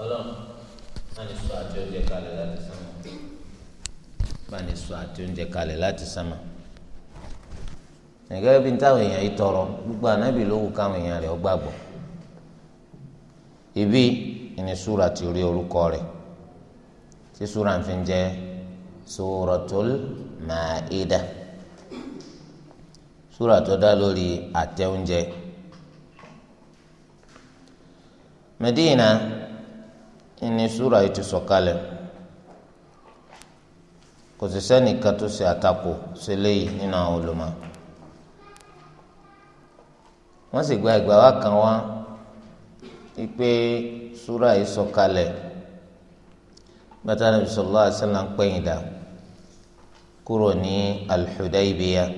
ọlọ́run sọ àti oúnjẹ kalẹ̀ láti sánmà má ní táwọn èèyàn yìí tọrọ gbogbo ló wù káwọn èèyàn rẹ̀ ibi ìní ti rí orúkọ rẹ̀ tí súra fi ń jẹ́ na Maida súra tó dá lórí àtẹ oúnjẹ Medina. ìní súra yìí ti sọ̀kalẹ̀ kò sì sẹ́nìkan tó ṣe àtakò ṣe léyìí nínú àwọn olùmọ̀ wọ́n sì gba ìgbà wa kan wá wípé súra yìí sọ̀kalẹ̀ bàtà nàbì sallallahu alaihi dà kúrò ní al-Hudaybiyah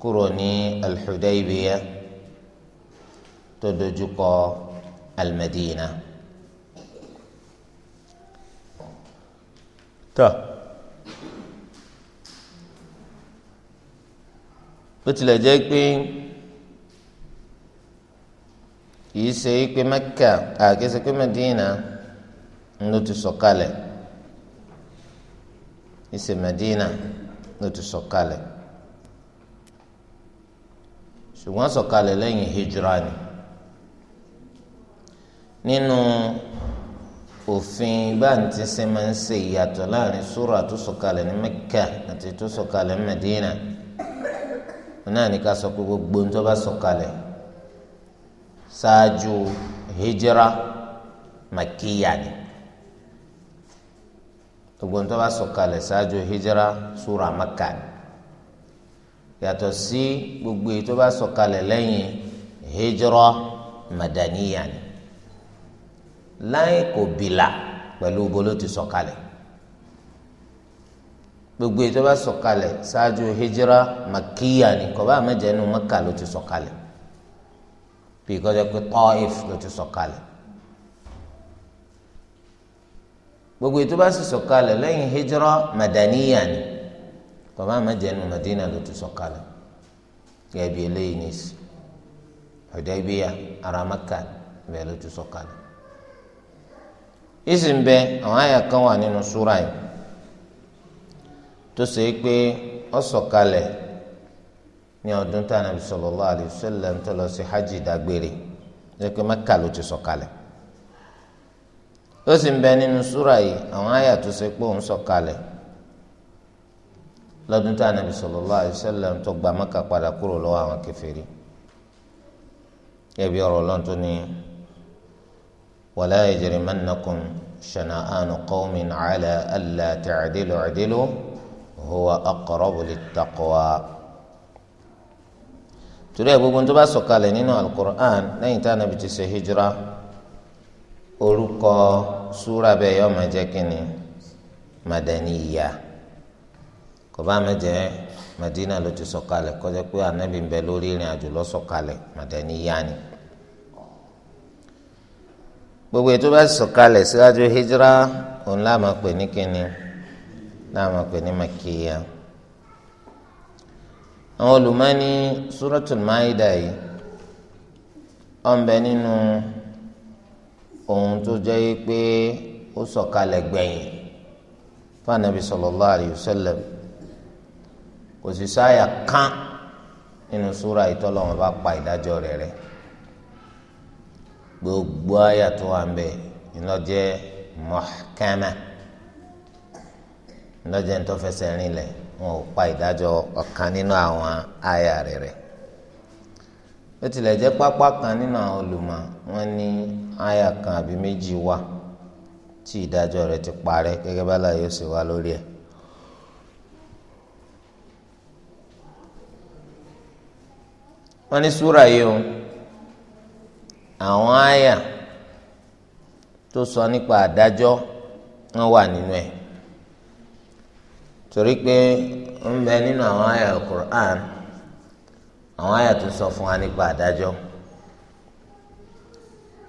kúrò ní al-Hudaybiyah tó dojú kọ al تا. tọ́ bó tilẹ̀ jẹ́ pé kì í ṣe pé Mẹ́kà àkíyèsí pé Madina ló ti sọ̀kalẹ̀ kì í Madina ló ti sọ̀kalẹ̀ ṣùgbọ́n sọ̀kalẹ̀ lẹ́yìn nínú òfin báńtí ṣe máa ń ṣe ìyàtọ̀ láàrin súrà tó sọ̀kalẹ̀ ní Mẹ́kà àti tó sọ̀kalẹ̀ ní Mẹ́dínà náà ní ká sọ pé gbogbo tó bá sọ̀kalẹ̀ ṣáájú hijira màkìyà ni gbogbo tó bá sọ̀kalẹ̀ ṣáájú hijira súrà Mẹ́kà ni yàtọ̀ sí gbogbo tó bá sọ̀kalẹ̀ lẹ́yìn hijira madaniya ni láì kò bìlà pẹ̀lú bolo ti sọ̀kalẹ̀ gbogbo ètò bá sọ̀kalẹ̀ ṣáájú hijira makiya ni kọba àmẹjẹnu maka ló ti sọ̀kalẹ̀ bí kọjá pé Taif ló ti sọ̀kalẹ̀ gbogbo ètò bá sì sọ̀kalẹ̀ lẹ́yìn hijira madaniya ni kọba àmẹjẹnu Madina ló ti sọ̀kalẹ̀ gẹ́gẹ́ bí eléyìí ní Hudaybiya ara bẹ́ẹ̀ ló ti sọ̀kalẹ̀. ìsìn bẹ àwọn àyà kan wà nínú súra yìí tó ṣe pé ó ní ọdún tá Ànábì sallallahu alaihi wasallam tó lọ sí hajj dágbére ṣe pé Mẹ́kà ló ti sọ̀kalẹ̀ ó sì ń bẹ nínú súra yìí àwọn àyà tó gba padà kúrò àwọn ولا يجرمنكم شنآن قوم على ألا تعدلوا اعدلوا هو أقرب للتقوى torí ẹ gbogbo tó bá sọ̀kalẹ̀ nínú alukur'an lẹ́yìn tá a nàbì ti ṣe hijira orúkọ súra bẹ́ẹ̀ yọ máa jẹ́ kínní madaniya kò bá máa jẹ́ madina ló ti sọ̀kalẹ̀ kọjá pé anabi ń bẹ lórí ìrìn àjò lọ sọ̀kalẹ̀ madaniya ni. Yani gbogbo ètò bá sọ̀kalẹ̀ síwájú hijira òun la máa pè ní kíni la máa pè ní makiya àwọn olùmọ́ni suratul maida yìí ọ̀nbẹ nínú ohun tó jẹ́ pé ó sọ̀kalẹ̀ gbẹ̀yìn fanabi sallallahu alayhi sallam kò sì sáyà kán nínú súra ìtọ́lọ́wọ́n bá pa ìdájọ́ rẹ̀ rẹ̀. gbogbo aya tó wà ń bẹ ìlọjẹ mọkàmà jẹ ń fẹsẹ rinlẹ̀ wọn ò pa ìdájọ́ ọ̀kan nínú àwọn aya rẹ̀ rẹ̀ ó tilẹ̀ jẹ́ pápá kan nínú àwọn olùmọ̀ wọn ní kan àbí méjì wà ti parẹ́ gẹ́gẹ́ bá láyé ó sì lórí o. àwọn àyà tó sọ nípa àdájọ́ wọn wà nínú ẹ̀ torí pé ń bẹ nínú àwọn àyà Al-Qur'an àwọn àyà tó sọ fún wa nípa àdájọ́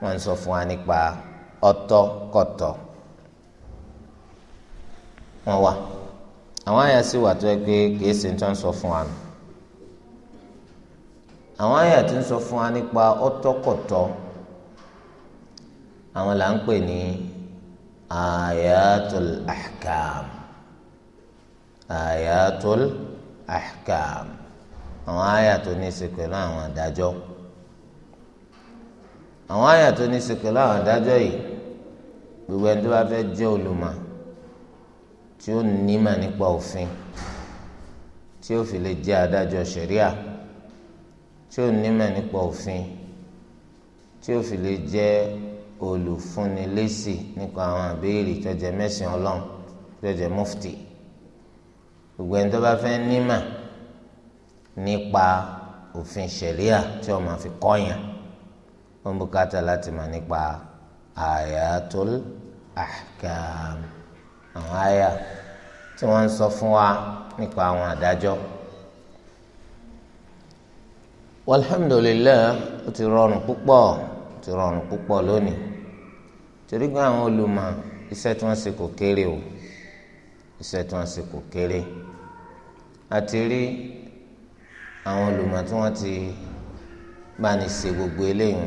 wọn sọ fún wa nípa ọtọkọtọ kọ̀tọ̀ wọn wà àwọn àyà sì wà tó ẹ pé kìí ṣe tó ń sọ fún wa nù àwọn àyà tó ń sọ fún wa nípa ọtọkọtọ. àwọn là ń pè ní ayatul ahkam ayatul ahkam àwọn àyà tó ní í ṣe pẹ̀lú àwọn àdájọ́ àwọn àyà tó ní í ṣe pẹ̀lú àwọn àdájọ́ yìí gbogbo ẹni tó bá fẹ́ jẹ́ olùmọ̀ tí ó nímọ̀ nípa òfin tí ó fi lè jẹ́ adájọ́ ṣẹ̀ríà tí ó nímọ̀ nípa òfin tí ó fi lè jẹ́ olùfúnni lésì nípa àwọn àbẹ́ẹ̀rẹ̀ tó jẹ́ mẹ́sìn ọlọ́run tó jẹ́ mufti gbogbo ẹni tó bá fẹ́ nímà nípa òfin ṣẹ̀ríà tí wọ́n máa fi kọ́yàn wọ́n bùkátà láti mà nípa àyàtul ahkam àwọn àyà tí wọ́n ń sọ fún wa nípa àwọn àdájọ́ walhamdulillah ó ti rọrùn púpọ̀ ó ti rọrùn púpọ̀ lónìí torí pé àwọn olùmọ̀ iṣẹ́ tí wọ́n ṣe kò kéré o iṣẹ́ tí wọ́n ṣe kò kéré àti rí àwọn olùmọ̀ tí wọ́n ti bá ní ṣe gbogbo eléyìí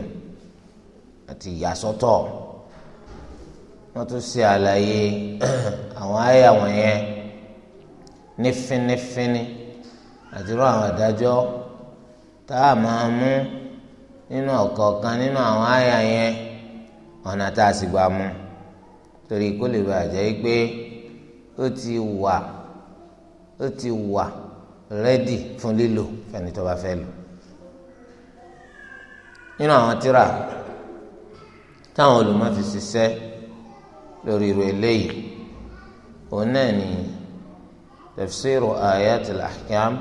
àti ìyàsọ́tọ̀ wọ́n tún ṣe àlàyé àwọn àyà wọ̀nyẹn ní fínífíní àti rọ àwọn àdájọ́ tá a máa mú nínú ọ̀kọ̀ọ̀kan nínú àwọn àyà yẹn ọ̀nà tá a sì gbà mú torí kó lè bàa jẹ́ pé ó ti wà ó ti wà rẹ́dì fún lílò fẹ́ni tó bá fẹ́ lò nínú àwọn tírà táwọn olùmọ̀ fi ṣiṣẹ́ lórí irú eléyìí òun náà ni tafsiru ayat al-ahkam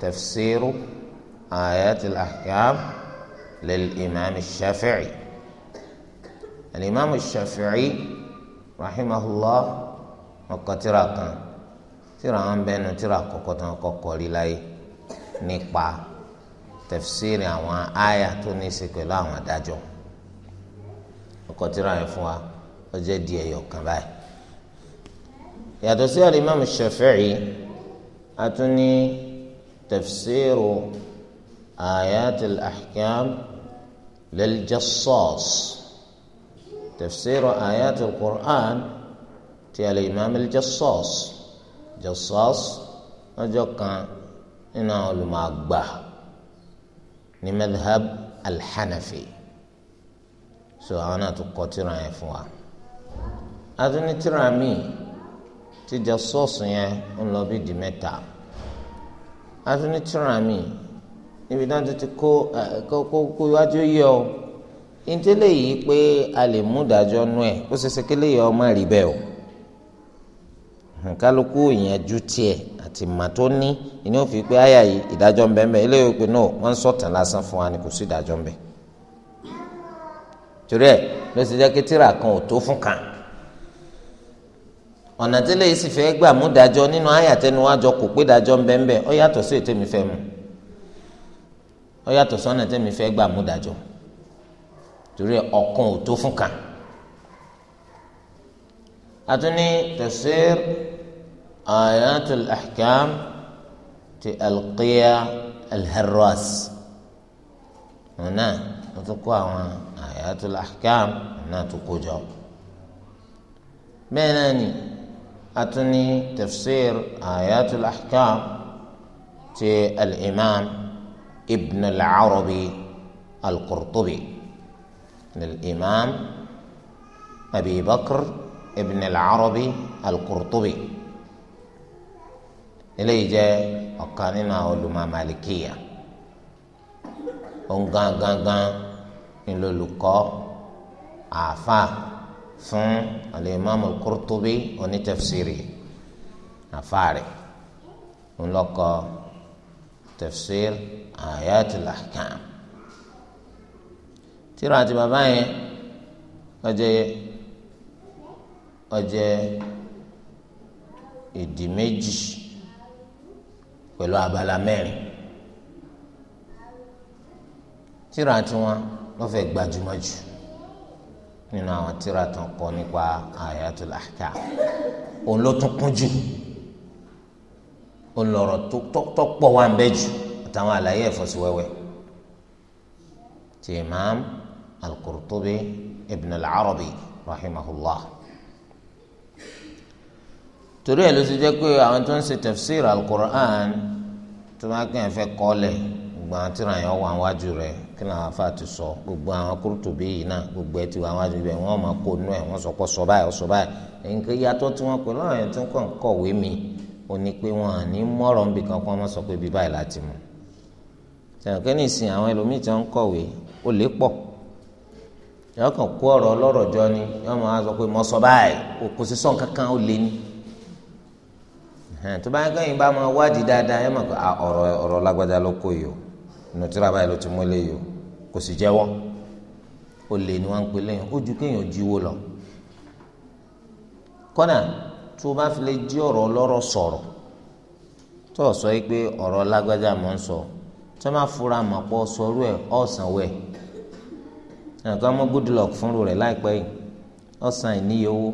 tafsiru ayat al-ahkam shafi'i alimami shafi'i rahimahullah wọ́n kọ tírà kan tírà wọn bẹnu tírà kọ́kọ́ tí wọ́n kọ́kọ́ rí láyé nípa tẹfsiri àwọn àyà tó ní í ṣe pẹ̀lú àwọn adájọ́ wọ́n kọ tírà yẹn fún wa ó jẹ́ di ẹyọ kan báyìí yàtọ̀ sí alimami shafi'i atúní tẹfsiru ayatul ahkam lil jassas. تفسير آيات القرآن تي الإمام الجصاص جصاص وجوكا إنه المعقبة لمذهب الحنفي سوانا تقترا يفوا أذن ترامي تي جصاص يعني أن بيدي متى أذن ترامي نبي دانتو تكو كو كو كو ìtẹ́lẹ̀ yìí pé a lè mú ìdájọ́ nú ẹ̀ ó kele ṣe kí lè yọ ọmọ rí bẹ́ẹ̀ o kálukú ìyànjú tiẹ̀ àti mà tó ní ìní òfin pé àyà yìí ìdájọ́ ńbẹ́ńbẹ́ eléyìí pé lásán fún wa ni kò sí ìdájọ́ ńbẹ́ torí ẹ̀ ló ṣe jẹ́ kan ò tó fún kan ọ̀nà tẹ́lẹ̀ yìí sì gbà mú nínú àyà tẹnu kò pé yàtọ̀ mi fẹ́ mu yàtọ̀ sọ́nà tẹ́mi fẹ́ gbà mú torí ọ̀kan ò tó fún kan atuni tafsir ayatul ahkam ti alqiya alharras ọ̀nà wọ́n kó àwọn ayatul ahkam ọ̀nà tó kó jọ bẹ́ẹ̀ náà ni atuni tafsir ayatul ahkam ti alimam ibn al-arabi al-qurtubi. Al للإمام أبي بكر ابن العربي القرطبي eléyìí jẹ́ ọ̀kan nínú àwọn olùmọ̀ màlìkíyà òun gangan ńlọlùkọ́ àáfà fún alimami Qurtubi onítẹ̀fsìrì àáfà rẹ̀ ńlọkọ tẹ̀fsìr ayatul ahkam tíra àti bàbá yẹn ọjẹ ọjẹ ìdí méjì pẹ̀lú abala mẹ́rin tíra àti wọn ló fẹ́ gbajúmọ̀ jù nínú àwọn tíra tó ń kọ nípa ayatul ahkam òun ló tún kún jù òun lọ̀rọ̀ tó pọ̀ wá ń bẹ jù àtàwọn àlàyé ẹ̀fọ́ sí wẹ́wẹ́ tí imam. القرطبي ابن العربي رحمه الله. rahimahullah لو ẹ̀ ló ti jẹ́ pé àwọn tó ń ṣe tafsir al-Qur'an tó máa kí ẹ̀ fẹ́ kọ́lẹ̀ gbogbo àwọn tíra yẹn wà wájú rẹ̀ kí làwọn afa ti sọ gbogbo àwọn Qurtubi yìí náà gbogbo ẹ̀ ti wà wájú rẹ̀ wọ́n máa kó nú ẹ̀ wọ́n sọ pé sọ báyìí sọ báyìí nǹkan yàtọ̀ tí wọ́n pè lọ́rọ̀ yẹn tó ń kọ̀wé mi ò ní pé wọn ní mọ́rọ̀ níbi kan kó wọ́n sọ pé bíbáyìí láti mú tẹ̀wọ̀n kẹ́ni àwọn ẹlòmíì tí wọ́n kọ̀wé ó lè pọ̀ yọ kàn kó ọrọ ọlọrọ jọ ni yọ máa sọ pé mo sọ kò sí sọ̀n kankan ó lé ní tó bá ń kẹ́yìn bá máa wádìí dáadáa yọ máa kọ́ ọ̀rọ̀ ọ̀rọ̀ ló kó yìí o nù tíra báyìí ti mú lé yìí o kò sì jẹ́wọ́ ó lé ní wọ́n ń pè ó ju kéèyàn jíwó lọ kọ́nà tó bá fi lè jí ọ̀rọ̀ sọ̀rọ̀ tó ẹnìkan mú Goodluck fúnru rẹ̀ láìpẹ́ yìí ọ̀sán ìníye owó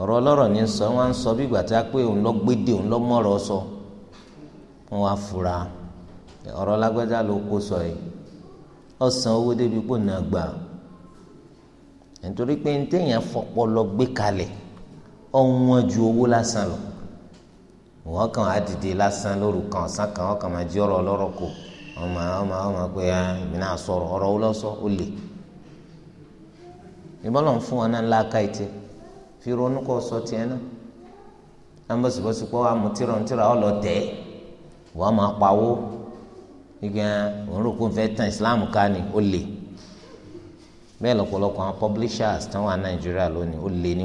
ọ̀rọ̀ ọlọ́rọ̀ ní sọ wọn sọ bí ìgbà tí a pé òun lọ gbédè òun lọ mọ̀rọ̀ sọ wọn wá fura ọ̀rọ̀ lágbájá ló kó sọ yìí ọ̀sán owó débi kò náà gbà nítorí pé ntẹ̀yìn afọpọlọ gbé kalẹ̀ ọ̀wọ́n ju owó lásán lọ wọ́n kàn á dìde lásán lóru kan ọ̀sán kan wọ́n kàn máa jí ọ̀rọ̀ ọlọ́rọ̀ kò ọmọ ọmọ ọmọ pé ah, náà ó lè ìbọlọ ń fún wọn náà fi ronú kọ sọ tiẹ̀ náà lámbọ̀sibọ̀sì pọ̀ àmútírà ọlọ tẹ̀ wọ́n máa pawó òun rò Islam ká ni ó lè bẹ́ẹ̀ lọ́pọ̀lọpọ̀ àwọn publishers tán wà Nàìjíríà lónìí ó lè ní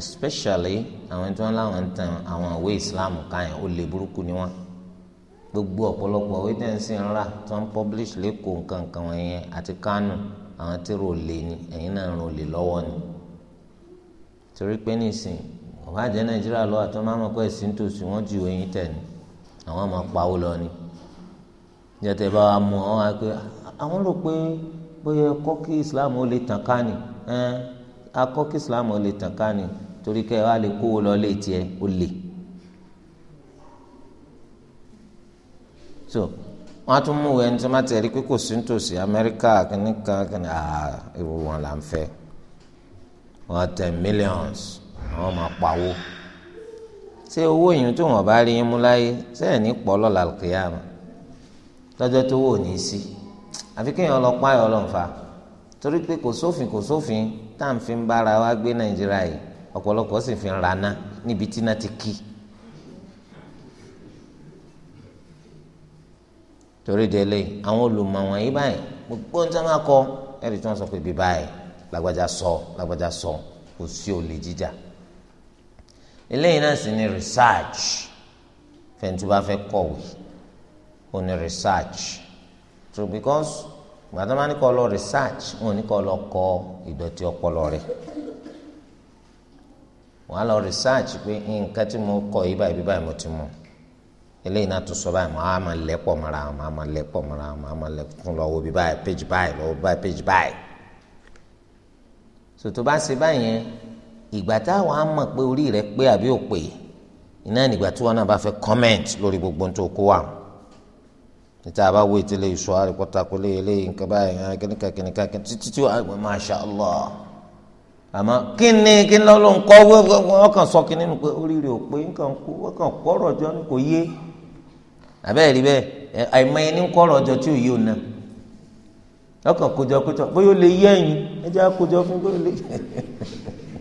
especially àwọn tí láwọn ń tan Islam ká yẹn ó lè burúkú ní gbogbo ọ̀pọ̀lọpọ̀ òwe tẹ̀ ń sìn ńlá tó ń publish lẹ́kọ̀ọ́ nǹkankan wọ̀nyẹn àti kánò àwọn tí rò lè ní ẹ̀yin náà rò lè lọ́wọ́ ni torí pé nísìn ọ̀bá jẹ́ nàìjíríà lọ́wọ́ àti ọmọ àmọ́kọ́ ẹ̀sìn tòsí wọ́n ju oyin tẹ̀ ni àwọn máa pawó lọ ni jẹ́tẹ̀ bá wa mú àwọn àgbẹ̀ àwọn rò pé bóyá ẹ̀kọ́ kí islam ó lè tàn ká ni akọ́ kí islam ó lè tàn ká ni torí kẹ́ ẹ wá lè kówó lọ lé tiẹ̀ ó lè. so wọn á tún mú ẹni tí wọn bá tẹ̀lé pé kò sí nítòsí amẹ́ríkà kìnnìkan kìnnìkan ah, àà ìwò wọn là ń fẹ́ wọn á tẹ millions àwọn máa pawó ṣé owó yìí tó wọn bá rí yín mú láyé sẹ́yìn ní pọ̀ lọ́la kìyàmù lọ́jọ́ tó wò ní í sí àfi kéèyàn lọ páyọ̀ ọlọ́nfà torí pé kò sófin kò sófin tá à ń fi ń bára wa gbé nàìjíríà yìí ọ̀pọ̀lọpọ̀ sì fi ń rana níbi tí náà ti kí i torí délé àwọn olùmọ̀ wọ̀nyí báyìí gbogbo ń sábà kọ ẹ̀rí tí wọ́n sọ pé bí báyìí lágbájá sọ lágbájá sọ kò sí olè jíjà eléyìí náà sì ni research fẹ̀ntì bá fẹ́ kọ̀wé ó ní research true because gbàtà máa ní kọ́ lọ research wọn ò ní kọ́ lọ kọ ìdọ̀tí ọpọlọ rẹ̀ wọ́n á lọ research pé nǹkan tí mo kọ yìí báyìí bí báyìí mo ti mọ̀ eléyìí náà tún sọ báyìí màá máa lẹ̀ pọ̀ mọ́ra wọn màá máa lẹ̀ pọ̀ mọ́ra wọn màá máa lẹ̀ fún lọ́wọ́ bí báyìí péjì báyìí lọ́wọ́ báyìí péjì báyìí. sòtò bá ṣe báyìí yẹn ìgbà táwọn á mọ̀ pé orí rẹ̀ pé àbí ò pé iná nígbà tí wọn náà bá fẹ́ comment lórí gbogbo tó kó wa níta bá wo ìtẹ̀lé ìṣó àríkọ́tà kó lé eléyìí nǹkan báyìí kíníkà kíníkà títí tí wọn masha Allah àmọ́ kí ni kí ni lọ́lọ́ nǹkan wọ́n kàn sọ kí nínú pé oríire ò pé nǹkan kó wọ́n kàn kọ́ ọ̀rọ̀ jọ ní kò yé àbẹ́ẹ̀ rí bẹ́ẹ̀ àìmọye ní kọ́rọ̀ ọjọ́ tí ò yí òun náà lọ́kàn kójọ kójọ bóyá ó lè yé ẹ̀yìn ẹ àkójọ fún bóyá ó lè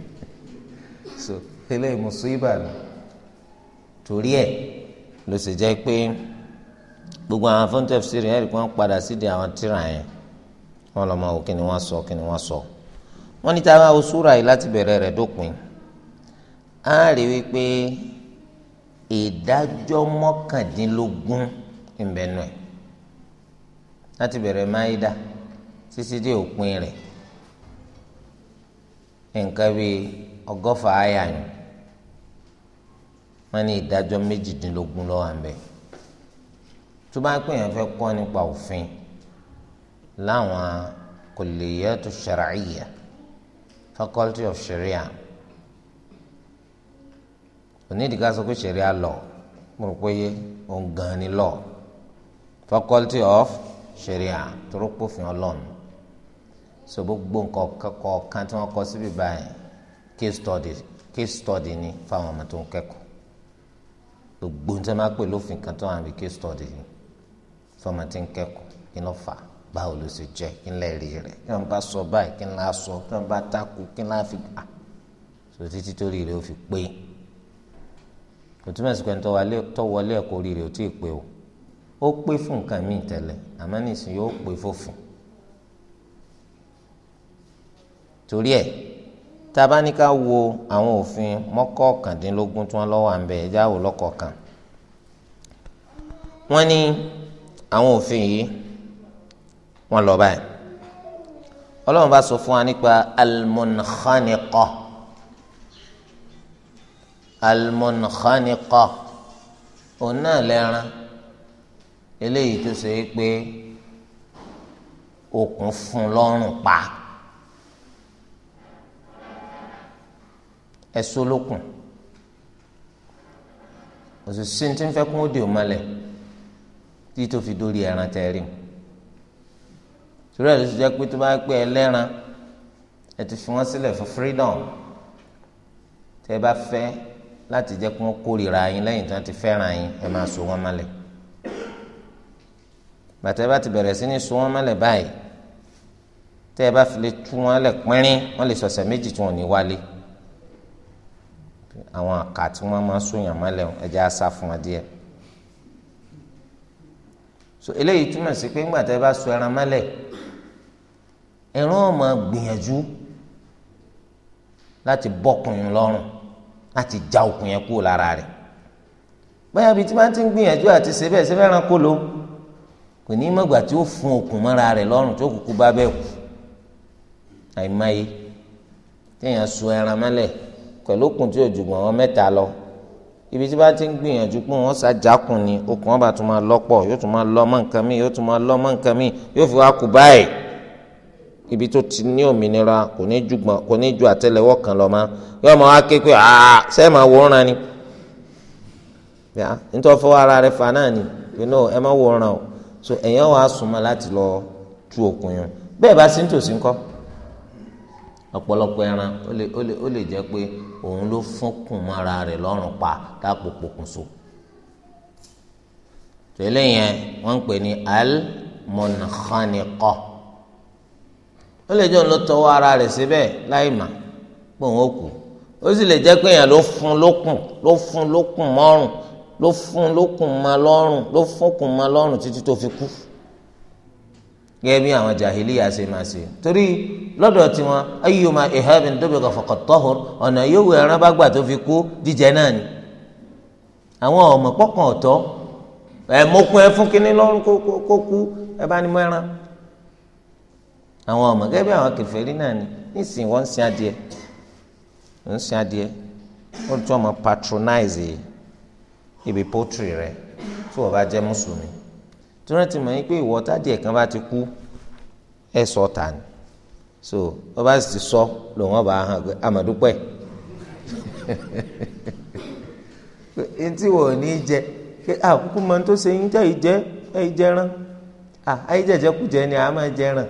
so eléyìí mùsùlùmí ni torí ẹ̀ ló sì jẹ́ pé gbogbo àwọn fún tafsiri ẹ̀rí kan padà sídìí àwọn tírà yẹn wọ́n lọ́ máa wò kí ni wọ́n sọ kí ni wọ́n sọ wọ́n ní táwọn awosúra yìí láti bẹ̀rẹ̀ rẹ̀ dópin á rí wípé ìdájọ́ mọ́kàndínlógún ìbẹ̀nu ẹ̀ láti bẹ̀rẹ̀ máyídá títí dé òpin rẹ̀ nǹkan bíi ọgọ́fà àyàyàn wọ́n ní ìdájọ́ méjìdínlógún lọ́wọ́ àmbẹ̀ tó bá pè yàn fẹ́ kọ́ nípa òfin láwọn kulliyatu shar'iyya faculty of sharia onídìí ká sọ pé ṣẹ̀ríà law mo rò pé òun gan ni law faculty of ṣẹ̀ríà tó rò pófin ọlọ́run so gbogbo nǹkan kọ̀ọ̀kan tí wọ́n kọ síbi báyìí case study case study ni fáwọn ọmọ tó ń kẹ́kọ̀ọ́ gbogbo nǹkan máa pè lófin kan tó wà níbi case study ni fọmọ tí ń kẹ́kọ̀ọ́ kí ló fà á báwo ló ṣe jẹ kí n lè rí rẹ kí wọn bá sọ báyìí kí n lè sọ kí wọn bá takú kí n lè fi gbà so títí torí rẹ ó fi pé kò túmọ̀ sí pé tó wọlé ẹ̀kọ́ orí rẹ̀ ò tí ì pé o ó pé fún nǹkan míì tẹ́lẹ̀ àmọ́ nísìnyí ó pé fòfin torí ẹ̀ tá a bá ní ká wo àwọn òfin mọ́kọ̀ọ́kàndínlógún tí wọ́n lọ́wọ́ à ń bẹ̀ ẹ̀já wò lọ́kọ̀ọ̀kan wọ́n ní àwọn òfin yìí wọ́n lọ báyìí ọlọ́run bá sọ fún wa nípa almunkhaniqah almunkhaniqa òun náà lẹ́ran eléyìí tó ṣe é pé okùn fún lọ́rùn pa ẹ̀sọ́ lókùn òṣìṣẹ́ tí ń fẹ́ kún òde òmọlẹ̀ tí tó fi dórí ẹran tẹ̀rí mu torí ẹ̀ ló ti pé tó bá pẹ́ ẹlẹ́ran ẹ̀ ti fi wọ́n sílẹ̀ fún freedom tẹ́ bá fẹ́ láti jẹ́ kí wọ́n kórìíra yín lẹ́yìn tí wọ́n ti fẹ́ràn yín ẹ máa so wọ́n mọ́lẹ̀ bàtẹ́ bá ti bẹ̀rẹ̀ sí ní so wọ́n mọ́lẹ̀ báyìí tẹ́ ẹ bá fi lè tú wọn lẹ̀ pínrín wọ́n lè sọ̀sẹ̀ méjì tí wọ́n ní wálé àwọn àká tí wọ́n máa sóyàn mọ́lẹ̀ ẹ̀jẹ̀ á sá fún wọn díẹ̀ so eléyìí túmọ̀ sí pé ńgbà tẹ́ ẹ bá so ẹran mọ́lẹ̀ ẹran ọmọ gbìyànjú láti bọ́kùnrin lọ́rùn láti já okùn yẹn kúrò lára rẹ̀ báyà bíi tí wọ́n ti ń gbìyànjú àti ṣe bẹ́ẹ̀ ṣe fẹ́ ràn kó lo kò ní mọ̀gbà tí ó fún okùn mọ́ra rẹ̀ lọ́rùn tó kúkú bá bẹ́ẹ̀ kú àìmáyé téèyàn so ẹran mọ́lẹ̀ pẹ̀lú okùn tí òjùgbọ̀n wọn mẹ́ta lọ ibi tí bá ti ń gbìyànjú pé wọn ṣàjákùn ni okùn wọn bá tún máa lọ́pọ̀ yóò tún máa lọ́ mọ́ nǹkan míì yóò tún máa lọ́ mọ́ nǹkan míì yóò fi wá kú báyìí ibi tó ti ní òmìnira kò ní ju gbọ̀n kò ní ju àtẹ́lẹwọ́ kan lọ mọ́ yóò mọ wá pé aa ṣe é máa wòran ni nítorí fọwọ́ ara rẹ fa náà ni you know ẹ má wòran o so ẹ̀yàn wàá súnmọ́ láti lọ tú okùn yẹn bẹ́ẹ̀ bá sí nítòsí ńkọ́ ọ̀pọ̀lọpọ̀ ẹran ó lè ó lè ó lè jẹ́ pé òun ló fún mọ́ra rẹ̀ lọ́rùn pa lápò pokùnso tẹ́lẹ̀ yẹn wọ́n ń pè ní al munkhaniqah ó lè jọ ló tọwọ́ ara rẹ̀ síbẹ̀ láì mà pé òun ó kú ó sì lè jẹ́ pé èèyàn ló fún lókùn ló fún lókùn mọ́rùn ló fún lókùn ma lọ́rùn ló fúnkùn ma lọ́rùn títí tó fi kú gẹ́gẹ́ bí àwọn jahiliya ṣe máa ṣe torí lọ́dọ̀ tiwọn ayyuma ihabin dubika faqad tahur ọ̀nà yòówù ẹran bá gbà tó fi kú jíjẹ náà ni àwọn ọmọ pọkàn ọ̀tọ̀ ẹ̀ mọ́kún ẹ fún kínní lọ́rùn kó kú ẹ bá ní mọ́ ẹran àwọn ọmọ gẹ́gẹ́ bí àwọn kèfèrí náà ni nísìnyí wọ́n ń sin adìẹ ń sin adìẹ wọ́n tún ọmọ patronize ibi poultry rẹ̀ tí wọ́n bá jẹ́ mùsùlùmí tí wọ́n ti mọ̀ yín pé ìwọ tádìẹ kan bá ti kú ẹ̀ sọ tà so wọ́n bá sì ti sọ lòun ọba hàn pé àmọ̀dúpẹ́ ntí wò ní jẹ pé àkókò máa tó ṣe yín jẹ́ ìjẹ́ ẹ̀ jẹ́rán àìjẹ́jẹ́ kú jẹ́ ni àá máa jẹ́rán.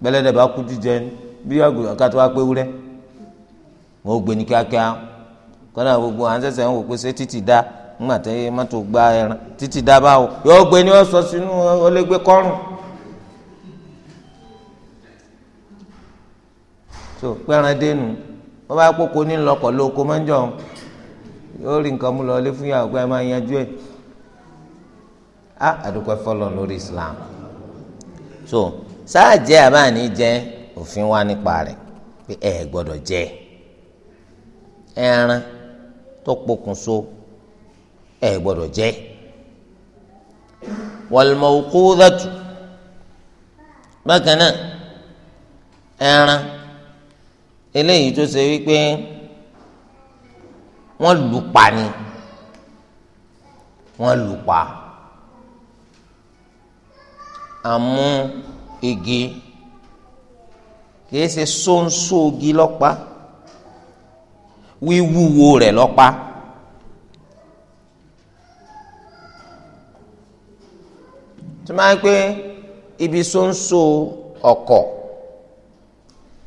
gbẹlẹdẹ bá kú jíjẹ bí àgùrà kátó wá pé wúrẹ wọn ò gbé ní kíákíá gbogbo à ń sẹ̀sẹ̀ ń wò pé ṣé títì dá ńgbà tẹ gba ẹran títì dá báwo yóò gbé ní ọ̀sọ̀ sínú ọlẹ́gbẹ́ kọ́rùn. tó pẹ́ran dénú wọ́n bá kókó ní lọ́kọ̀ lóko máa ń jọ yóò rí nǹkan mú lọ ilé fún yàrá pé ẹ máa yanjú á Islam. sáà jẹ àbáàní jẹ òfin wà nípa rẹ̀ pé ẹ gbọ́dọ̀ jẹ ẹran tó pokùnso ẹ gbọ́dọ̀ jẹ wal-mawqūdhatu bákan náà ẹran eléyìí tó ṣe wípé wọ́n lù pa ni wọ́n lù pa àmú igi kìí ṣe sonso igi lọ́pa wíwúwo rẹ̀ lọ́pa. tí wọ́n máa ń pé ibi sóńsó ọkọ̀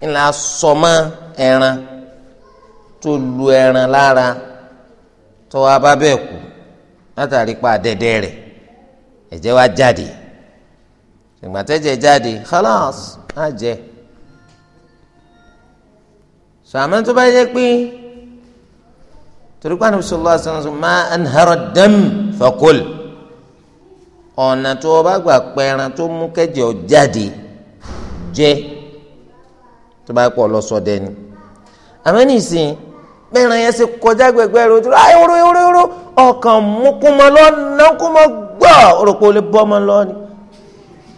ńlá sọmọ ẹran tó lu ẹran lára tó wá bá bẹ́ẹ̀ kú látàrí pa dẹ́dẹ́ rẹ̀ ẹ̀jẹ̀ wá jáde ìgbà tẹ́jẹ̀ jáde khalas á jẹ sàmẹ́ tó bá yẹ pé torí pàṣẹ sọlá sọlá má anhara dam fakol ọ̀nà tó o bá gbà pẹ́ran tó mú kẹ́jẹ̀ ọ jáde jẹ tó bá pọ̀ lọ sọdẹ ni àmọ́ nìsín pẹ́ran yẹn ṣe kọjá gbẹgbẹ́ rẹ o tó ayé wóró wóró ọkàn mú kúmọ lọ́nà kúmọ gbọ́ òròpó lè bọ́ ọmọ lọ́ni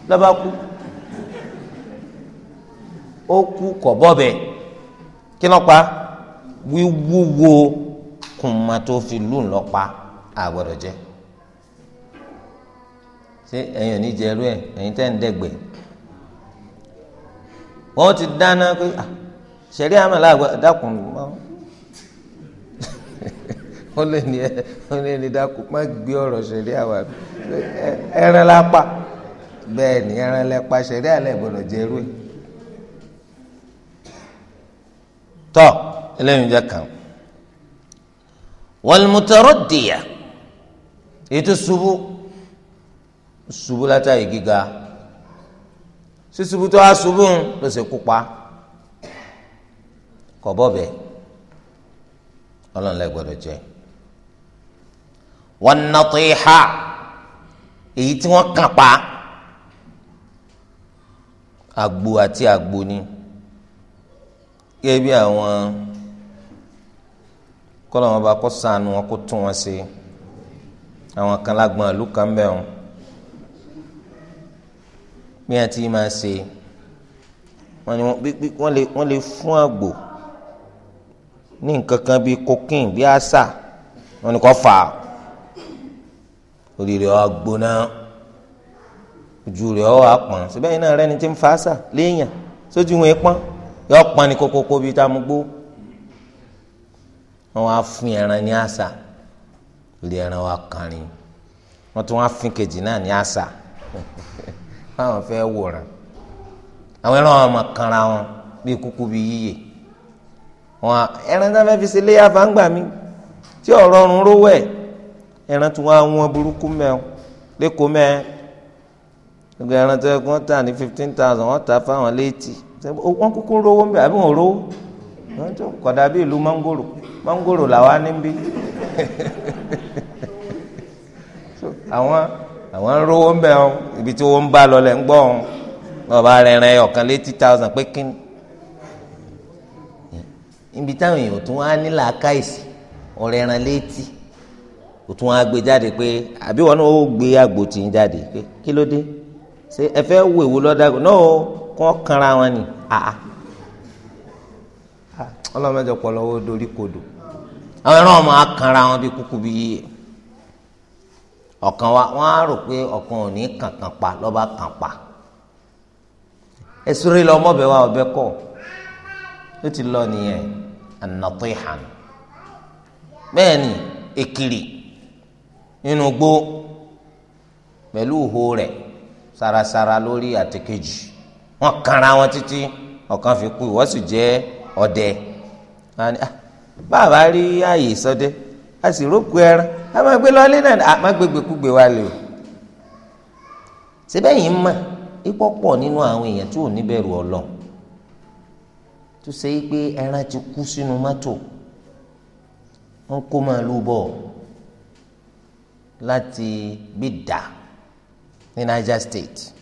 lọ́ba kú ó kú kọ̀bọ́bẹ̀ kí ló pa wíwúwo kùnmá tó fi lù ló pa àgbọ̀dọ̀ jẹ́ ṣé ẹ̀yin ò ní jẹ irú ẹ̀ ẹ̀yin tẹ́ ń dẹ̀gbẹ̀ wọ́n ti dáná pé ṣẹ̀rí àmàlà àgbàdàkùn mọ́ ó lé ní ẹ ó lé ní dákùn má gbé ọ̀rọ̀ ṣẹ̀rí àwọn ẹran lápá bẹ́ẹ̀ ni ẹran lẹ́pa ṣẹ̀rí àlẹ́ gbọ́dọ̀ jẹ́ irú ẹ̀ tọ́ eléyìí jẹ́ kàn wàlmùtàrọ́dìyà ètò ṣubú ṣubú látàrí gíga ṣíṣubú tó wá ṣubú ló ṣe kópa kọ̀ bọ́ọ̀bẹ ọlọ́run lẹ́gbọ̀dọ̀ jẹ́ wọ́n nàtọ̀ ìhà èyí tí wọ́n kàn pa agbo àti agbo ni gẹ́gẹ́ bí àwọn kọ́lọ̀ wọn bá kọ́ sànù wọn kó tún wọn ṣe àwọn kan lágbọ́n ìlú kan bẹ̀ wọn bí wọn ti máa ṣe wọn ni wọn lè fún àgbò ní nǹkan kan bíi cocaine bíi àṣà wọn ni kò fà á oríire àgbò náà ojú rẹ̀ ọ́ àpọ̀n síbẹ̀ yìí náà rẹ́ni tí ń fa àṣà léèyàn sójú wọn pọ́n yọ pọ́n ní kókókó bíi tá a mú gbó wọn wá fún ẹran ní àṣà lè ẹran wa kàrin wọn tún wá fún kejì náà ní àṣà fáwọn fẹ́ wòran àwọn ẹran wọn mọ̀ kanra wọn bíi kúkú bíi yíyẹ wọn ẹran tá a fẹ́ fi ṣe léyà fáńgbà mi tí ọ̀rọ̀ ọ̀run rówó ẹ̀ ẹran tún wá wọn burúkú mẹ́ lẹ́kọ̀ọ́ mẹ́ẹ́ gbogbo ẹran tó yẹ kó tà ní fifteen thousand wọ́n tà fáwọn léètì wọ́n kúkú rówó ń bẹ àbí wọ́n rówó wọ́n tó kọ̀dà bí ìlú mangoro mangoro làwa níbí àwọn àwọn ń rówó ń bẹ wọn ibi tí wọ́n ń bá lọlẹ̀ ń gbọ́ wọn wọ́n bá rẹ̀rẹ̀ létí thousand pé kíni ibi táwọn èèyàn tún á nílà káìsì ọ̀rẹ́ ẹran létí òtún á gbé jáde pé àbí wọn náà gbé àgbò tì í jáde pé kí ló dé ṣe ẹ fẹ́ wo èwo lọ́dàgùn náà kọ́ kanra wọn ni àá ọlọ́mọdé pọ̀lọ́wọ́ dorí kodò àwọn ẹran ọmọ akanra wọn bí kúkú bí yíyẹ ọ̀kan wa wọ́n á rò pé ọ̀kan ò ní kankan pa lọ́ba kan pa ẹ̀sùrẹ́ lọ ọmọbẹ̀ wa ọbẹ̀ kọ̀ ó ti lọ nìyẹn ànàtọ̀ ìhàn bẹ́ẹ̀ ni èkìrì nínú gbó pẹ̀lú ìhó rẹ̀ sarasara lórí àtẹkẹjì wọn kanra wọn títí ọ̀kan fi kú ìwọ sì jẹ́ ọdẹ ah, bàbá rí ààyè sọdẹ a sì rókù ẹran a máa gbé lọlé náà a máa gbégbé kúgbé wa lè o síbẹ̀ yìí mọ̀ ipò pọ̀ nínú àwọn èèyàn tí ò ní bẹ̀rù Ọlọ́run tó ṣe é pé ẹran ti kú sínú mọ́tò wọn kó máa lú láti bí dàá ní Niger State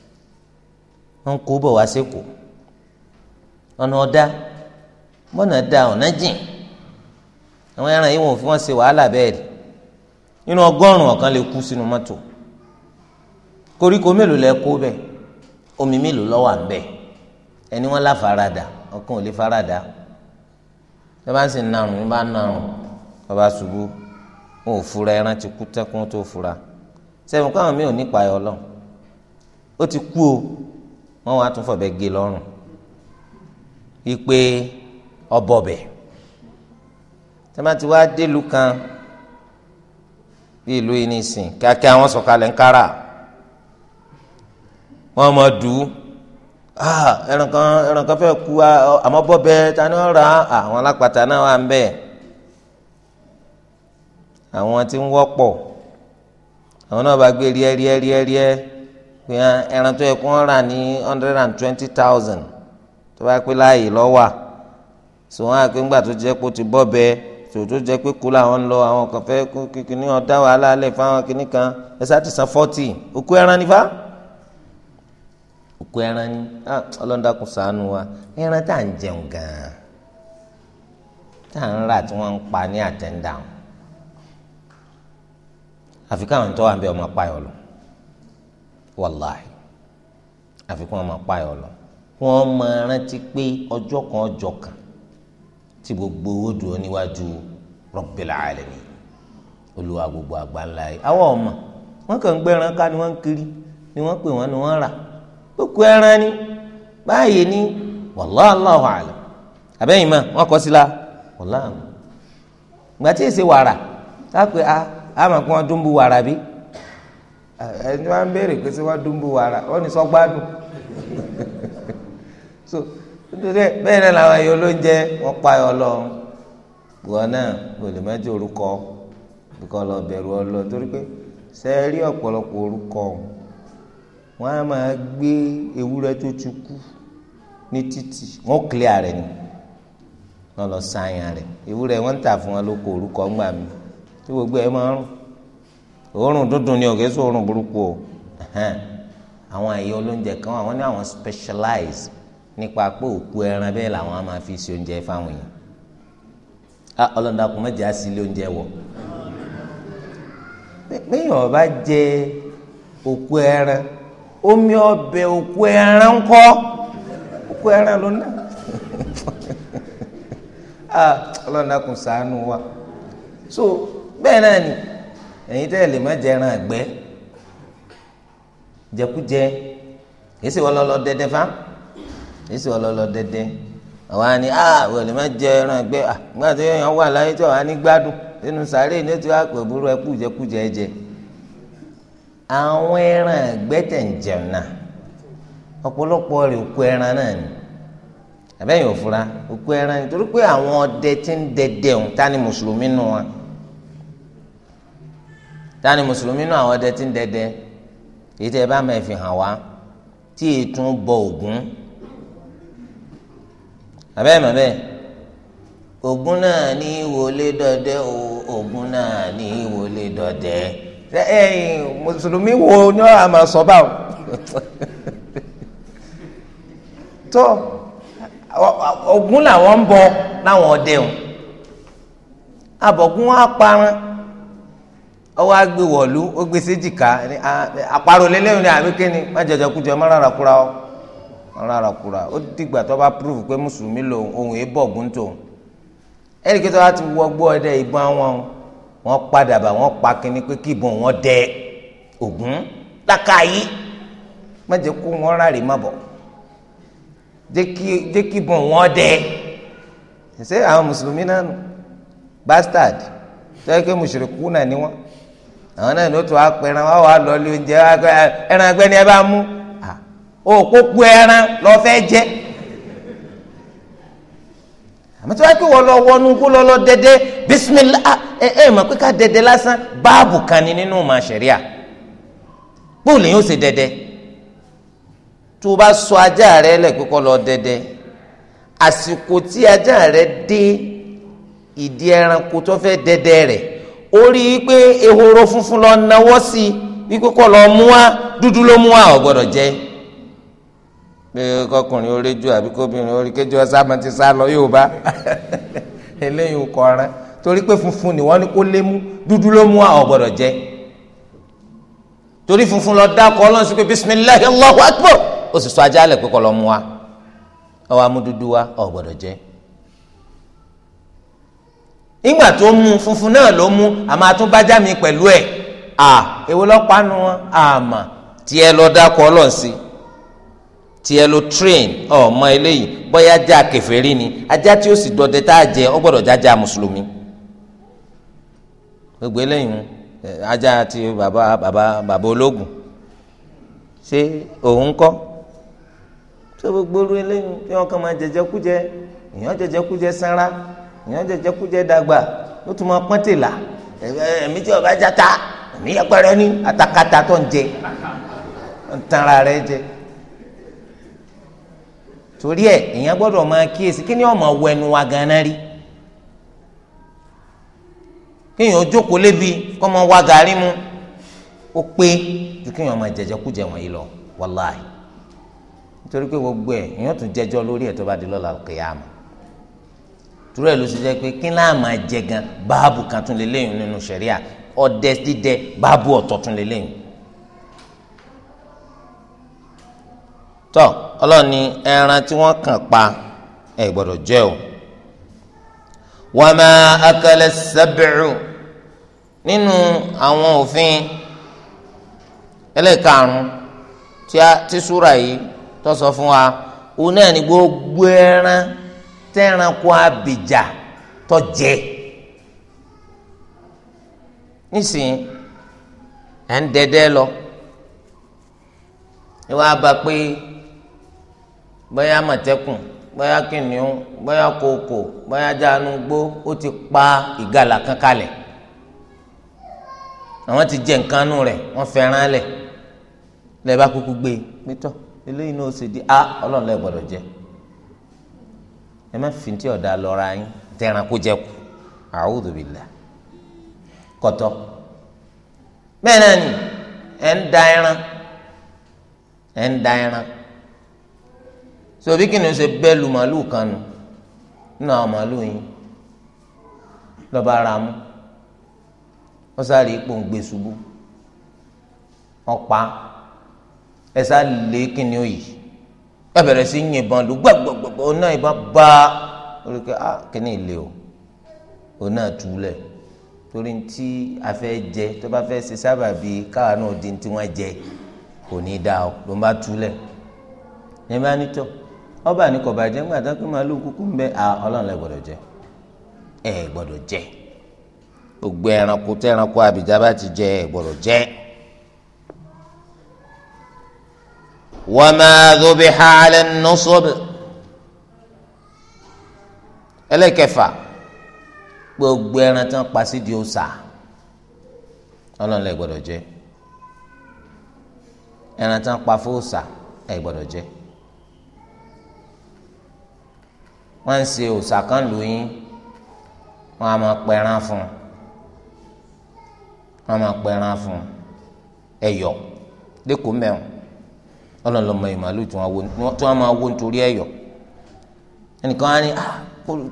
wọn kó bọ̀ wá sẹ́kọ̀ọ́ ọ̀nà ọ̀dá mọ́nà dá ọ̀nà jìn àwọn ẹran yìí wọn fi wọn ṣe wàhálà bẹ́ẹ̀ rí nínú ọgọ́rùn-ún ọ̀kan lè kú sínú mọ́tò koríko mélòó lẹ kó bẹ́ẹ̀ omi mélòó lọ́wọ́ à ń bẹ́ẹ̀ ẹni wọn láfaradà ọkàn ò lè faradà ẹ bá ń sìn narùn ẹ bá ń narùn ẹ ṣubú wọn ò fura ẹran ti kú tẹkùn tó fura sẹ́yìn káwọn mi ò nípa ẹ ọlọ́run ó ti kú o wọn wàá tún fọ̀bẹ gé lọ́rùn wípé ọbọbẹ tẹmátì wàá délùú kan bí ìlú yìí nìsín kíákíá wọn sọ̀kalẹ̀ ńkárà wọn mọ dùú ah, ẹran kan ẹran kan fẹ́ kú ah, àmọ́ bọbẹ tani wọn rà ah, àwọn alápàtà náà wà ń bẹ àwọn tí ń wọ́pọ̀ àwọn náà bá gbé rí ẹ rí ẹ rí ẹ rí ẹ pìyàn ẹran tó yẹ kó ń rà ní hundred and twenty thousand tó bá pé láàyè lọ́wà sọ wọn àpé ńgbà tó jẹ́ pé ó ti bọ́ bẹ́ẹ̀ tó tó jẹ́ pé kú làwọn ń lọ àwọn kan fẹ́ kíní ọ̀dá wàhálà alẹ́ fáwọn kíní kan ẹ sá san forty òkú ẹran nífà òkú ẹran ní ọlọ́dàkùn ṣàánú wa ẹran tá à ń jẹun gan-an tá à ń rà tí wọ́n ń pa ní àtẹ̀ńdà àfi káwọn tó wà ń bẹ ọmọ apáyọ̀ lọ wàláhì àfi kí wọ́n máa pààyàn lọ kí wọ́n máa rántí pé ọjọ́ kan ọjọ́ kan tí gbogbo owó dúró níwájú Rabbil Alamin olùwà gbogbo àgbáńlá yìí àwọn ọmọ wọn kàn ń gbẹran ká ni wọ́n ń kiri ni wọ́n pè wọ́n ni wọ́n rà gbogbo ẹran ni báyìí ni wàláhì Allahu àbẹ́yìn mọ́ wọn kọ́ sí la wàláhì gbàtí èsè wàrà ká pé a àmọ̀ kí wọ́n wàrà bíi. Eh, ẹni wá béèrè pé ṣé wọ́n dúnbù wàrà wọ́n ní sọ́gbádùn so bẹ́ẹ̀ náà làwọn ẹ̀yọ́ ló ń jẹ́ wọ́n pa ẹ̀ wọn náà orúkọ lọ bẹ̀rù ọ̀pọ̀lọpọ̀ orúkọ wọn á gbé ewúrẹ́ tó ti kú ní títì wọn ni wọn lọ òórùn dúndùn ni ò kìí sọ burúkú o àwọn kan àwọn ní àwọn specialize nípa pé òkú ẹran bẹ́ẹ̀ làwọn á máa fi ṣe oúnjẹ fáwọn yẹn á ọlọ́dà á sí ilé oúnjẹ wọ̀ bẹ́ẹ̀ ọba jẹ òkú ẹran omi ọbẹ̀ òkú ẹran ńkọ́ òkú ẹran ló ná ọlọ́dà sànù wa so bẹ́ẹ̀ ni. ẹ̀yin tẹ́ lè má jẹ ẹran àgbẹ̀ jẹkújẹ èsì wọ́n lọ́lọ́ dẹ́dẹ́ fá èsì wọ́n lọ́lọ́ dẹ́dẹ́ àwa ni a wọ́n lè má jẹ ẹran àgbẹ̀ à nígbà tó yẹn wà láyé tí wọ́n á ní gbádùn nínú sàárè ní ètò àpò ìbúrú ẹkú jẹkújẹ jẹ àwọn ẹran àgbẹ̀ tẹ̀ ń jẹun náà ọ̀pọ̀lọpọ̀ rẹ̀ òkú ẹran náà ni àbẹ́yìn òfura òkú ẹran nítorí pé àwọn ọdẹ ti ń dẹdẹ òun ta ni mùsùlùmí nù wọn tani mùsùlùmí náà àwọn ọdẹ ti ń dẹdẹ èyí tẹ ẹ bá máa fi hàn wá tí bọ ògún àbẹ́ẹ̀ ògún náà ní wọlé dọdẹ o ògún náà ní wọlé dọdẹ ẹ mùsùlùmí wo ni wọn àmà sọ báwo tó ògún bọ láwọn ọdẹ o àbọ̀gún ọwọ́ agbe wọ̀lú ó gbé séjìká àparò lélẹ́yìn ni àbí kíni má jẹjọ kújọ má rárá kúra ọ má rárá kúra ó dìgbà tó bá prove pé mùsùlùmí lòun òun èé bọ̀ gún tòun ẹnì kí tó bá ti wọ gbọ́ ọdẹ ìbọn àwọn wọn padà bá wọn pa kíni pé kí ìbọn wọn dẹ ògún lákàáyé má jẹ kó wọn rárẹ̀ má bọ̀ jẹ́ kí ìbọn wọn dẹ ṣe àwọn mùsùlùmí náà bastard tó yẹ kí mùsùlùmí kú náà ni wọn. àwọn náà ní o tó wá pẹ ẹran wá wà lọlé oúnjẹ ah, ẹran ẹgbẹ ni ẹ bá mú ah, òkókó ẹran lọ fẹ jẹ àmọ́ tí wọ́n pè wọ́n lọ wọnú kó lọ lọ dẹdẹ bisimilah ah, ẹ ẹ mọ̀ pé ká dẹdẹ lásán báàbù kan ni nínú ọmọ àṣẹríà bóun lè yóò ṣe dẹdẹ tó o bá sọ ajá rẹ lẹ dee kó lọ dẹdẹ àsìkò tí ajá rẹ dé ìdí ẹranko tó fẹ́ dẹdẹ rẹ̀ orí pé ehoro funfun lọ nawọ́ sí i wípé kọ́ lọ mú wa dúdú ló mú wa ò gbọ́dọ̀ jẹ́ pé kọkùnrin ó àbí kóbìnrin ó sá lọ yóò bá eléyìí kọ ọ̀ràn torí pé funfun ni wọ́n ní kó lé mú dúdú ló mú wa nígbà tó mú funfun náà ló mú àmọ́ àtúbájá mi pẹ̀lú ẹ̀ à èwo lọ́pàá nu wọn àmà tiẹ̀ lọ dákọ̀ ọlọ́run sí tiẹ̀ lọ train ọmọ eléyìí bóyá ajá kèfèrí ni ajá tí ó sì dọdẹ tá a jẹ ọ gbọ́dọ̀ jájá mùsùlùmí gbogbo eléyìí ajá ti bàbá bàbá bàbá ológun ṣé òun kọ́ ṣé gbogbo eléyìí kí wọ́n kàn máa jẹjẹkújẹ èèyàn jẹjẹkújẹ sára èèyàn jẹjẹ kújẹ dàgbà ló tún máa pọ́n tèlà ẹ̀mí tí ọba jata ẹ̀mí yẹpẹrẹ ní atakata tó ń jẹ ń tanra rẹ jẹ torí ẹ èèyàn gbọ́dọ̀ máa kíyèsí kí ni ọmọ wẹnu wa ganan rí kéèyàn jókòó lébi kọ́ mọ wa gàrí mu ó pé ju kéèyàn máa jẹjẹ kújẹ wọ̀nyí lọ wàláì nítorí pé gbogbo ẹ̀ èèyàn tún jẹjọ́ lórí ẹ̀ tó bá di lọ́la kìyàmù turu ẹ ló ṣe jẹ pé kí náà máa jẹ gan báàbù kan tún lélẹyìn nínú ṣẹríà ọdẹ dídẹ báàbù ọ̀tọ̀ tún lélẹyìn. tọ ọlọ́ni ẹran tí wọ́n kàn pa ẹ gbọ́dọ̀ jẹ o wa ma akala sab'u nínú àwọn òfin ẹlẹ́karùn-ún tí súra yìí tó sọ fún wa òun náà ni gbogbo ẹran tẹ́ranko abìjà tọ́jẹ́ nísìnyí ẹ̀ ń dẹ́dẹ́ lọ ẹ wá bá pé bóyá mọ̀tẹ́kùn bóyá kìnìún bóyá kòkò bóyá jáánu gbó ó ti pa ìgalà kan kalẹ̀ àwọn ti jẹ nǹkan nù rẹ̀ wọ́n fẹ́ràn lẹ̀ lẹ́ẹ̀ bá kúkú gbé e pé tọ́ eléyìí náà ó sì di a ọlọ́run lẹ́ẹ̀ gbọ́dọ̀ jẹ́ ẹ má fi ti ọ̀dà lọ́ra yín tẹ̀ràn kó jẹ kù a'udhu billah kọ̀tọ́ bẹ́ẹ̀ náà ni ẹ̀ ń da ẹran ẹ̀ ń da ẹran sọ bí kìnìún ṣe bẹ́ẹ̀ màálù kan nínú àwọn màálù yín lọ́ba ara mú wọ́n sáré ipò ń gbé ṣubú ọ̀pá ẹ̀ sá lé kìnìún yìí ẹ bẹ̀rẹ̀ sí yìnbọn lù gbàgbọ́gbọ́ òun náà ìbá bá orí pé ah kíní ìlé o òun náà túlẹ̀ torí tí a fẹ́ jẹ tó bá fẹ́ ṣe sábà bíi káwa náà di tí wọ́n jẹ kò ní í dá o ló ń bá túlẹ̀ ní bá nítọ́ ọba ní kò bàjẹ́ ńgbà tó kí màálù kúkú ń bẹ ah ọlọ́run lẹ gbọ́dọ̀ jẹ ẹ gbọ́dọ̀ jẹ gbogbo ẹranko tẹ ẹranko àbíjá bá ti jẹ ẹ gbọ́dọ̀ jẹ. وما ذبح على النصب ẹlẹ́kẹfà gbogbo ẹran tí wọ́n pa sí di òòṣà ọlọ́run lẹ gbọ́dọ̀ jẹ ẹran tí wọ́n pa fún òòṣà ẹ gbọ́dọ̀ jẹ wọ́n ń ṣe òòṣà kan lù yín wọ́n á máa pẹran fún wọ́n á máa pẹran fún ẹ̀yọ̀ lẹ́kọ̀ọ́ mẹ́rin ọlọ́ọ̀lọ́mọ ìmàlú tí wọ́n máa wó nítorí ẹ̀yọ̀ ẹnìkan á ní ah,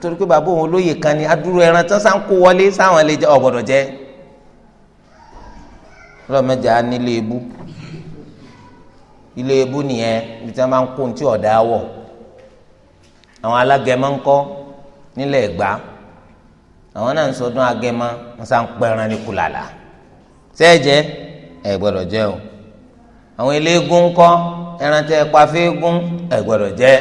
torí pé bàbá òun olóye kan ní adúrú ẹran tán sá ń kó wọlé sáwọn lè jẹ ọ̀gbọ̀dọ̀ jẹ ọlọ́mọdé á nílé ebú ilé ebú nìyẹn ibi tí wọ́n máa ń kó ní tí ọ̀dà wọ̀ àwọn alágẹmọ ńkọ́ nílẹ̀ ẹ̀gbá àwọn náà ń sọdún agẹmọ ń sá ń pẹran ní kùlàlà sẹ́ẹ̀jẹ́ ẹ̀ gbọ́dọ̀ jẹ́ o àwọn eléégún ńkọ́ ẹran tẹ pa fẹ́ẹ́gún ẹ gbọ́dọ̀ jẹ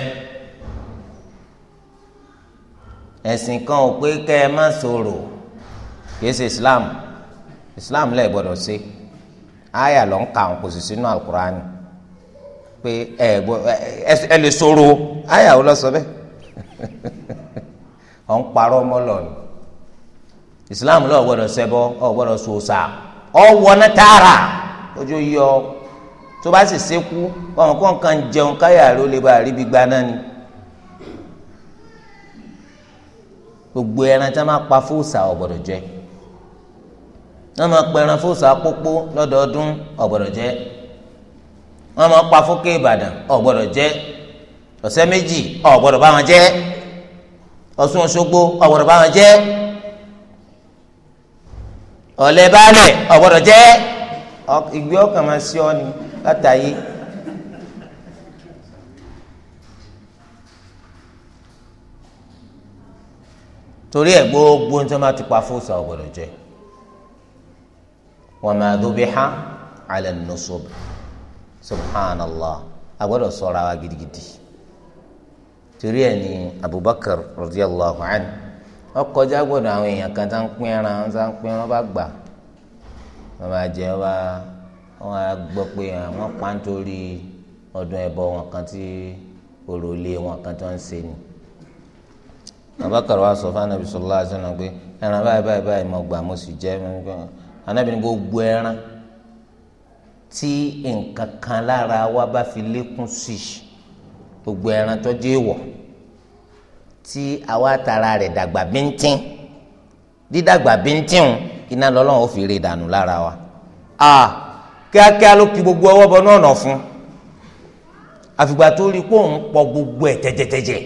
ẹ̀sìn kan ò pé kẹ́ ẹ má sọ̀rọ̀ kìí ṣe islam islam lẹ gbọ́dọ̀ ṣe àyà ló ń kà wọn kò sì sínú alukurani pé ẹ ẹ lè sọ̀rọ̀ àyà ò lọ sọ bẹ́ẹ̀ ọ̀ ń parọ́ mọ́lọ̀ ni islam ló gbọ́dọ̀ ṣẹbọ ọ̀ gbọ́dọ̀ sọ sà ọ̀ wọná tààrà ojú yọ tó bá sì ṣekú ọ̀hún kó nǹkan jẹun káyà ló lè bá àríbi gba náà ni gbogbo ẹran tí wọ́n máa pa fóòsà ọ̀gbọ̀dọ̀ jẹ wọ́n máa pa ẹran fóòsà pópó lọ́dọọdún ọ̀gbọ̀dọ̀ jẹ wọ́n máa pa fókè Ìbàdàn ọ̀gbọ̀dọ̀ jẹ ọ̀sẹ̀ méjì ọ̀gbọ̀dọ̀ bá wọn jẹ Ọ̀ṣun Òṣogbo ọ̀gbọ̀dọ̀ bá wọn jẹ ọ̀lẹ́ baálẹ̀ ọ̀gbọ̀dọ̀ jẹ ìgbé ọkàn máa sí ọ ni látàyè. torí ẹ gbogbo ní tí wọn bá ti pa fóòsà ọgbọdọ jẹ wọn máa dóbi ha alẹ nusub subhanallah agbọdọ ṣọ́ra wa gidigidi torí ẹ ní abubakar radiyallahu anhu ọkọjá gbọ́dọ̀ àwọn èèyàn kan tá ń pín ẹran tá ń pín ẹran bá gbà wọn máa jẹ wá. Wa wọn á gbọ́ pé wọn pa nítorí ọdún ẹbọ wọn kan tí òròlé wọn kan tó ń ṣe ni abakar wa sọ fún anabi sọlá àṣẹnà pé ẹran báyìí báyìí báyìí mo gbà mo sì jẹ anabi ní gbogbo ẹran tí nǹkan kan lára wa bá fi lékún sí gbogbo ẹran tó jẹ́ ìwọ̀ tí àwa tara rẹ̀ dàgbà bíntín dídàgbà bíntín iná lọ́lọ́run ó fi rè dànù lára wa. Ah kíákíá ló kí gbogbo ọwọ́ bọ náà nà fún àfìgbà tó rí kó ń pọ gbogbo ẹ̀ tẹ́jẹ́tẹ́jẹ́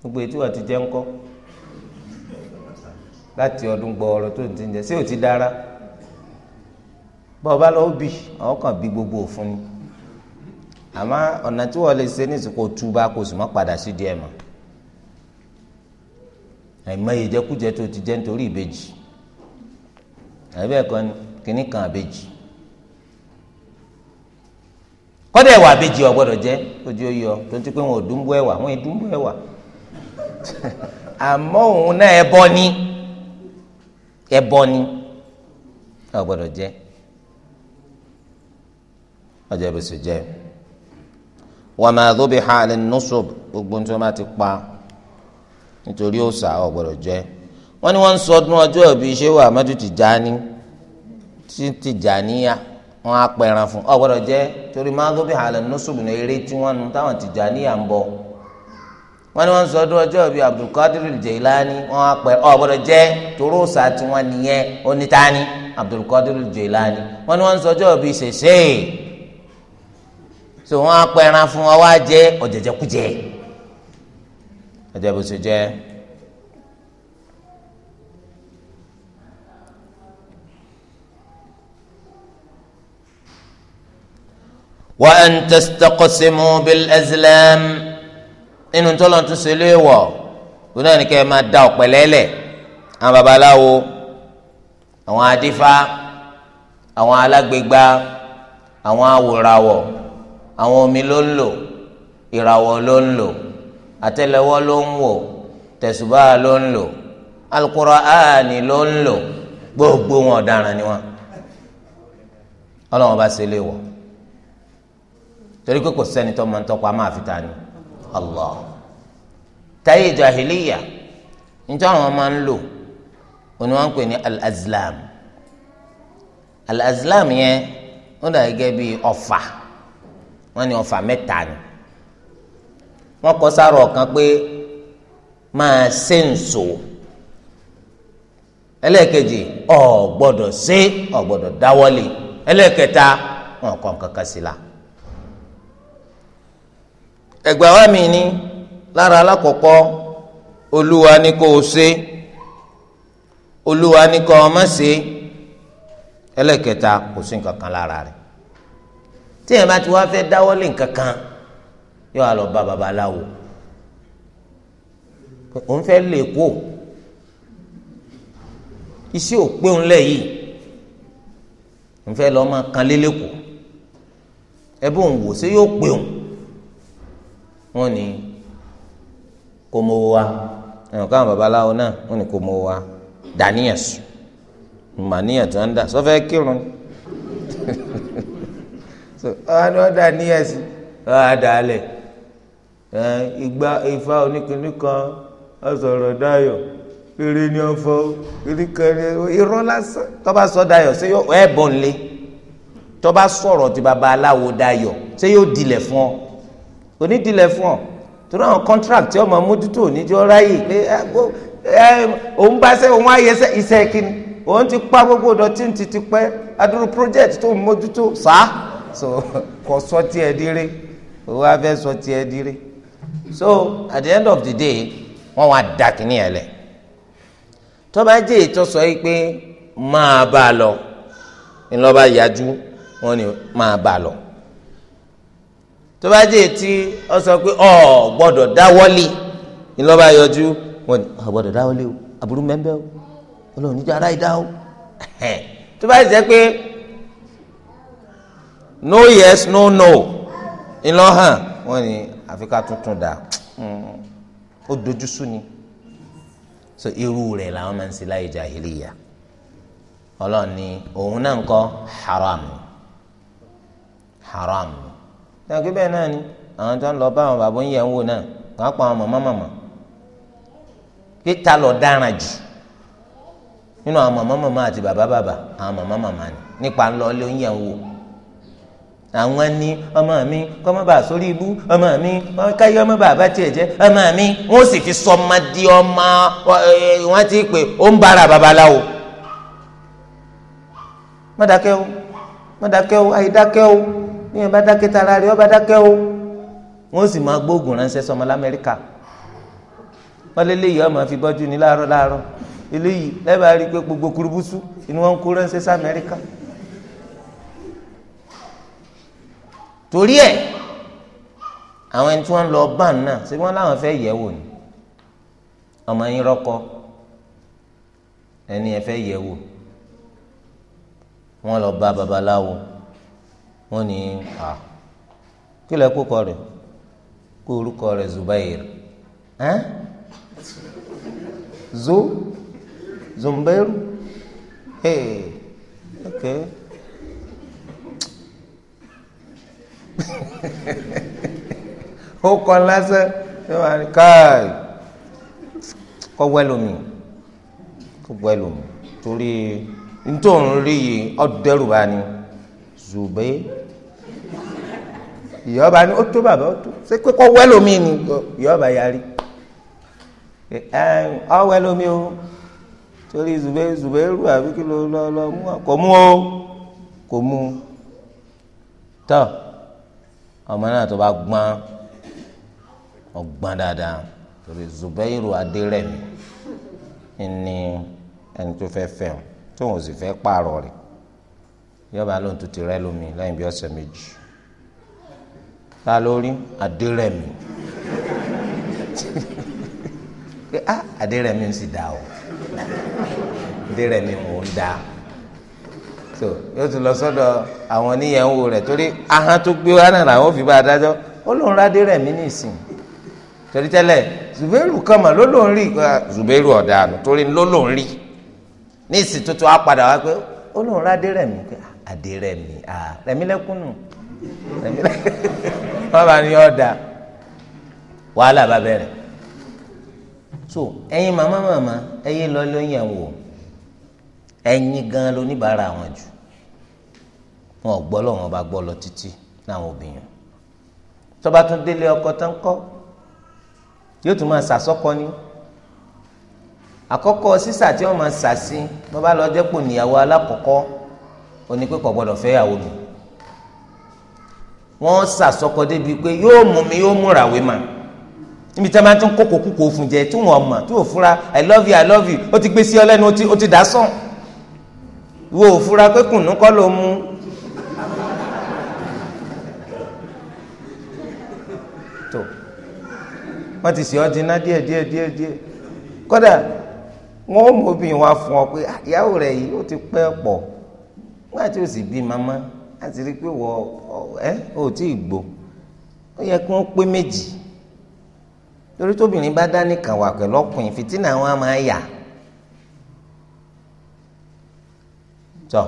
gbogbo ètò àti jẹ́ ńkọ́ láti ọdún gbọ́ọ̀rọ̀ tó ti ń jẹ ṣé ò ti dára bọ́ọ̀ bá lọ́wọ́ bì bí gbogbo òfin ni àmọ́ ọ̀nà tí wọ́n lè ṣe ní ìsìnkú túbá kò sì mọ́ padà sí díẹ̀ mọ́ àìmọye jẹkújẹ tó ti jẹ nítorí ìbejì àbẹ́ẹ̀kọ́ ni kínní kan àbejì kọ́dọ̀ ẹ̀wà àbejì ò gbọ́dọ̀ jẹ́ lójú ó yọ tó ń ti pé wọn ò dúnbú ẹ̀wà wọn ì dúnbú ẹ̀wà àmọ́ òun náà ni ẹbọ ni ò gbọ́dọ̀ jẹ́ ọjọ́ ìbùsù jẹ́ wa gbogbo tí wọ́n ti pa nítorí gbọ́dọ̀ jẹ́ wọ́n ní wọ́n ń sọdún ọjọ́ ìbí títí jàníyà wọn á pẹran fún ọ gbọ́dọ̀ jẹ torí máa tó bí hàlẹ nọsùbù ní eré tí wọn nu táwọn ti jàníyà ń bọ wọn ni wọn sọ ọdún ọjọ́ bíi Abdulkadir Jailani wọn á pẹ ọ gbọ́dọ̀ jẹ toró òsà tí wọn nìyẹn onítàní Abdulkadir Jailani wọn ni wọn sọ ọjọ́ bíi ṣèṣe so wọn á pẹran fún ọ wá jẹ ọjẹjẹkújẹ ọjẹ bó ṣe wa an tastaqsimu bil azlam inú tọ́lọ̀ tún ṣe lé wọ̀ wọn náà ní kẹ́ ẹ máa da ọ̀pẹ̀lẹ́lẹ̀ àwọn babaláwo àwọn adífá àwọn alágbègbà àwọn awòràwọ̀ àwọn omi ló ń lò ìràwọ̀ ló ń lò àtẹ́lẹwọ́ ló ń wò tẹ̀sùbá ló ń lò alukuraani ló ń lò gbogbo wọn ọ̀daràn ni wọn ọlọ́wọ́n bá ṣe lé wọ̀ torí pé kò sẹ́ni tó máa ń tọ́pọ̀ ta àfi tani Allah táyé jahiliya níjọ́ àwọn máa ń lò ń pè ní al-azlam al yẹn ó dà gẹ́gẹ́ bíi ọ̀fà wọ́n ní ọ̀fà mẹ́ta ni wọ́n kọ́ ọ̀kan pé máa ṣe ń so ẹlẹ́ẹ̀kejì ọ̀ gbọ́dọ̀ ṣe ọ̀ gbọ́dọ̀ dáwọ́lé ẹlẹ́ẹ̀kẹta wọn kọ́ la. ẹgbà wa mi ni lára alákọ̀ọ́kọ́ olúwa ni kò ṣe olúwa ni kò má ṣe ẹlẹ́kẹta kò sí nǹkan kan lára rẹ̀ tí èèyàn bá ti wá fẹ́ dáwọ́ lé nǹkan kan yóò lọ bá babaláwo òun fẹ́ lè kó iṣẹ́ òpin ńlẹ̀ yìí òun fẹ́ lọ́ọ́ máa kan lélẹ́kọ̀ọ́ ẹ bó wò ṣé yóò pè òun wọ́n ní kò mọ wa ẹnì káwọn babaláwo náà wọ́n ní kò mọ wa dàníyàn sùn màníyàn tó ń dà sọfẹ kírun so ọ̀hánú dàníyàn sí ọ̀hádàálẹ̀ ìgbà ifá oníkìní kan ọ̀sọ̀rọ̀ dayọ̀ eré ni wọ́n fọ́ kìnìkan irọ́ lásán tọ́ba sọ dayọ̀ ṣé yóò ẹ̀ bọ̀ nílé tọ́ba ti babaláwo dayọ̀ ṣé yóò dilẹ̀ fún ọ onídìílẹ̀ fún ọ torí àwọn contract tí ọmọ mójútó oníjọ ráyè pé ẹ òun bá ṣe òun ayé iṣẹ́ kínní òun ti pa gbogbo dọ̀tí ti ti pẹ́ adúrú project tó ń mójútó sá so kò sọ tiẹ̀ dire òun á fẹ́ sọ tiẹ̀ dire so at the end of the day wọ́n wá da kínní ẹ̀ lẹ̀ tọ́ba jẹ́ ìtọ́sọ yìí pé máa bá a lọ ńlọ́ba yájú wọ́n ní máa bá a lọ tó bá jẹ́ etí ọ sọ pé ọ gbọ́dọ̀ dáwọ́lì ńlọ́ba yọjú wọn ni ọ gbọ́dọ̀ dáwọ́lì o àbúrú mẹ́mbẹ́ o ọlọ́run níjà ara ìdá o tó bá pé no yes no no ńlọ́hàn wọn ni àfikà tuntun dà hmm. ó dojú sú ni so irú rẹ̀ làwọn máa ń ṣe láyé jahiliya ọlọ́run ni òun náà ń kọ́ haram haram dàgbé bẹ́ẹ̀ náà ni àwọn tó ń lọ bá àwọn bàbá ń yẹ̀ ń wò náà wọ́n á pa àwọn màmá màmá pé ta ló dára jù nínú àwọn màmá màmá àti bàbá bàbá àwọn màmá màmá ni nípa ńlọlé ń yẹ̀ ń wò àwọn ni ọmọ mi kọ́ mọ́ bàa sórí ibú ọmọ mi káyọ̀ mọ́ bàa bá tiẹ̀ jẹ́ ọmọ mi wọ́n sì fi sọmadí ọmọ wọ́n ti pè ó ń bára babaláwo mọ́dàkẹ́ o mọ́dàkẹ́ o àyídákẹ́ o bí yẹn bá dákẹ́ tara rẹ̀ ọba dákẹ́ o wọ́n sì máa gbóògùn ránṣẹ́ sọmọ lamẹ́ríkà wọ́n lé léyìí ọmọ fi bọ́jú ní láàárọ̀ láàárọ̀ eléyìí lẹ́bàá rí i pé gbogbo kurubusu ni wọ́n ń kó ránṣẹ́ sí amẹ́ríkà torí ẹ̀ àwọn ẹni tí wọ́n lọ bá náà ṣé wọ́n láwọn fẹ́ yẹ̀ wò ni ọmọ yín rọ́kọ ẹni ẹ fẹ́ yẹ̀ wò wọ́n lọ bá babaláwo. wọ́n ni à kí lẹ kó kọ rẹ̀ kó orúkọ rẹ̀ Zubair ẹ zo Zumbairu ee ok ó kọ lásán kọ wẹlómi kọ wẹlómi torí ntòun rí yìí bá ní. Zubair ìyọba ni ó tó bàbá ó tó ṣé pé kọ́ wẹ́lómi ni ìyọba yarí ọ wẹ́lómi o torí Zubair Zubair rú àbí kí ló lọ lọ mú kò mú o kò mú tọ ọmọ náà tó bá gbọ́n ọgbọ́n dáadáa torí Zubair rú adé rẹ̀ mi ni ẹni tó fẹ́ fẹ́ o tó wọn sì fẹ́ pààrọ̀ rẹ̀ yọba lóun tó ti rẹ lómi lẹ́yìn bí ọ̀sẹ̀ méjì ta lórí adérẹ̀mí pé ah adérẹ̀mí ń sì da o adérẹ̀mí mò ń da. so yóò tún lọ sọ́dọ̀ àwọn oníyẹ̀wò rẹ̀ torí ahọ́n tó gbé wá náà làwọn fi bá a dájọ́ ó lóun rá adérẹ̀mí nìsín torí tẹ́lẹ̀ zubairu kama ló lóun rí ah, zubairu ọ̀daràn torí ló lóun rí ní ìsìn tuntun á padà wá pé ó lóun rá adérẹ̀mí pé ah Adérẹ̀mí ah Rẹ̀mílẹ́kún nù Rẹ̀mílẹ́kún wọn bá ní ọdà wàhálà bá bẹ̀rẹ̀ so ẹ̀yin mama mama, ẹ̀yin lọ lóyún ẹwọ ẹ̀yin gan lóníbàárà àwọn jù wọn ò gbọ́ lọ́wọ́n bá gbọ́ lọ títí láwọn obìnrin tọ́ba tún délé ọkọ tán kọ́ yóò tún máa sàsọ́kọ ni àkọ́kọ́ sísà tí wọ́n máa sà sí bọ́bá lọ́ọ́ dẹ́pọ̀ níyàwó alákọ̀ọ́kọ́ onípẹ́kọ̀ gbọ́dọ̀ fẹ́ yàwó mi wọ́n sàsọkọ débi pé yóò mú mi yóò múra wé ma níbi tí a máa tún kókò kúkò fún jẹ tí wọn mọ tí wọn fura i love you i love you ó ti gbé sí ọ lẹ́nu ó ti dá sàn wo ò fura pé kùnú kọ́ ló mú tó wọ́n ti sè ọ́ dínà díẹ̀ díẹ̀ díẹ̀ díẹ̀ kódà wọ́n mú obìnrin wa fún ọ pé ah, ìyàwó rẹ̀ yìí ó ti pẹ́ pọ̀ wáyà tí o sì bí mama láti rí i pé wọ ẹ ò tí ì gbó ó yẹ kí wọ́n pé méjì torí tóbìnrin bá dá nìkan wà pẹ̀lú ọkùnrin fìtínà wọn á máa yà tọ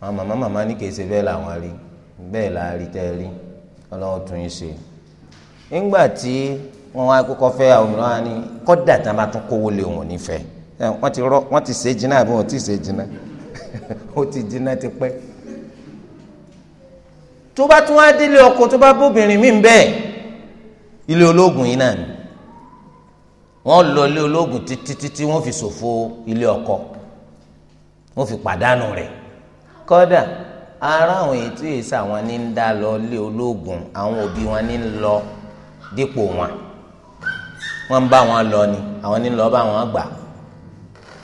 àwọn màmá màmá ní kèsè bẹ́ẹ̀ làwọn rí bẹ́ẹ̀ là á rí tẹ́ ẹ rí ọlọ́run tún yín ṣe nígbà tí wọ́n wá kókó fẹ́ àwọn mìíràn kọ́dà tá a bá tún kówó lé òun nífẹ̀ẹ́ wọ́n ti ṣe jìnnà àbí wọ́n ti ṣe jìnnà. ó ti jiná ti pẹ́ tó bá tún wá délé ọkọ tó bá bóbìnrin mí bẹ́ẹ̀ ilé ológun yìí náà ni wọ́n lọ ilé ológun títí títí wọ́n fi ṣòfò ilé ọkọ wọ́n fi pàdánù rẹ̀ kódà ara àwọn ètò ìsà wọn ní ń dá lọ ilé ológun àwọn òbí wọn ní ń lọ dípò wọn wọ́n ń bá wọn lọ ni àwọn ní ń lọ bá wọn gbà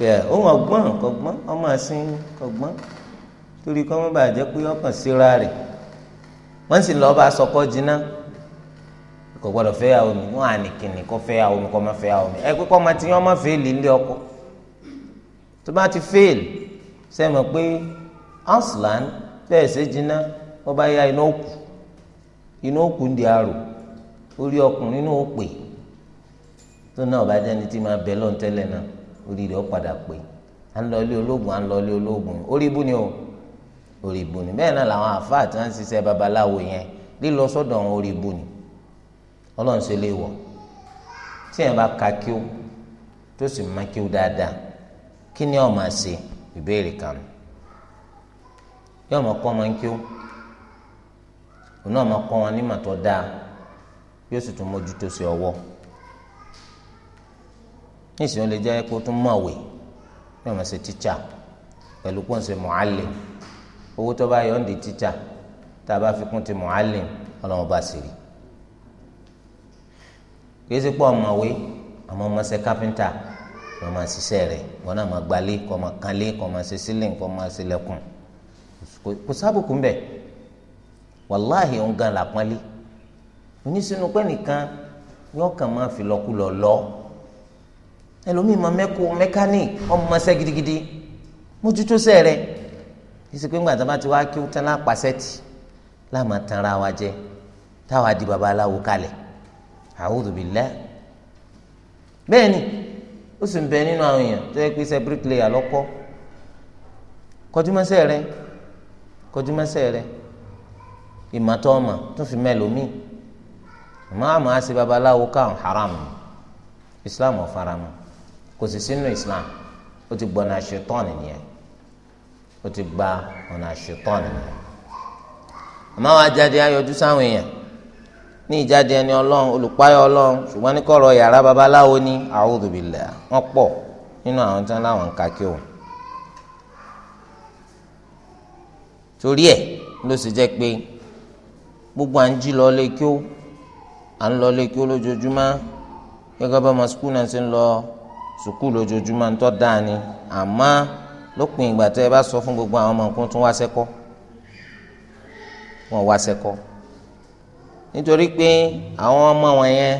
pé òun ọgbọ́n kọgbọ́n ọmọ àsìn kọgbọ́n torí kọ́ mọ́ bàjẹ́ pé ọkàn síra rẹ̀ wọ́n sì lọ́ọ́ bá sọkọ́ jiná kò gbọ́dọ̀ fẹ́ àwọn mi wọ́n á ní fẹ́ àwọn mi kó má fẹ́ mi kọ́ ọkọ tó bá ti fèèl sẹ́mi pé bẹ́ẹ̀ ṣe jiná wọ́n bá ya iná òkú iná òkú ń di àrò orí rẹ̀ ó padà pé à ń ológun à ń ológun o orí ni bẹ́ẹ̀ náà làwọn àáfàá tí babaláwo yẹn lílọ sọ́dọ̀ wọn orí ni ọlọ́run ṣe lè wọ̀ tí yẹn bá ka kí o tó sì má kí o dáadáa kí ni ìbéèrè kan yóò kọ́ ọmọ kí o òun náà máa kọ́ wọn dáa yóò sì nísìnyí ó lè jẹ́ kó tún mọ̀wé ní ọmọ ṣe tíṣà pẹ̀lú kó ń ṣe mọ̀álẹ̀ owó tó bá yọ ń di tíṣà tá a bá fi kún ti mọ̀álẹ̀ ọlọ́wọ́n bá sì rí kì í ṣe pé ọmọwé àmọ́ ọmọ ṣe kápẹ́ńtà ni ọmọ ṣiṣẹ́ rẹ̀ wọn náà máa gbalé kọ́ máa kanlé kọ́ máa ṣe sílìn kọ́ máa ṣe lẹ́kùn kò sábùkù mbẹ wàláhì òun làpọ́nlé oníṣínú pẹ́ nìkan yọ̀ọ̀kan ẹlòmíì ma mẹkọ mẹkáníìk gidigidi mójútó sẹ ìsìnkú ńgbà bá ti wá kí ó tán lápàṣẹtì láàmà tán ra wa jẹ táwa di babaláwo kalẹ̀ àwòdùbílẹ bẹ́ẹ̀ ni ó sì ń bẹ nínú àwọn èèyàn tó yẹ rẹ rẹ ọmọ fi àmọ́ àmọ́ àṣẹ babaláwo káwọn haram islam ọ̀farama. kò sì sínú islam ó ti gbọ́nà ṣetán nìyẹn ó ti gba ọ̀nà ṣetán nìyẹn àmọ́ àwọn ajáde ayọ̀jú sáwọn èèyàn ní ìjáde ẹni ọlọ́run olùpáyọ̀ ọlọ́run ṣùgbọ́n ní kọ̀rọ̀ yàrá babaláwo ní a'udhu billah wọ́n pọ̀ nínú àwọn tí wọ́n láwọn ń ka kí o torí ẹ̀ ló sì jẹ́ pé gbogbo à ń jí lọ lé à ń lọ lé kí o bá ọmọ sukùl náà ti ń lọ sùkúlù ojoojúmọ́ ń tọ́ dáa ni àmọ́ lópin ìgbà tẹ́ ẹ bá sọ fún gbogbo àwọn ọmọ nǹkan tó wá sẹ́kọ́ wọn wá sẹ́kọ́ nítorí pé àwọn ọmọ wọn yẹn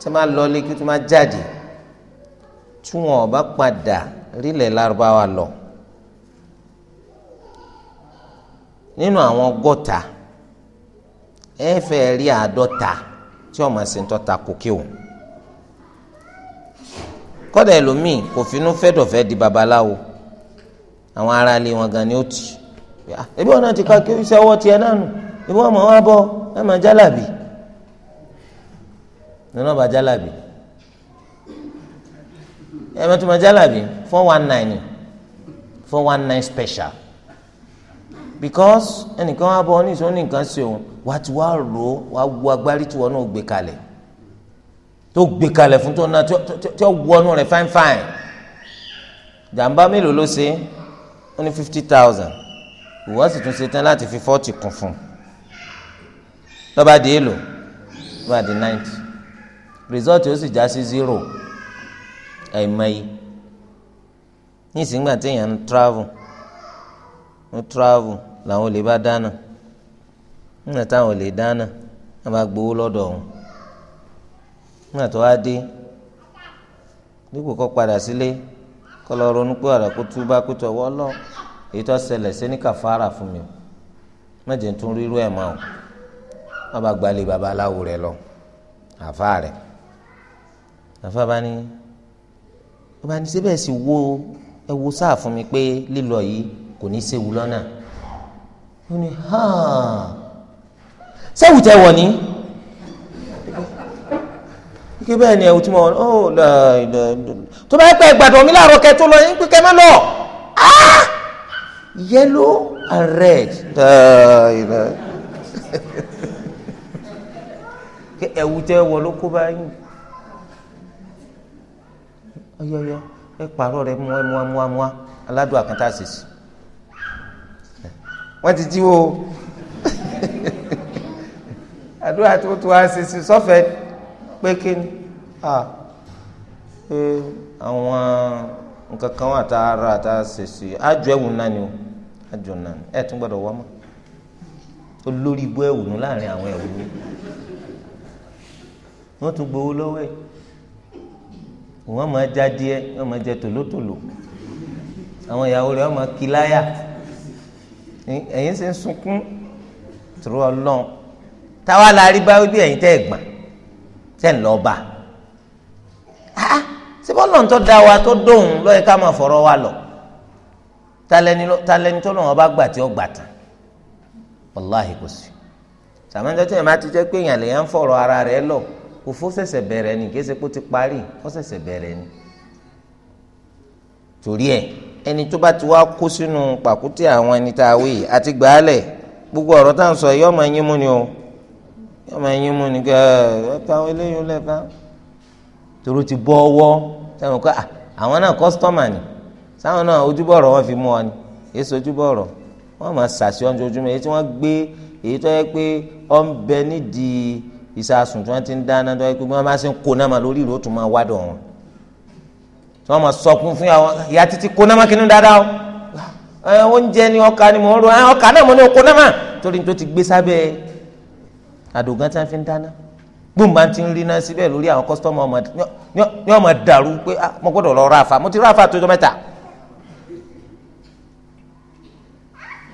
tí wọ́n lọ lé kí wọ́n jáde tí wọn ò bá padà rílẹ̀ lárúbáwá lọ nínú àwọn ọgọ́ta ẹ fẹ́ rí àádọ́ta tí ọmọ sì ń tọ́ta kò kí òun kọ́dà ẹlòmíì kò finú fẹ́dọ̀fẹ́ di babaláwo àwọn ará ilé wọn gan ni ó tì ah, ebi wọn náà ti ká kí iṣẹ́ ọwọ́ tiẹ̀ náà nù ebi wọn mọ̀ wá bọ̀ ẹ máa jálàbì nínú ọba jálàbì ẹ máa tún máa jálàbì four one nine four one nine special because ẹnìkan wá bọ̀ ọ́ ní ìṣòro nìkan ṣe òun wá ti wá rò ó wá wu agbárí tí náà gbé kalẹ̀ tó gbé kalẹ̀ fún tó ná tí ó wọnú rẹ̀ fine, jàǹbá mélòó ló ṣe ó ní fifty thousand ìwọ sì tún ṣe tán láti fi forty kún fún lọ́ba di èlò lọ́ba di ninety result ó sì já sí zero ẹ̀ẹ́mẹ́yì ní ìsìngbà téèyàn ń travel ń travel làwọn olè bá dáná nígbà táwọn olè dáná wọn bá gbowó lọ́dọ̀ ọ̀hún nígbà tó wá dé dípò kó padà sílé kó lọ ronú pé ọ̀rẹ́ kó túbá kó tọ̀ wọ́ lọ èyí tó ṣẹlẹ̀ sí ní kàfàrà fún mi mẹ́jẹ̀ tún rírú ẹ̀ mọ́ ọ bá gbalẹ̀ babaláwo rẹ̀ lọ àfa rẹ̀ àfa bá ní ó bá ní síbẹ̀ sì wo ẹ wo sáà fún mi pé lílọ yìí kò ní séwu lọ́nà ó ní hàn sẹ́wù tẹ́ wọ̀ ní kí bẹ́ẹ̀ ni ẹ̀wù tí mo ọ̀ oh, tó bá yẹ pé ẹgbàdàn mi láàárọ̀ kẹ́ tó lọ yín pé má lọ ah! yellow and red ẹ̀wù tẹ́ wọ ló kó bá yín ọyọyọ ẹ pààrọ̀ rẹ mua mua mua mua aládùn àkàntà sèṣì wọ́n ti jí wo àdúrà tó tó a sèṣì sọ́fẹ̀ẹ́ pé kí ni à pé àwọn nǹkan kan wà tá a ra tá a ṣèṣì àjọ ẹ̀wù náà ni o àjọ náà ni ẹ̀ tún gbọ́dọ̀ wá mọ́ olórí ibú ẹ̀wù nù láàrin àwọn ẹ̀wù ni wọ́n tún gbowó lọ́wọ́ ẹ̀ wọ́n máa já díẹ̀ wọ́n máa jẹ tòlótòló àwọn ìyàwó rẹ̀ wọ́n máa kí láyà ẹ̀yin ṣe ń sunkún tòró ọlọ́run táwa la rí báwí bí ẹ̀yin tẹ́ ẹ̀ gbà tẹ́ ń lọ bá a ah, ah. ṣé bọ́lọ̀ tó da wa tó dóhùn lọ́yẹ ká máa fọ̀rọ̀ wa lọ talẹ́ni tó lọ́wọ́ bá gbà tí ó gbà tán wàláhì kò sí sàmẹ́ńtọ́ tí èèmà ti jẹ́ pé èèyàn lèèyàn ń fọ̀rọ̀ ara rẹ̀ lọ kò fó ṣẹ̀ṣẹ̀ bẹ̀rẹ̀ ni kì í ṣe kó ti parí ó ṣẹ̀ṣẹ̀ bẹ̀rẹ̀ ni torí ẹ̀ ẹni tó bá ti wá kó sínú pàkúté àwọn ẹni tá a wí àti gbàálẹ̀ gbogbo ọ̀rọ̀ tá à ń sọ yọ́ ọmọ ẹyin mú ni o yóò máa yín ni kẹ ẹ ẹ táwọn eléyìí lẹ́ka tòrò ti bọ́ ọwọ́ sẹ́wọ̀n kọ́ àwọn náà kọ́sítọ́mà ni sáwọn náà ojúbọ̀rọ̀ wọn fi mú ọ ni èso ojúbọ̀rọ̀ wọn máa ṣàṣì ọjọ́ ojúmọ́ èyí tí wọ́n gbé èyí tó yẹ pé ọ ń bẹ nídìí ìsàsùn tí wọ́n ti ń dáná tó yẹ pé wọ́n máa ṣe ń kó náà máa lórí ìró tó máa wá dọ̀ wọn tí wọ́n máa sọkún fún àwọn ìyá títí kó náà máa kínú dáadáa o oúnjẹ ni ọkà ni mò ń ro ọkà náà mo ní àdògán tí wọ́n fi ń dáná gbòǹba ti ń rí náà síbẹ̀ lórí àwọn kọ́sítọ́mù ọmọ ní ọmọ dàrú pé ah, mo gbọ́dọ̀ lọ ra àfà mo ti ra àfà tó jọ mẹ́ta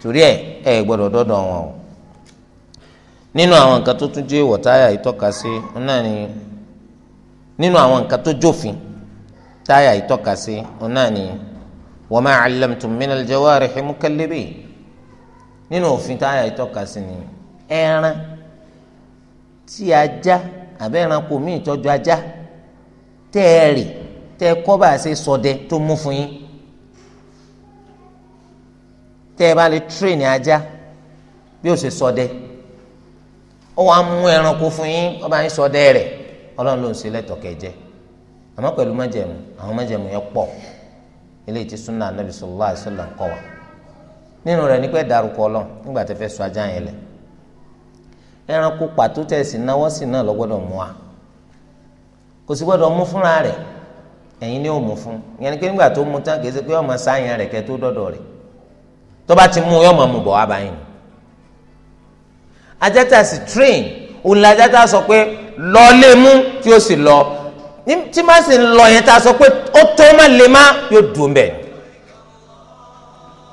torí ẹ ẹ gbọ́dọ̀ dọ́dọ̀ wọn o nínú àwọn nǹkan tó tún jẹ́ wọ̀táyà ìtọ́ka sí náà ni nínú àwọn nǹkan tó jófin táyà ìtọ́ka sí náà ni wa ma allamtum minal jawarihi mukallibin nínú òfin táyà ìtọ́ka sí ni ẹran. E tí ajá àbẹ ẹranko míì tọ́jú ajá tẹ́ ẹ rì tẹ́ ẹ kọ́ bá a ṣe tó mú fún yín tẹ́ ẹ bá ajá bí ó ṣe ṣọdẹ ó wàá mú ẹranko fún yín ó bá yín ọlọ́run ló ń ṣe lẹ́tọ̀ọ́ kẹjẹ àmọ́ àwọn yẹn pọ̀ sunna anabi rẹ̀ ní pẹ́ ọlọ́run ẹranko pàtó tẹ̀sí náwó sí náà lọ́gbọ́dọ̀ mú wa kò sí gbọ́dọ̀ mú fúnra rẹ̀ ẹ̀yin ni ó mú fún yẹn ni pé nígbà tó mú tán kì í ṣe pé ọmọ sáyẹn rẹ̀ kẹ́ tó dọ́dọ̀ rẹ̀ tó bá ti mú yọmọ mú bọ̀ wá báyìí ajata sì train òun lajata sọ pé lọ lé mú tí o sì lọ tí má sì ń lọ yẹn tá sọ pé ó tó má lè má yóò dùn bẹ́ẹ̀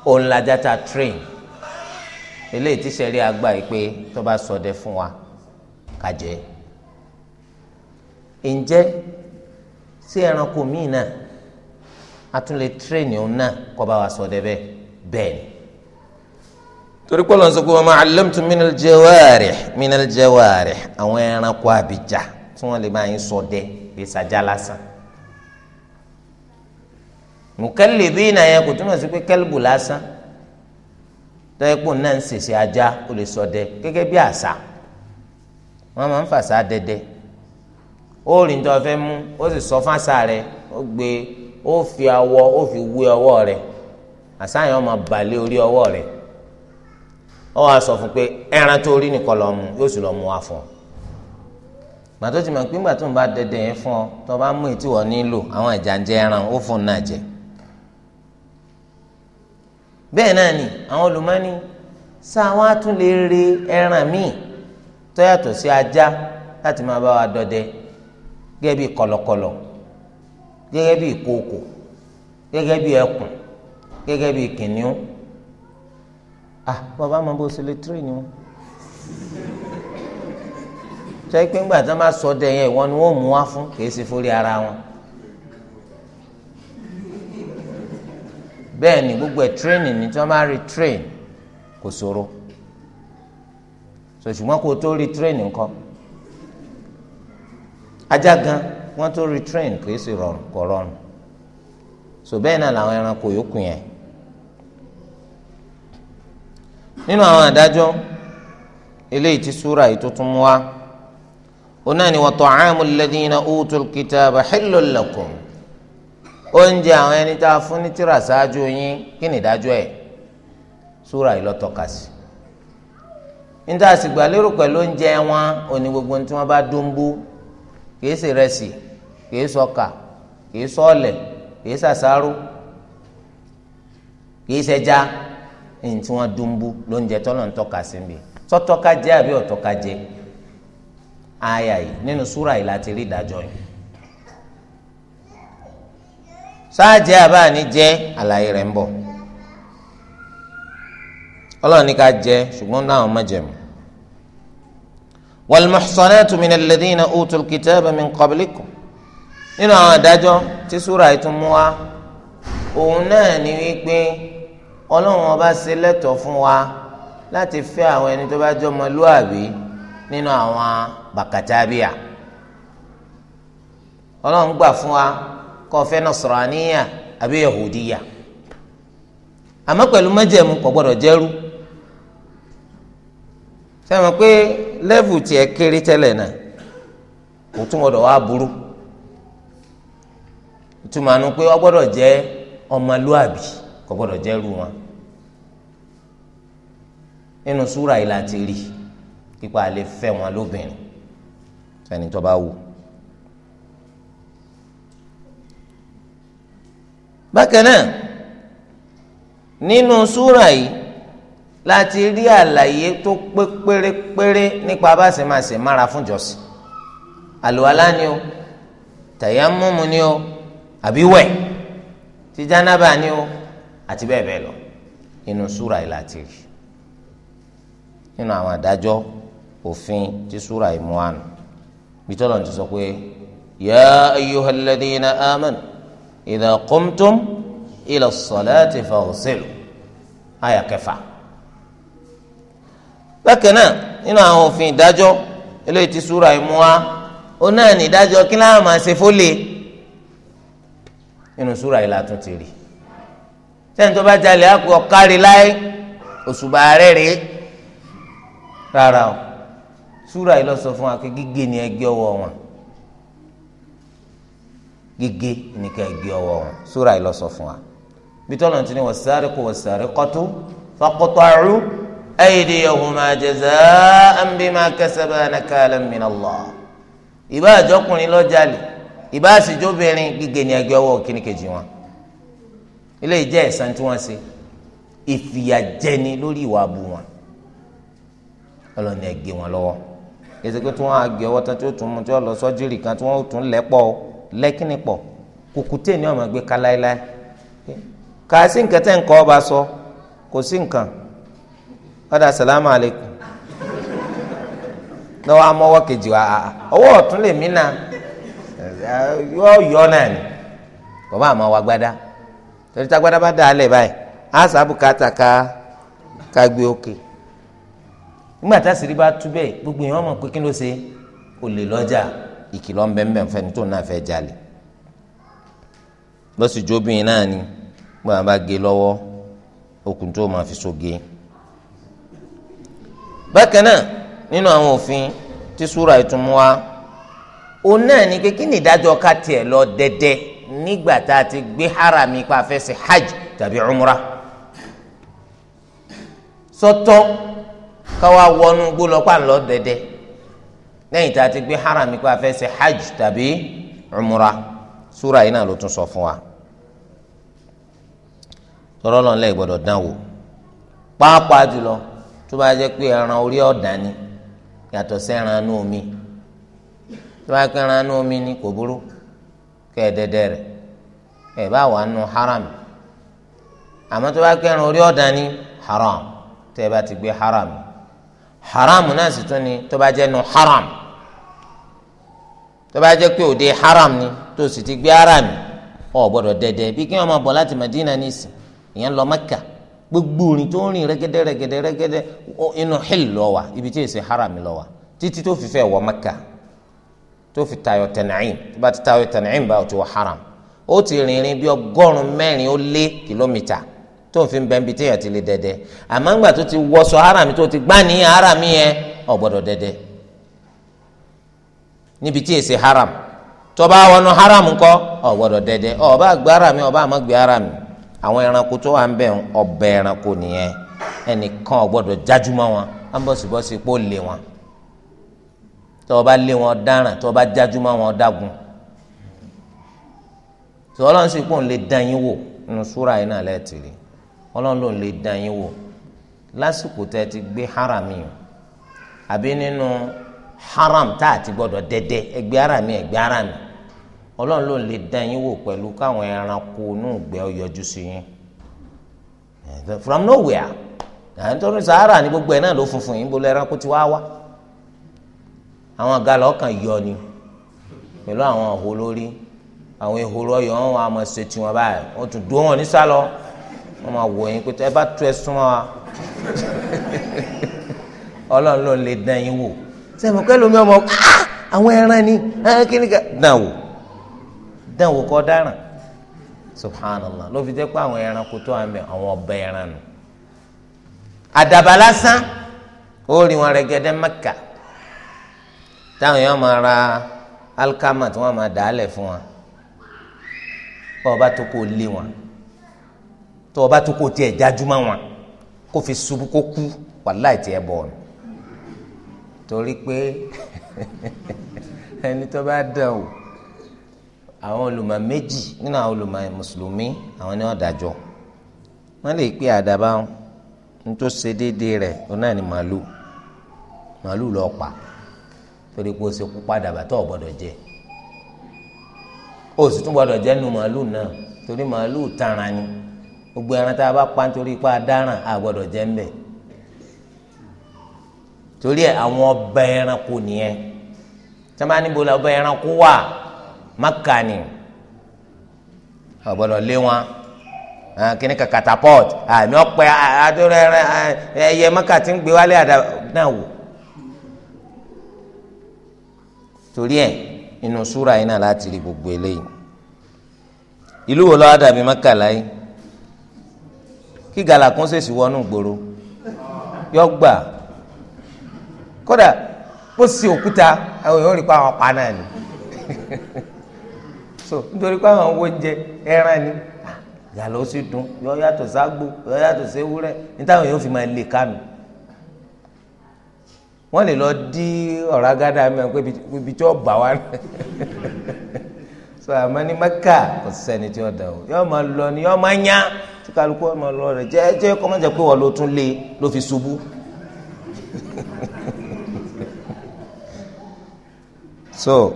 òun lajata train. eléyìí tí sẹ́rí àgbà yìí pé tó bá ṣọdẹ fún wa ká jẹ ǹjẹ́ sí ẹranko míì náà a tún lè tírèènì òun náà kó bá wa ṣọdẹ bẹ́ẹ̀ bẹ́ẹ̀ ni torí pé lọ́nà sọ pé wa ma allamtum minal jawarih minal jawarih àwọn ẹranko àbíjà tí wọ́n lè máa ń ṣọdẹ lè ṣàjà lásán mùkẹ́lì bí ìnáyẹn kò túmọ̀ sí pé kẹ́lìbù lásán tọ́yẹ́pọ̀ náà ń sèse ajá ó lè ṣọdẹ gẹ́gẹ́ bí àṣà wọ́n máa ń fàṣà dẹdẹ ó rìn tó fẹ́ mú ó sì sọ fáṣà rẹ ó gbé ó fi awọ ó fi wé ọwọ́ rẹ àṣà yẹn ó máa balẹ̀ orí ọwọ́ rẹ ó wàá sọ fún pé ẹran tó rí nìkan lọ mú yóò sì lọ mú wa fún ọ gbàtó ti mọ̀ pé ńgbà tó ń bá dẹdẹ yẹn fún ọ tó bá mú ètí wọ́n nílò àwọn ìjà ẹran ó fún un náà jẹ bẹ́ẹ̀ náà ni àwọn olùmọ́ni sá wọn á tún lè re ẹran míì tó sí ajá láti máa bá wa dọdẹ gẹ́gẹ́ bí kọ̀lọ̀kọ̀lọ̀ gẹ́gẹ́ bí ìkookò gẹ́gẹ́ bí ẹkùn gẹ́gẹ́ bí kìnìún ah bàbá máa bó ṣe lè tírì ni wọn sọ pé ńgbà tí wọn bá sọ ọdẹ yẹn ìwọ ni wọn ò mú wá fún kì í ṣe fórí ara wọn. bẹ́ẹ̀ ni gbogbo ẹ̀ tírénì ni tí wọ́n máa rí tírénì kò ṣòro sòṣùgbọ́n kó o tó rí tírénì ńkọ́ ajá gan wọ́n tó rí tírénì kò sì rọrùn kò rọrùn sò bẹ́ẹ̀ náà làwọn ẹranko yòókù yẹn nínú àwọn àdájọ́ eléyìí tí súra yìí tó tún mú wa onáà ni wa ta'amul ladhina oúnjẹ àwọn ẹni tá a fún ní tírà ṣáájú yín kí ni ìdájọ́ ẹ̀ súra yìí níta àsìgbà lérò pẹ̀lú oúnjẹ wọn òní gbogbo tí wọ́n bá dúnbú kìí ṣe rẹsì kìí sọkà kìí sọọlẹ̀ kìí ṣàṣàrò kìí ṣẹja ẹni tí wọ́n dúnbú lóúnjẹ tọ́nà ń tọ́ka sí mi tọ́tọ́ka jẹ́ àbí ọ̀tọ́ka jẹ́ nínú súra rí ìdájọ́ yìí. sáàjẹ àbáàní jẹ àlàyé rẹ̀ ń bọ̀ Ọlọ́run ní ká jẹ ṣùgbọ́n náà má jẹ mu. والمحصنات من الذين أوتوا الكتاب من قبلكم nínú àwọn àdájọ́ tí súra ìtún mú wa òun náà ni wípé ọlọ́run ọba ṣe lẹ́tọ̀ọ́ fún wa láti fẹ́ àwọn ẹni tó bá jọ ọmọlúàbí nínú àwọn bàkàtàbíà ọlọ́run gbà fún wa kọfẹ fẹ́ nasraniya àbí yahudiya àmọ́ pẹ̀lú májẹ̀mú kò gbọ́dọ̀ jẹ́rú sẹ́mi pé lẹ́vù tiẹ̀ kéré tẹ́lẹ̀ náà kò tún gbọ́dọ̀ wá burú ìtumọ̀ àánú pé ó gbọ́dọ̀ jẹ́ ọmọlúàbí kò wọn nínú súra yìí ti rí pípa àlè fẹ́ wọn lóbìnrin tó bá wù. bákan náà nínú súrà yìí láti rí àlàyé tó pé pérépéré nípa bá ṣe máa ṣe mára fún jọ̀sìn àlùwalá ni o tàyámúmù ni o àbí wẹ̀ tí ni o àti bẹ́ẹ̀ bẹ́ẹ̀ lọ nínú súrà yìí láti rí nínú àwọn àdájọ́ òfin tí súrà yìí mú àná bí tọ́lọ̀ ti sọ pé yá ayyuhalladhina amanu idha qumtum ila as-salati faghsilu àyà kẹfà. bákan náà nínú àwọn òfin ìdájọ́ eléyìí ti súra ìmú wa ó náà ní ìdájọ́ kí láwọn máa ṣe fólè nínú súra yìí látún ti rí sẹ́ni tó bá jalè á kó kárí láyé òṣùbà rẹ̀ rèé rárá o súra yìí fún wa gígé ni ẹgbẹ́ ọwọ́ wọn gígé nìkan ẹgbẹ́ ọwọ́ wọn súra yìí lọ sọ fún wa bitọ́lọ̀ ti ní wasariqu wasariqatu faqta'u aydiyahuma jaza'an bima kasaba nakalan min Allah ìbá àjọkùnrin lọ́jàlè ìbá àṣìjọbìnrin gígé ní ẹgbẹ́ ọwọ́ kíníkejì wọn ilé ìjẹ́ ẹ̀san tí wọ́n ṣe ìfìyàjẹni lórí ìwà abu wọn ọlọ́ni ẹ̀gẹ́ wọn lọ́wọ́ èsì pé tí wọ́n á gé tán tí ó tún mú tí wọ́n lọ sọ́jírì kan tí wọ́n ó tún lẹ́pọ̀ o. lẹ́kìnì pọ̀ kùkùté ni ọmọ gbé ka láéláé kà á ọba sọ kò sí nǹkan da sàlámù alaykum lọ́wọ́ kejì wa ọwọ́ ọ̀tún lè mí náà yọ yọ náà ni bàbá àmọ́ wa gbádá torí tá gbádá bá dà á lẹ̀ báyìí á sàbùkátà ká ká gbé òkè nígbà tá a sì rí bá tú bẹ́ẹ̀ gbogbo yẹn wọ́n mọ̀ pé kí ló ìkìlọ̀ ńbẹ́ńbẹ́ fẹ́ni tó náà fẹ́ jalè lọ́sìjọ́ obìnrin náà ni gbọ́n àbá gé lọ́wọ́ okùn tó máa fi soge. bákan náà nínú àwọn òfin tí súra ìtumọ̀ wa òun náà ni kékeré ní ìdájọ́ ká tiẹ̀ lọ dẹ́dẹ́ nígbà tá a ti gbé harami pa fẹ́ ṣe hajj tàbí umra sọ́tọ̀ káwa wọnú gbólọ́pàá ńlọ dẹ́dẹ́. So lẹ́yìn tá a ti gbé haram kó a fẹ́ ṣe hajj tàbí umra súra yìí náà ló tún sọ fún wa tọrọ lọ lẹ gbọ́dọ̀ dán wò pàápàá jùlọ tó bá jẹ́ pé ẹran orí ni yàtọ̀ omi tó bá pé ẹran inú omi ni kò burú kẹ́ ẹ dẹ́dẹ́ rẹ̀ haram àmọ́ tó bá pé ẹran orí haram tẹ́ ẹ haram haram náà sì tún ni tó haram. tó bá jẹ́ pé òde haram ni tó sì ti gbé haram ọ̀ gbọ́dọ̀ dẹ́dẹ́ bí kí wọ́n máa bọ̀ láti Madina nísìn ìyẹn lọ Mẹ́kà gbogbo orin tó ń rìn rẹ́gẹ́dẹ́ rẹ́gẹ́dẹ́ rẹ́gẹ́dẹ́ inú hill lọ wà ibi tí èsì haram lọ wà títí tó fi fẹ́ wọ Mẹ́kà tó fi tayọ Tan'im tó bá ti tayọ Tan'im báyọ̀ tó wọ haram ó ti rìnrìn bí ọgọ́rùn mẹ́rin ó lé kìlómítà tó ń fi bẹ́ẹ̀ bi téèyàn ti lè dẹ́dẹ́ àmọ́ ńgbà tó ti wọ sọ haram tó ti gbá ní haram yẹn ọ̀ dẹ́dẹ́ níbi tí èsè haram tó bá wọnú haram ńkọ́ ọ gbọ́dọ̀ dẹdẹ ọ bá gbé ara mi ọ bá má gbé ara mi àwọn ẹranko tó wà ń bẹ̀ ọ̀bẹ ẹranko nìyẹn ẹnìkan ò gbọ́dọ̀ jájúmọ́ wọn á ń bọ̀sibọ́sí pé ó lé wọn tó o bá lé wọn dáràn tó o bá jájúmọ́ wọn dágun tó ọlọ́run sì kó ń lè dán yín wò nínú súra yìí náà lẹ́ẹ̀tì rí ọlọ́run ló ń lè dán yín wò lásìkò tẹ́ ti gbé haram yìí àbí nínú haram tá a ti gbọdọ̀ dẹ́dẹ́ ẹgbẹ́ ara mi ẹgbẹ́ ara mi ọlọ́run ló lè dán yín wò pẹ̀lú káwọn ẹranko inú ìgbẹ́ ọyọjú sí yín eh, from nowhere eh, nítorí sahara ni gbogbo ẹ̀ náà ló funfun yín bolo ẹranko ti wá wá àwọn galọ kan yọ ni pẹ̀lú àwọn ọ̀hó lórí àwọn ehoro ọyọ wọn wọn a máa ṣe tiwọn báyìí wọn tún dúró wọn ní wọn máa wò yín pé ẹ bá tú ẹ súnmọ́ wa ọlọ́run ló lè dán yín wò sẹ́mi pẹ́ lómi ọmọ ah! àwọn ẹran ni ẹran ah, kí ni ká dàn wò dàn wò kọ́ dáràn subhanallah ló fi jẹ́ pé àwọn ẹran kò tó àmì àwọn ọ̀bẹ ẹran nù. àdàbà lásán ó rí wọn rẹ́gẹ́dẹ́ mẹ́kà táwọn èèyàn máa ra alkama tí wọ́n máa dà á lẹ̀ fún wọn bọ́ọ̀ bá tó kó lé wọn tó o bá tó kó tiẹ̀ jájúmọ́ wọn kó fi ṣubú kó kú wàláì tiẹ̀ bọ̀ ọ̀nù. torí pé ẹni tó bá dàn o àwọn olùmọ̀ méjì nínú àwọn olùmọ̀ mùsùlùmí àwọn ni wọ́n dájọ́ wọ́n lè pe àdàbà ń tó ṣe déédéé rẹ̀ ó náà ni màálù màálù lọ pa torí pé ó ṣe kú padà bàtọ́ ò gbọ́dọ̀ jẹ o sì tún gbọ́dọ̀ jẹ nu màálù náà torí màálù tààrà ni gbogbo ẹran tá a bá pa nítorí pé a dáràn a gbọ́dọ̀ jẹ ń bẹ́ẹ̀. torí ẹ àwọn ọba ẹranko nìyẹn sábà níbo la ọba ẹranko wà Mákà ni ọgbọdọ lé wọn kíní ka catapult àmì ọpẹ adúrẹ ẹyẹ Mákà tí ń gbé wálé àdá náà wò torí ẹ inú súra yìí náà láti rí gbogbo eléyìí ìlú wo lọ́wọ́ dàbí Mákà láyé kí gàlà ṣèṣì wọnú gbòòrò yọ gbà kódà bó sì òkúta àwọn èèyàn rí pa àwọn pa náà ni so nítorí pé àwọn owó oúnjẹ ẹran ni yàrá ó sì dùn yọ yàtọ̀ ságbo yọ yàtọ̀ séwúrẹ́ ní táwọn èèyàn fi máa lè kánú wọ́n lè lọ dí ọ̀rá gádà mẹ́rin pé ibi tí wọ́n bà wá ní so àmọ́ ní mẹ́kà kò sẹ́ni tí wọ́n dà o yọ máa lọ ni yọ máa yá tí kálukú ọmọ lọ rẹ̀ jẹ́ jẹ́ kọ́mọ́jà pé wọ́n ló tún lé ló fi ṣubú. so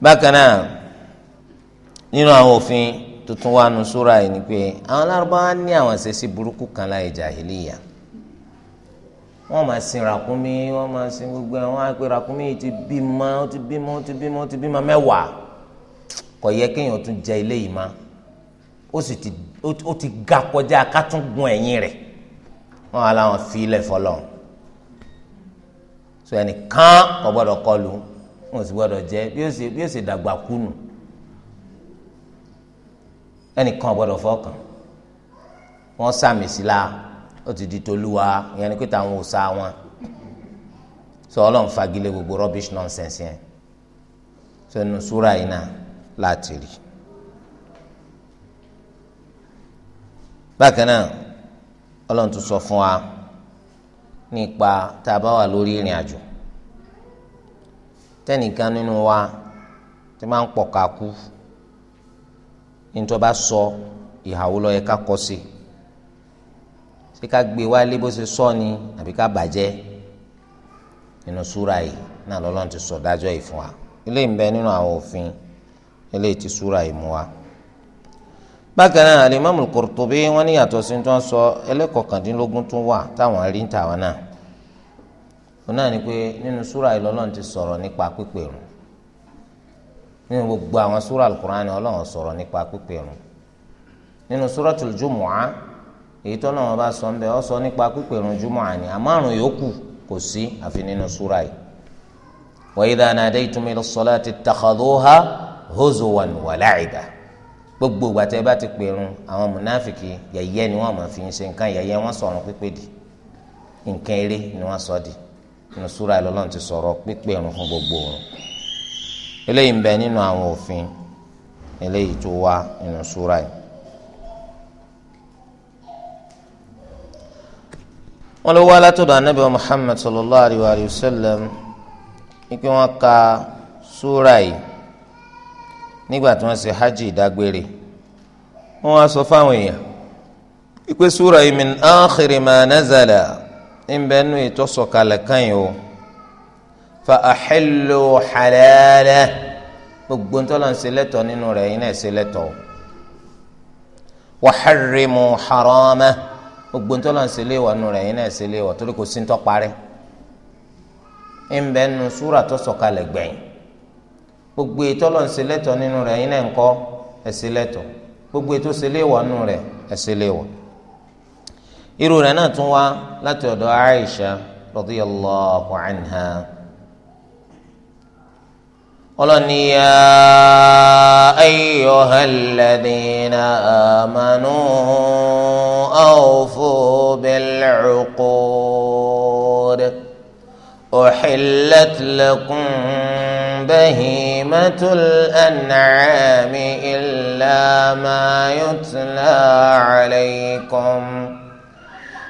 bákan náà nínú àwọn òfin tuntun wa nu súra yìí ni pé àwọn lárúbáwá ní àwọn àṣẹṣe burúkú kan láì jàhìlíyà wọ́n máa sin rakumi, wọ́n máa sin gbogbo ẹ̀ wọ́n á pe ràkúnmí yìí ti bímọ ó ti bímọ ó ti bímọ ó ti bímọ mẹ́wàá kò yẹ kéèyàn tún jẹ ilé yìí má ó sì ti ó ti ga kọjá ká tún gun ẹ̀yìn rẹ̀ wọ́n á láwọn fi so ẹnìkan kò gbọ́dọ̀ kọlù wọn sì gbọ́dọ̀ jẹ bí ó sì bí ó sì dàgbà kùnù ẹnìkan gbọ́dọ̀ fọkàn wọn sàmì sí la ó ti di tolúwa ìyẹn ni pé táwọn ò wọn so Ọlọ́run fagilé gbogbo rubbish nonsense yẹn so nù súra yìí náà láti rí bákan náà Ọlọ́run tún sọ fún wa. nípa tá a bá wà lórí ìrìn àjò tẹnìkan nínú wa tí máa ń pọ̀ kakú nítorí bá sọ ìhàwó lọ yẹ ká kọ sí ṣé ká gbé bó ṣe sọ ni àbí ká bàjẹ́ nínú súra yìí náà lọ́lọ́run ti sọ dájọ́ yìí fún wa ilé ìbẹ nínú àwọn òfin ilé ti súra yìí mú wa. bákan náà alimami Qurtubi wọn ní yàtọ̀ sí tí wọ́n sọ ẹlẹ́kọ̀ọ́kàndínlógún tún wà táwọn rí ń tàwọn náà wọn náà ni pé nínú súra ìlọlọ́run ti sọ̀rọ̀ nípa pípèrún nínú gbogbo àwọn súra alukur'an ni ọlọ́run sọ̀rọ̀ nípa pípèrún nínú súratul Jumu'ah èyí tó náà wọn bá sọ ń bẹ ọ sọ nípa pípèrún Jumu'ah ni àmárùn yòókù kò sí àfi nínú súra yìí wa gbogbo ìgbà tẹ bá ti pèrun àwọn mùnáfìkì yẹ̀yẹ́ ni wọ́n máa fi ń ṣe nǹkan yẹ̀yẹ́ wọ́n sọ̀rọ̀ pípé di nǹkan eré ni wọ́n sọ di nínú súra ìlọ́lọ́run ti sọ̀rọ̀ pípé irun fún gbogbo òun eléyìí ń bẹ nínú àwọn òfin eléyìí tó wá nínú súra yìí. wọ́n ló wá látọ̀dọ̀ anábẹ́ Muhammad sallallahu alayhi wa sallam ní pé wọ́n ka súra yìí nígbà tí wọ́n ṣe hajj ìdágbére wọ́n wá sọ fáwọn èèyàn ìpè súra yìí min áàkìrì máa nazala ńbẹ́ nù ètò sọ̀kalẹ̀ kan yìí o fa àhẹ́lò halálẹ̀ gbogbo ntọ́lọ̀ ń ṣe lẹ́tọ̀ nínú rẹ̀ yìí náà ṣe lẹ́tọ̀ wàhárìmù haramá gbogbo ntọ́lọ̀ ń ṣe léwọ̀ nínú rẹ̀ yìí náà ṣe léwọ̀ torí kò sí ntọ́ parẹ́ ńbẹ́ nù súra tó sọ̀kalẹ̀ gbẹ̀yìn gbogbo ètò ọlọ́ọ̀nsẹ̀ lẹ́tọ̀ nínú rẹ̀ yín náà ń kọ́ ẹ̀sẹ̀ lẹ́tọ̀ gbogbo ètò ṣẹlẹ̀wọ̀ nínú rẹ̀ ẹ̀sẹ̀ lẹ́wọ̀ irú rẹ̀ náà tún wá láti ọ̀dọ̀ Aisha radiyallahu anha ọlọ́ni ya ayyuhal ladhina amanu awfu bil uqud. أحلت لكم بهيمة الأنعام إلا ما يتلى عليكم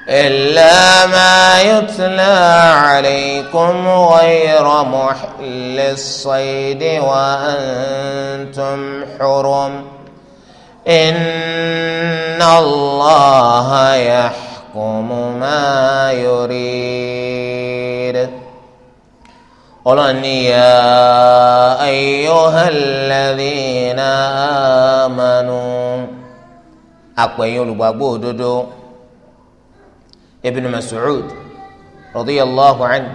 إلا ما يتلى عليكم غير محل الصيد وأنتم حرم إن الله يحكم ما يريد ọlọ́ni ya ayyuhalladhina amanu àpẹ̀yìn olùgbàgbọ́ òdodo ibn Mas'ud radiyallahu anhu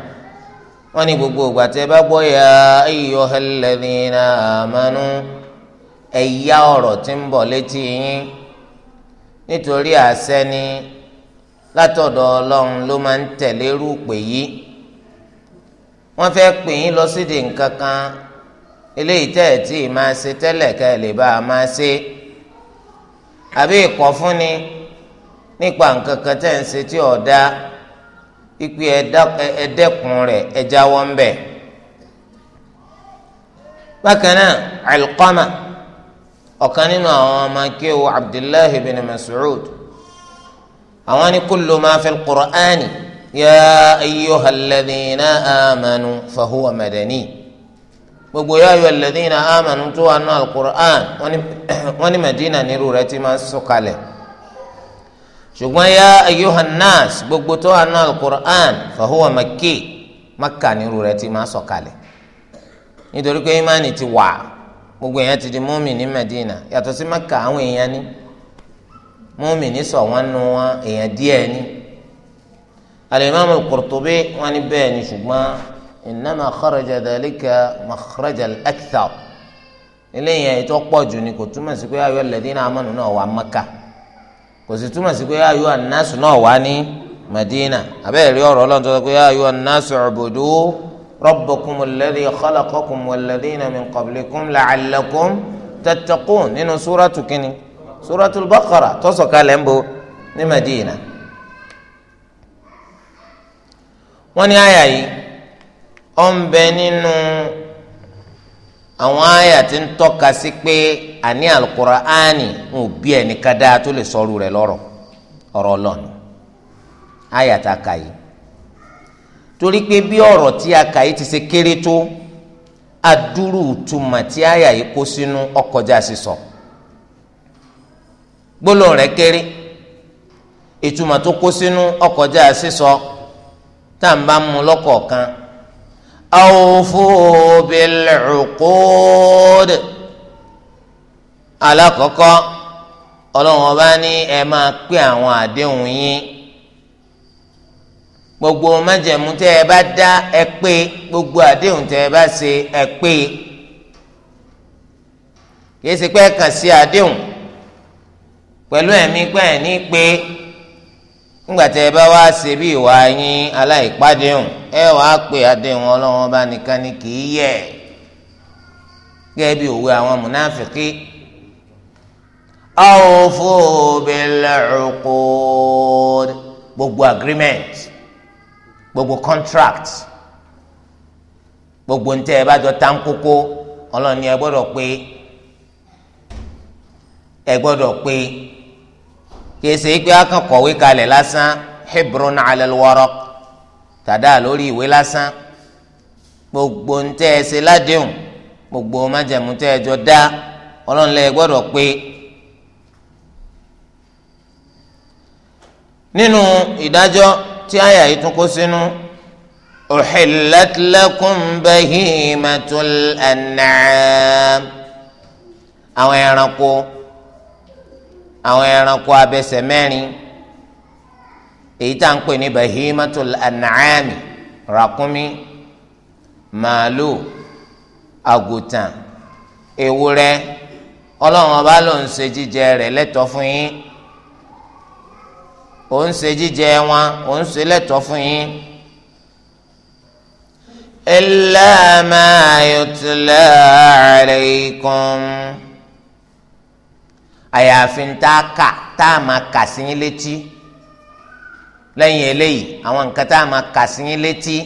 wọ́n ní gbogbo ìgbà tẹ́ bá gbọ́ ya ayyuhalladhina amanu ẹ̀yà ọ̀rọ̀ tí ń bọ̀ létí yín nítorí àṣẹ ni látọ̀dọ̀ ọlọ́run ló máa ń tẹ̀lé rúùpè yìí wọ́n fẹ́ pè yín lọ sídìí nǹkan kan eléyìí tẹ́ ẹ̀ tí ì máa ṣe tẹ́lẹ̀ ká ẹ̀ lè bá a máa ṣe àbí ìkọ̀fúnni nípa nǹkan kan tẹ́ ń ṣe tí ọ̀dà pípé ẹ̀dẹ́kun rẹ̀ ẹja wọ́n ń bẹ̀. bákan náà Alqama ọ̀kan nínú àwọn ọmọ akéwò Abdullahi bin Mas'ud àwọn ní kullu ma fi al-Qur'ani. يا أيها الذين آمنوا فهو مدني gbogbo ya ayọ alẹ́dínà amánu tó wà nù alukur'an wọ́n ní madina nírú rẹ̀ ti máa sọ̀kalẹ̀ ṣùgbọ́n ya ayọ hanas gbogbo tó wà nù alukur'an fahuwa makki makka nírú rẹ̀ ti máa sọ̀kalẹ̀ nítorí pé imáni ti wà gbogbo èèyàn ti di múmi ní madina yàtọ̀ sí makka àwọn èèyàn ní múmi ní sọ wọn nù wọn èèyàn díẹ̀ ní alimami al-Qurtubi wọ́n ní bẹ́ẹ̀ ni ṣùgbọ́n innama kharaja dhalika makhrajal akthar eléyìí ẹ̀ tó pọ̀ jù ni kò túmọ̀ sí pé ayọ̀ alladhina amanu náà wà Mẹ́kà kò sì túmọ̀ sí pé ayọ̀ an-nasu náà wà ní Madina abẹ́ẹ̀ rí ọ̀rọ̀ ọlọ́run tó sọ pé ayọ̀ an-nasu ubudu rabbakum alladhi khalaqakum walladhina min qablikum la'allakum tattaqun nínú súrátù kínní súrátù al-Baqara tó sọ̀kalẹ̀ ń bo ní Madina. wọ́n ní àyà yìí ó ń bẹ nínú àwọn àyà tí ń tọ́ka sí pé àní Al-Qur'ani ń bí ẹnìkan dáa tó lè sọrú rẹ̀ lọ́rọ̀ ọ̀rọ̀ Ọlọ́run àyà tá a kà yìí torí pé bí ọ̀rọ̀ tí a kà yìí ti ṣe kéré tó adúrú ìtumọ̀ tí àyà yìí kó sínú ọkọjá sísọ gbólóhùn rẹ̀ kéré ìtumọ̀ tó kó sínú ọkọjá sísọ. So tá à ń bá mu lọ́kọ̀ọ̀kan awfu bil uqud alákọ̀ọ́kọ́ ọlọ́run ọba ní ẹ máa pé àwọn àdéhùn yín gbogbo májẹ̀mú tẹ́ ẹ bá dá ẹ pé gbogbo àdéhùn tẹ́ ẹ bá ṣe ẹ pé kìí ṣe pé ẹ kàn sí àdéhùn pẹ̀lú ẹ̀mí pẹ́ ẹ̀ ní pé ngbàtà ẹ bá wá ṣe bí ìwà yín aláìpàdéhùn ẹ wàá pè àdéhùn ọlọ́wọ́n bá nìkan ni kì í yẹ gẹ́gẹ́ bí òwe àwọn mùnáfìkì awfu bil uqud gbogbo agreement gbogbo contract gbogbo ntẹ́ ẹ bá jọ tán ọlọ́ni ẹ gbọ́dọ̀ pé ẹ gbọ́dọ̀ pé kèsè pé a kàn kọ̀wé kalẹ̀ lásán hibrun alal waraq tàdá lórí ìwé lásán gbogbo ntẹ́ ẹ ṣe ládéhùn gbogbo májẹ̀mú tẹ́ ẹ jọ dá ọlọ́run lẹ́yìn gbọ́dọ̀ pé nínú ìdájọ́ tí àyà yìí tún kó sínú àwọn ẹranko abẹsẹ̀ mẹ́rin èyí tá à ń pè ní bahimatul an'ami ràkúnmí màálù àgùtàn ewúrẹ́ ọlọ́run ọba ló ń ṣe jíjẹ rẹ̀ lẹ́tọ̀ọ́ fún yín ó ń ṣe jíjẹ wọn ó ń ṣe lẹ́tọ̀ọ́ fún yín. illa ma yutla alaykum àyàfi ń tá a kà tá a máa kà sí yín létí lẹ́yìn eléyìí àwọn nǹkan tá a máa kà sí yín létí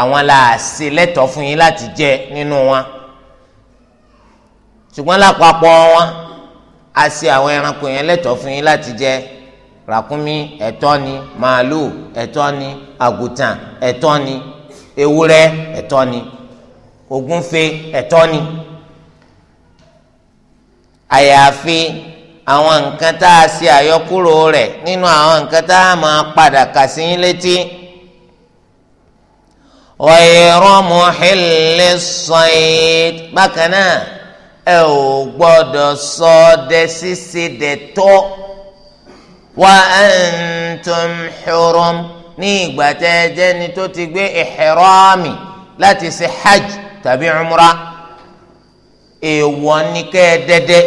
àwọn là á ṣe lẹ́tọ̀ọ́ fún yín láti jẹ nínú wọn ṣùgbọ́n lápapọ̀ wọn a ṣe àwọn ẹranko yẹn lẹ́tọ̀ọ́ fún yín láti jẹ ràkúnmí ẹ̀tọ́ ni màálù ẹ̀tọ́ ni àgùtàn ẹ̀tọ́ ni ewúrẹ́ ẹ̀tọ́ ni ògúnfe ẹ̀tọ́ ni àyàfi àwọn nǹkan tá a ṣe àyọkúrò rẹ̀ nínú àwọn nǹkan tá a máa padà kà sí létí. ọ̀yẹ̀rọ̀ mọ̀hílẹ̀ sọ̀yìn bákan náà ẹ ò gbọ́dọ̀ sọ ọdẹ ṣíṣe dẹ̀ tọ́ wa antum hurum ní ìgbà tẹ́ ẹ jẹ́ ni tó ti gbé ihrami láti ṣe hajj tàbí umra èèwọ̀ ni kẹ́ ẹ dẹ́dẹ́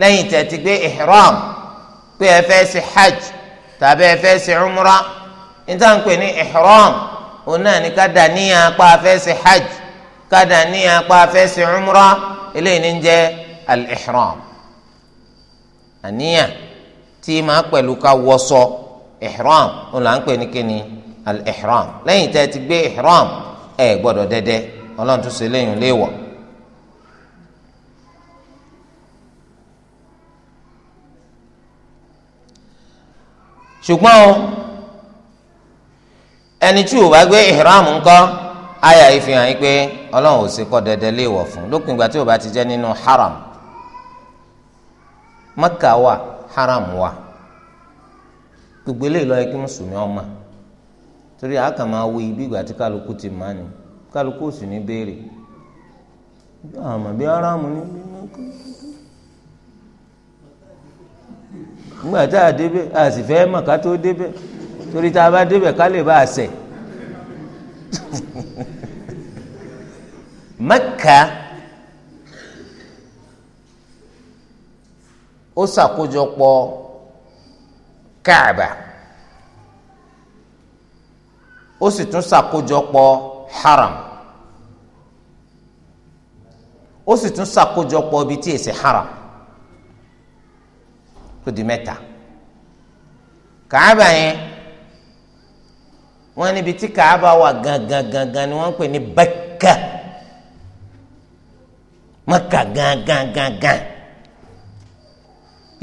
lẹ́yìn tẹ́ ti gbé ihram pé ẹ fẹ́ ṣe hajj tàbí ẹ fẹ́ ṣe umra níta ń pè ní ihram òun náà ní ká dà níyàn apá fẹ́ ṣe hajj ká dà níyàn apá fẹ́ ṣe umra eléyìí ní jẹ́ al-ihram àníyàn tí máa pẹ̀lú ká wọṣọ ihram òun là ń pè ní kíni al-ihram lẹ́yìn tẹ́ ti gbé ihram ẹ gbọ́dọ̀ dẹ́dẹ́ ọlọ́run tún ṣe léyìn léèwọ̀. ṣùgbọ́n ẹni tí o bá gbé ìhìrámù ńkọ́ àyà ìfihàn yìí pé ọlọ́run ò sí kọ́ dẹ́dẹ́ ninu haram maka wà haram wà gbogbo eléyìí ló kí mùsùlùmí ọmọ torí ibi ìgbà ti máa ní kálukú ò sì ní béèrè haram ní ńgbà tá a débẹ̀ a sì fẹ́ mọ̀ ká tó débẹ̀ torí tá a bá débẹ̀ ká lè bá a sẹ̀. Mẹ́kà ó ṣàkójọpọ̀ Káàbà ó sì tún ṣàkójọpọ̀ haram ó sì tún ṣàkójọpọ̀ ibi tí èsì haram. kó di mẹ́ta kàába yẹn wọ́n níbi tí kàába wà gangan gangan ni wọ́n ń pè ní bẹ́kà mẹ́kà gangan gangan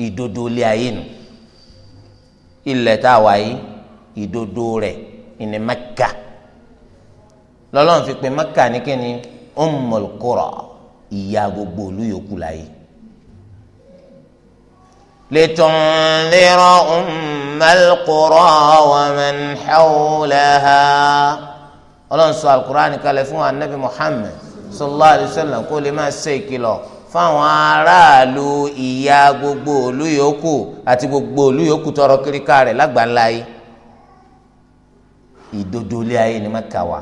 ìdodo ilé ayé nu ilẹ̀ tá a wà yìí ìdodo rẹ̀ ìní mẹ́kà lọ́lọ́run fi pè mẹ́kà ní kíni Ummul ìyá gbogbo olú yòókù láyé. لتنذر أم القرى ومن حولها ọlọ́run sọ alukur'an kalẹ̀ fún anabi muhammed sallallahu alayhi wa sallam kó lè máa ṣe ìkìlọ̀ fáwọn aráàlú ìyá gbogbo òlú yòókù àti gbogbo òlú yòókù tọrọ kíríkà rẹ̀ lágbàńlá yìí ìdodo ilé ayé ni mẹ́ka wà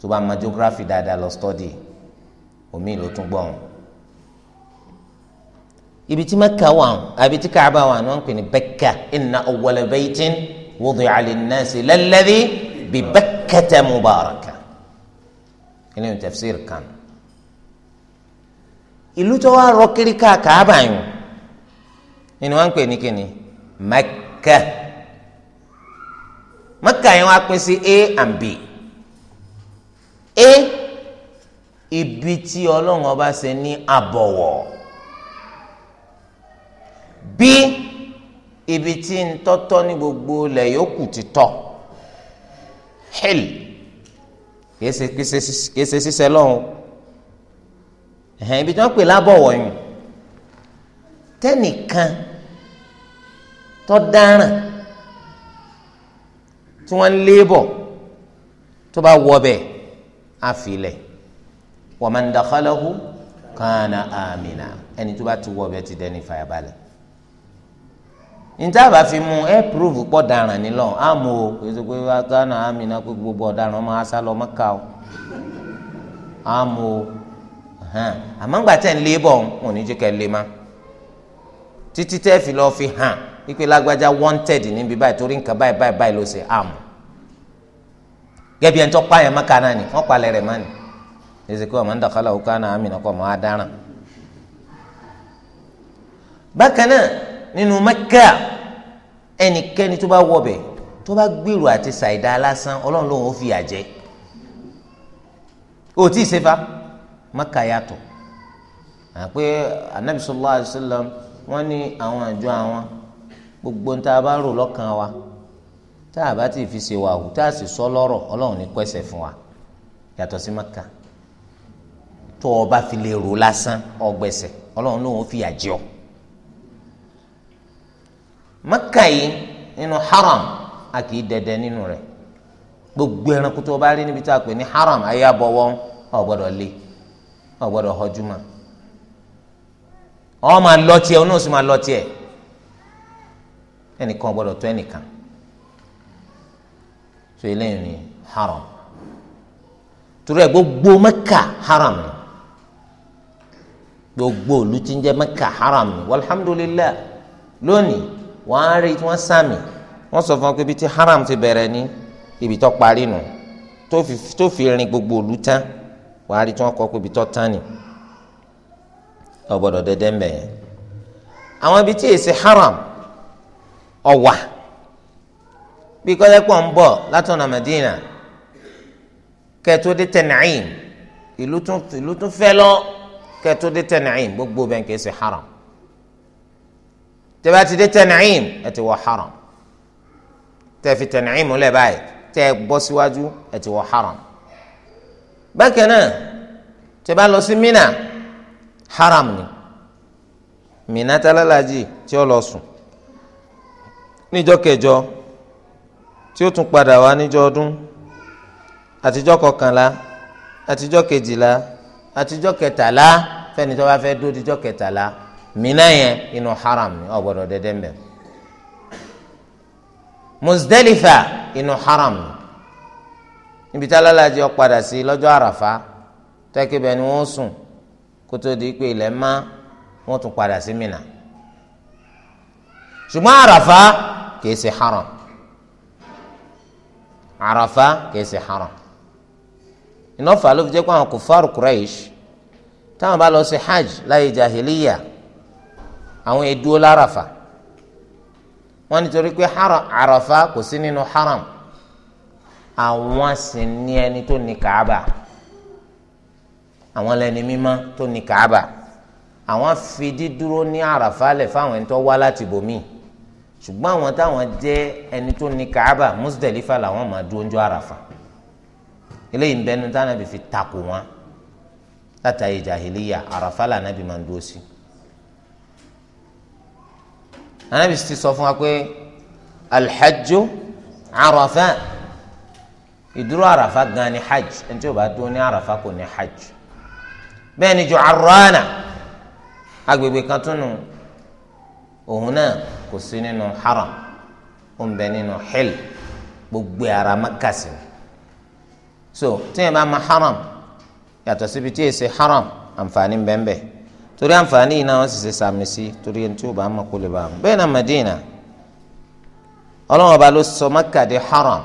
tó bá ma geography dáadáa lọ study omi ìlú tún gbọ́n ibi tí mẹ́kà wà àbí tí káàbà wà wọ́n ń pè ní bẹ́kà inna awwala baytin wudi'a linnasi lalladhi bi bakkata mubaraka ilé ní tafsir kan ìlú tó wà rọ kiri ká káàbà yìí nínú wọn ń pè ní kíni mẹ́kà mẹ́kà yẹn wá pín sí a and b a ibi tí ọlọ́run ọba ṣe ní àbọ̀wọ̀ bí ibi tí ń tọ́tọ́ ní gbogbo ilẹ̀ yòókù ti tọ́ hil kèsè sísẹ lọ́hùn ibi tí wọ́n pè lábọ̀wọ̀ yìí tẹ́nìkan tó dáràn tí wọ́n ń lébọ̀ tó bá wọ bẹ̀ àfilẹ̀ wa man dakhalahu kana amina ẹni tó bá ti wọ bẹ̀ ti dẹ́ni fàyàbalẹ̀. níta bá fi mu ẹ púrúfù pọ̀ n'i lọ o ezigbo pé gánà àmì pé gbogbo ọmọ asá lọ mọ́ka o o hàn ńgbà tẹ̀ ń lé ní ma títí fi hàn lágbájá wanted níbi báyìí torí nǹkan báyìí báyìí báyìí ló ṣe àmọ́ ẹni tó pààyàn náà ni pé ọmọ òkú àná ọmọ adaràn nínú mẹ́kà ẹnikẹ́ni tó bá wọbẹ̀ tó bá gbèrò àti ṣàìdá lásán ọlọ́run lòun ò fìyà jẹ o tí ì sefa mẹ́kà yàtọ̀ àpé anabi sallallahu alaihi wasallam wọ́n ní àwọn àjọ àwọn gbogbo ń tá a bá rò lọ́kàn wa tá a bá ti fi ṣe wàhù tá a sì sọ lọ́rọ̀ ọlọ́run ní kọ́sẹ̀ fún wa yàtọ̀ sí mẹ́kà tó o bá fi lè rò lásán ọgbẹ̀sẹ̀ ọlọ́run lòun ò fìyà jẹ ọ́ mẹ́kà yìí nínú haram a kì í dẹdẹ nínú rẹ̀ gbogbo ẹranko tó o bá rí níbi tá a pè ní haram ayé abọ́wọ́ ọ̀ gbọ́dọ̀ lé ọ̀ gbọ́dọ̀ họjú ma ọ̀ máa lọ tiẹ̀ ọ̀ náà sì máa lọ tiẹ̀ ẹnìkan gbọ́dọ̀ tó ẹnìkan tó eléyìí ni haram torí ẹ gbogbo mẹ́kà haram ni gbogbo olùtí ń jẹ́ mẹ́kà haram ni walhamdulillah lónìí wọ́n á rí wọ́n sàmì wọ́n sọ fún wọn pé ibi tí haram ti bẹ̀rẹ̀ ní ibi tó parí nù tó fi rin gbogbo òlu tán wọ́n á rí tí wọ́n kọ́ pé ibi tó tán ni ọ̀gbọ́dọ̀ dẹ́dẹ́ ń yẹn àwọn ibi tí èsì haram ọ̀wà bí kọ́lẹ́ pọ̀ ń bọ̀ látọ̀nà Medina kẹ́ẹ̀tó dé Tan'im ìlú tún fẹ́ lọ kẹ́ẹ̀tó dé Tan'im gbogbo bẹ́ẹ̀ kì haram tẹ́bá ti dé Tan'im ẹ ti wọ haram tẹ́ fi Tan'im lẹ̀ báyìí tẹ́ bọ́ síwájú ẹ ti wọ haram bákan náà tẹ́bá lọ sí Mina haram ni Mina tálálàjì tí ó lọ sùn níjọ́ kẹjọ tí ó tún padà wá níjọ́ ọdún àtijọ́ kọkànlá àtijọ́ kejìlá àtijọ́ kẹtàlá fẹ́ni tó bá fẹ́ dó dijọ́ kẹtàlá. mina yẹn inú haram ni ọ gbọ́dọ̀ dẹdẹ mbẹ Muzdalifa inú haram ni níbi tí alálàájì ọ̀padà sí lọ́jọ́ àràfá tẹ́kíbẹ̀ ni wọ́n sùn kó tó di pé ilẹ̀ má wọ́n tún padà sí Mina ṣùgbọ́n àràfá kìí ṣe haram àràfá kìí ṣe haram ìnáfà ló fi jẹ́ pé àwọn kò fárú Quraysh táwọn bá lọ sí hajj láyé jahiliya àwọn èdúró láràfà wọn nítorí pé àràfà kò sí nínú haram àwọn sì ní ẹni tó ní kàába àwọn lẹni mímọ́ tó ní kàába àwọn fi dídúró ní àràfà lẹ̀ fáwọn ẹni tó wá láti bòmíì ṣùgbọ́n àwọn táwọn jẹ́ ẹni tó ní kàába Musdalifa làwọn máa dúró ń jọ eléyìí ń bẹnu tánàbì fi takò wọn látàrí jàhìlíyà àràfà lànàbì máa dúró sí i anabi ti sọ fún wa pé alhajju arafa ìdúró arafa gan ni hajj ẹni tí o bá dúró ní arafa kò ní hajj bẹ́ẹ̀ ni Ju'arrana agbègbè kan tún nù òun náà kò sí nínú haram ó ń bẹ nínú hil gbogbo ara makasi so tí yẹn bá ma haram yàtọ̀ síbi tí yẹn ṣe haram àǹfààní bẹ́ẹ̀ bẹ́ẹ̀ torí àǹfààní yìí náà wọ́n sì ṣe sàmì sí torí ẹni tí ó bá mọ̀ kó lè bá wọn. bẹ́ẹ̀ náà Madina ọlọ́wọ́n ọba ló sọ Mẹ́kà di haram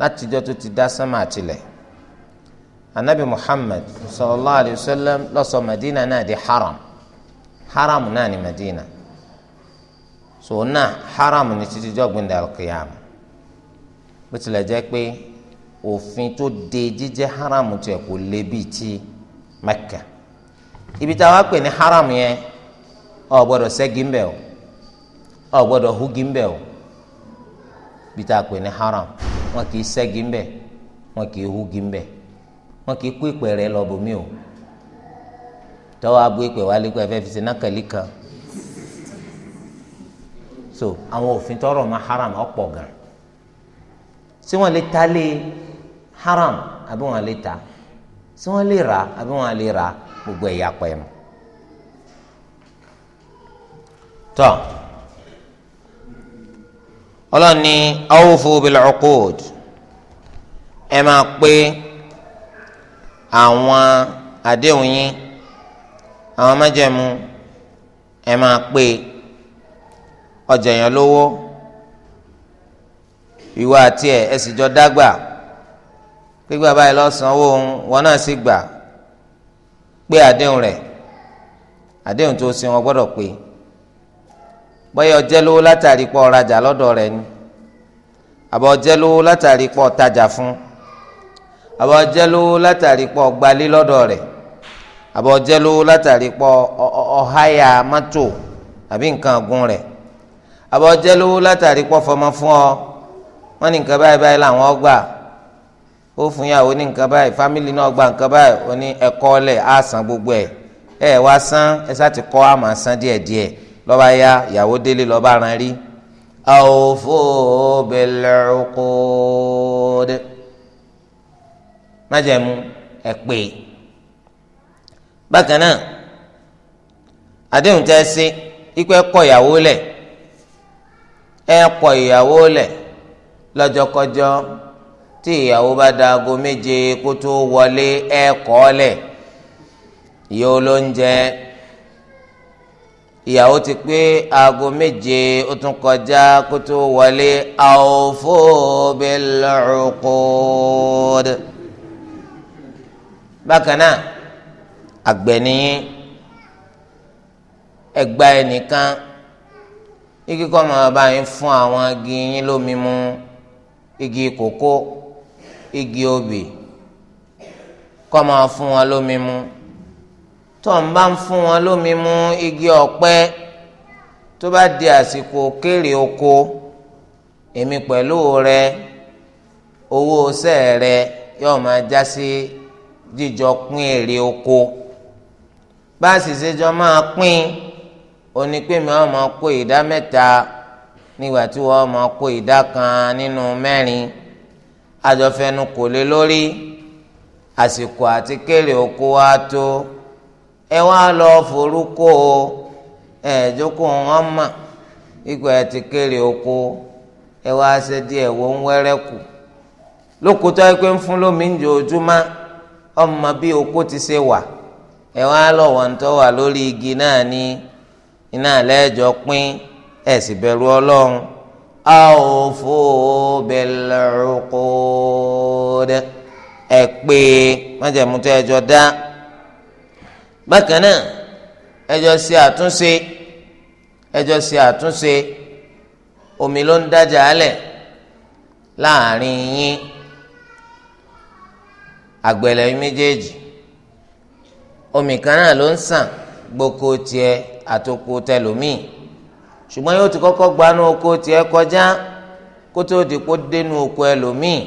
látijọ́ tó ti dá sánmà àtìlẹ̀ anabi Muhammad sallallahu alayhi wa sallam ló sọ Madina náà di haram haram náà ni Madina so náà haram ni títí jọ́gbìn dàlùkìyàm bó tilẹ̀ jẹ́ pé òfin tó de jíjẹ́ haram tiẹ̀ kò lé ti Mẹ́kà. ibi táwa pè ní haram yẹn ọ gbọdọ ṣẹ́gi ńbẹ̀ o ọ gbọdọ hugi ńbẹ̀ o ibi táwa pè ní haram wọn kì í ṣẹ́gi ńbẹ̀ wọn kì í hugi ńbẹ̀ wọn kì í kó ìpè rẹ lọ o tọ́wọ́ abú ìpè wálé pé ẹfẹ fi so àwọn òfin tọrọ ma haram ọpọ gan ṣé wọn lè ta haram àbí ta wọn lè àbí wọn gbogbo ẹ̀yà pẹ̀lú. tọ́ ọlọ́ni awúfo bìlẹ̀ ọ̀kọ́d ẹ máa pé àwọn àdéhùn yín àwọn májẹ̀mú ẹ máa pé ọjà yẹn lówó ìwọ àti ẹ ẹ sì jọ dágbà pé bàbá yìí lọ wọn náà sì gbà pé àdéhùn rẹ̀ àdéhùn tó ṣe wọn gbọ́dọ̀ pé bóyá ọjẹ́ lówó látàrí pọ̀ rajà lọ́dọ̀ rẹ̀ ni àbọ̀ ọjẹ́ lówó látàrí pọ̀ tajà fún àbọ̀ ọjẹ́ lówó látàrí pọ̀ gbalé lọ́dọ̀ rẹ̀ àbọ̀ ọjẹ́ lówó látàrí pọ̀ ọ̀háyà mọ́tò àbí nǹkan ọ̀gùn rẹ̀ àbọ̀ ọjẹ́ lówó látàrí pọ̀ fọmọ fún ọ wọ́n ní nǹkan báyìí báyìí làwọn ọgbà ó fún yàwó ní nǹkan báyìí fámìlì náà gba nǹkan báyìí ó ní san gbogbo ẹ wá san ẹ̀ sá ti san ya ìyàwó délé lọ́ba ran rí awfo pè é bákan náà àdéhùn kọ ìyàwó ẹ kọ ìyàwó lọjọkọjọ. tí ìyàwó bá da aago méje kó tó wọlé ẹ kọ́ọ́lẹ̀ yóò ló ń jẹ ìyàwó ti pé aago méje ó tún kọjá kó tó wọlé awfu bil uqud bákan náà àgbẹ̀niyín ẹgbà ẹnìkan igi kọ́ máa bá yín fún àwọn igi yín lómi mu igi kòkó igi obì kọ́ máa fún wọn lómi mu tó ń bá ń fún wọn lómi mu igi ọ̀pẹ tó bá di àsìkò kéré oko èmi pẹ̀lú rẹ owó sẹ́ẹ̀ rẹ yóò máa já sí jíjọ pín èrè oko bá ṣèjọ máa pín oní wọn máa kó ìdá mẹ́ta nígbà tí wọn máa kó ìdá kan nínú mẹ́rin. No àjọfẹnu kò lé lórí àsìkò àti kéré oko wa tó ẹ wá lọ forúkọ ẹ jókòó ọmọ mà ipò ẹ ti kéré oko ẹ wá ṣe díẹ̀ wo ń wẹrẹ kù lókòtọ́ ẹ pé ń fún lómi ń jòjúmọ́ ọmọ bí oko ti ṣe wà ẹ wá lọ ń tọ́ wà lórí igi náà ní iná lẹ́jọ́ pín ẹ̀ sì bẹ̀rù ọlọ́run. awfu bil ẹ pé dá bákan náà ṣe àtúnṣe omi ló ń dájà láàrin yín méjèèjì omi kan náà ló ń sàn gboko ṣùgbọ́n yóò ti kọ́kọ́ gbanú oko tiẹ̀ kọjá kó tó di kó dénú oko ẹlòmíì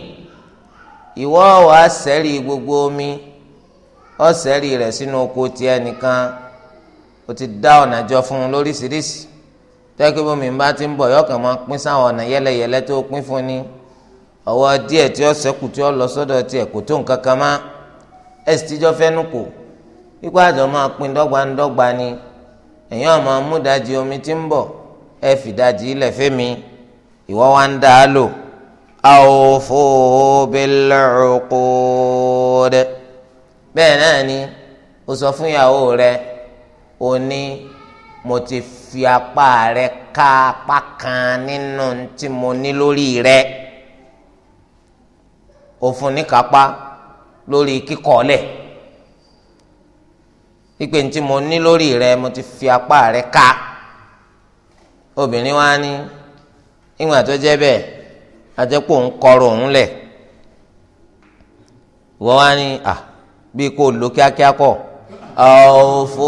ìwọ wàá sẹ́rí gbogbo omi ọ sẹ́rí rẹ̀ sínú oko tiẹ̀ nìkan o ti dá ọ̀nà jọ fún un lóríṣiríṣi tẹ́kí bómi bá ti ń bọ̀ yọ máa pín sáwọn ọ̀nà tó pín fún ni ọwọ́ díẹ̀ tí ó sẹ́kù tí ó lọ sọ́dọ̀ tiẹ̀ kò tó nǹkan kan má ni èèyàn máa mú omi ti ń ẹ fìdajì ilẹ̀ fẹ́mi ìwọ́ wa ń dá a lò awfu bil uqud bẹ́ẹ̀ náà ni o sọ fún ìyàwó rẹ o ní mo ti fi apá rẹ ká apá kan nínú tí mo ní lórí rẹ òfun níkápá lórí kíkọ́lẹ̀ pípé tí mo ní lórí rẹ mo ti fi apá rẹ ká obìnrin wa ní ìgbà tó jẹ́ bẹ́ẹ̀ àtẹpọ ń kọrọ òun lẹ wọ́n wá ní à bí kò lò kíákíá kọ awfu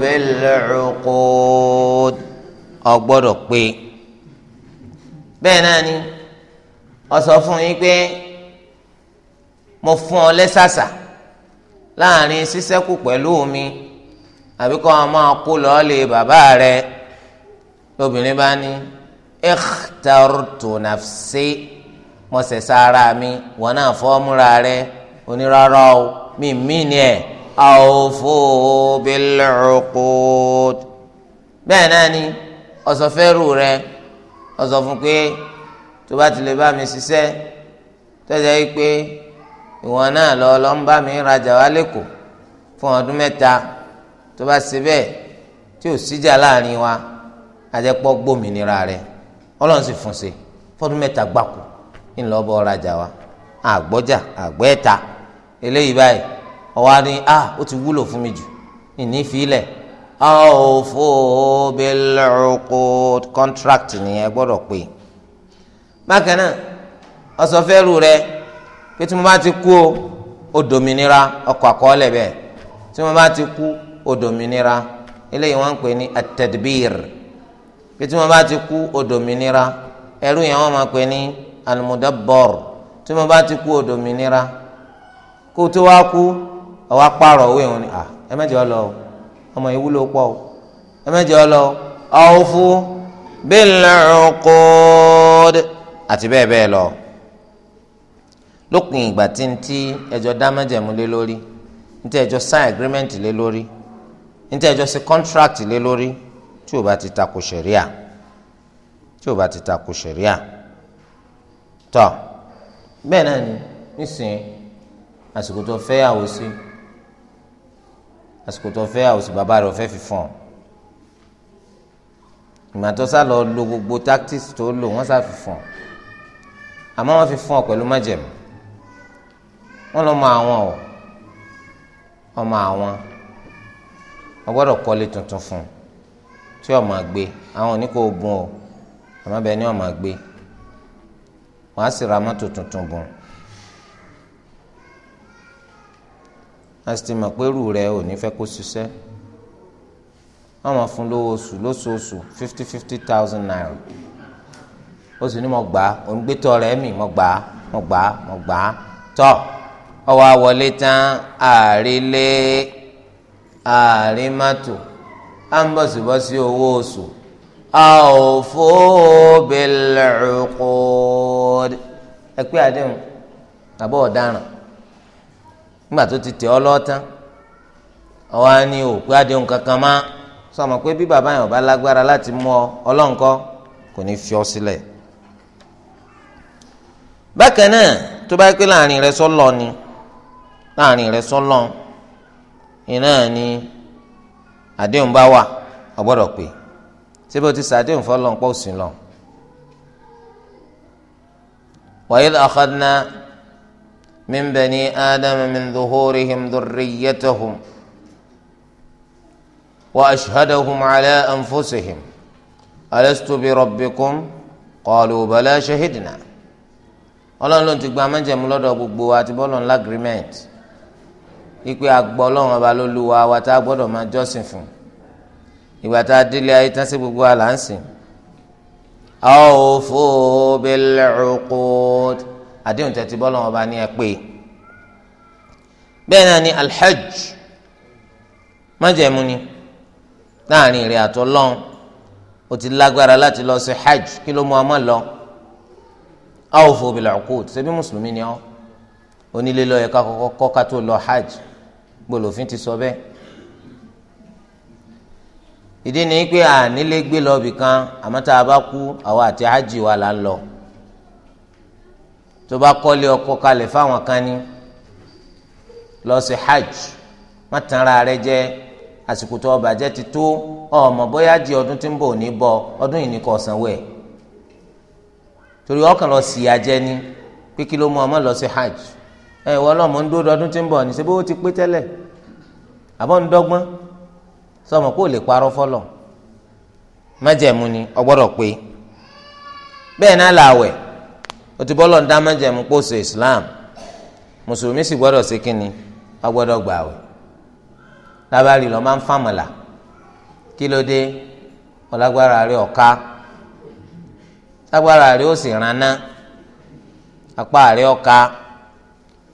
bil uqud ó gbọ́dọ̀ pé bẹ́ẹ̀ náà ni ó sọ fún yín pé mo fún ọ lẹ́sàsà láàrin ṣíṣẹ́kù pẹ̀lú mi àbíkọ́ ọ kó lọ́ọ́ lé bàbá rẹ̀ lóbìnrin bá ní ikhtartu nafsi mo ṣẹ̀ṣẹ̀ ara mi wọn náà fọ́ọ́múra rẹ onírọ́rọ́ o mi mí ni ẹ̀ awfu bil uqud bẹ́ẹ̀ náà ni ọ̀sọ̀fẹ́rù rẹ ọ̀sọ̀ fún pé tó bá ti lè bá mi ṣiṣẹ́ tọ́jà yìí pé ìwọ náà lọ lọ ń bá mi rajà wá lẹ́kọ̀ọ́ fún ọdún mẹ́ta tó bá ṣe bẹ́ẹ̀ tí ò síjà láàrin wa ajẹ́pọ̀ gbòmìnira rẹ̀ ọlọ́run sì fún ṣe fọdún mẹ́ta gbáko ńlọ bọ́ rajà wa àgbọ́jà àgbẹ́ta eléyìí báyìí ọwọ́ á ní a ah, ó ti wúlò fún mi jù ìní fílẹ̀ ọ̀fọ̀ bẹ́lẹ̀rọ̀kọ̀ contract nìyẹn gbọ́dọ̀ pé bákan náà ọ̀sọ̀fẹ́rù rẹ pé tí mo bá ti kú o odòmìnira ọkọ̀ àkọọ́lẹ̀ bẹ́ẹ̀ tí mo bá ti kú odòmìnira eléyìí wọ́n ń pè ní bí tí wọ́n bá ti kú odòmìnira ẹrú yẹn wọ́n máa pè ní almudabbor tí wọ́n bá ti kú odòmìnira kó tó wá kú ọwọ́ apárọ̀ owó ìhun ni ẹ mẹ́jọ ọ lọ ọmọ ìwúlò pọ̀ ẹ mẹ́jọ ọ lọ awfu bil uqud àti bẹ́ẹ̀ bẹ́ẹ̀ lọ lópin ìgbà tí ń tí ẹjọ́ dámẹ́jẹ̀mú lé lórí ń tí ẹjọ́ sign agreement lé lórí ń tí ẹjọ́ sí contract lé lórí tí o bá ti takò sẹ̀ríà tí o bá ti takò sẹ̀ríà tọ bẹ́ẹ̀ náà ni nísìnyí àsìkò tó fẹ́ yàwó sí àsìkò tó fẹ́ yàwó sí bàbá rẹ̀ ọ̀fẹ́ fi fọ́n ìmọ̀tọ́ sá lọ lo gbogbo tactics tó lò wọ́n sá fi fọ́n àmọ́ wọ́n fi fọ́n pẹ̀lú májẹ̀mú wọ́n lọ́ mọ àwọn ọ̀ ọmọ àwọn wọ́n gbọ́dọ̀ kọ́lé tuntun fún un tí ọmọ àgbé àwọn òní kò bùn o àmọ́ bẹ́ẹ̀ ni ọmọ àgbé wọ́n á sì ra mọ́tò tuntun bùn a sì ti mọ̀ pé rú rẹ ò ní fẹ́ kó ṣiṣẹ́ wọ́n fún lówó oṣù lóṣooṣù fifty fifty thousand naira ó ni ní mo gbà á òun gbé tọ́ rẹ̀ mì mo gbà á mo gbà á mo gbà á tọ́ ọwọ́ àwọlé tán àárílé àárín mọ́tò. à ń bọ̀sibọ́sí owó oṣù àwòfó bẹ̀lẹ̀rùkọ́d ẹ pé àdéhùn àbọ̀ ọ̀daràn nígbà tó ti tẹ̀ ọ́ lọ́tán ọ̀wá ni ò pé àdéhùn kankan má sọmọ pé bí bàbá yẹn ò lágbára láti mú ọ ọlọ́nkọ́ kò ní fi ọ sílẹ̀ bákan náà tó bá pé láàrin rẹ sọlọ ni láàrin rẹ sọlọ iná ni. àdéhùn bá wà ọ gbọ́dọ̀ pé ṣé bó ti sàdéhùn fọlọ́n pọ̀ sí lọ. وإذ أخذنا من بني آدم من ظهورهم ذريتهم وأشهدهم على أنفسهم ألست بربكم قالوا بلى شهدنا ọlọ́run ló ti gba amájẹ̀mú lọ́dọ̀ gbogbo àti bọ́ọ̀lù ńlá agreement ipe agbọ́ ọlọ́run ọba lólúwa wa tá a gbọ́dọ̀ máa jọ́sìn fún ìgbà tá a délé ayé tán sí gbogbo àlà ń sìn. awfu bil uqud àdéhùn tẹ̀ ti ọba ní ẹ pé bẹ́ẹ̀ náà ni alhajj májẹ̀mú láàrin ìrìn àtọ́ lọ́n o ti lágbára láti lọ sí hajj kí ló mú ọmọ lọ awfu bil uqud ṣebí mùsùlùmí ni ọ́ onílé lọ́yẹ̀ká kọ́kọ́ kọ́ ká tó lọ hajj gbólófin ti sọ bẹ́ẹ̀ ìdí ni pé ànílé gbé lọ bì kan àmọ́ tá a bá kú àwa àti hajj wa là ń lọ tó bá kọ́lé ọkọ kalẹ̀ fáwọn kan ní lọ sí hajj má tan ara rẹ jẹ àsìkò tó ọba jẹ ti tó ọmọ bóyá di ọdún tí ń bọ̀ ní bọ ọdún yìí ní kò sanwó ẹ̀ torí ọkàn lọ sí ìyá jẹ ní pé kí ló mú ọmọ lọ sí hajj ẹ wọ ọlọ́mọ ń dúró dọdún tí ń bọ̀ bó ti pé tẹ́lẹ̀ àbọ̀ ń sọmọ kó lè parọ fọlọ ni ọgbọdọ pé bẹ́ẹ̀ náà làwẹ̀ o ti bọ́lọ̀ ń dá Islam mùsùlùmí sì gbọdọ ṣe kínni ọgbọdọ gbàwẹ̀ lábàárì lọ́ máa ń kí ló dé ọlágbára rẹ ọ̀ka lágbára rẹ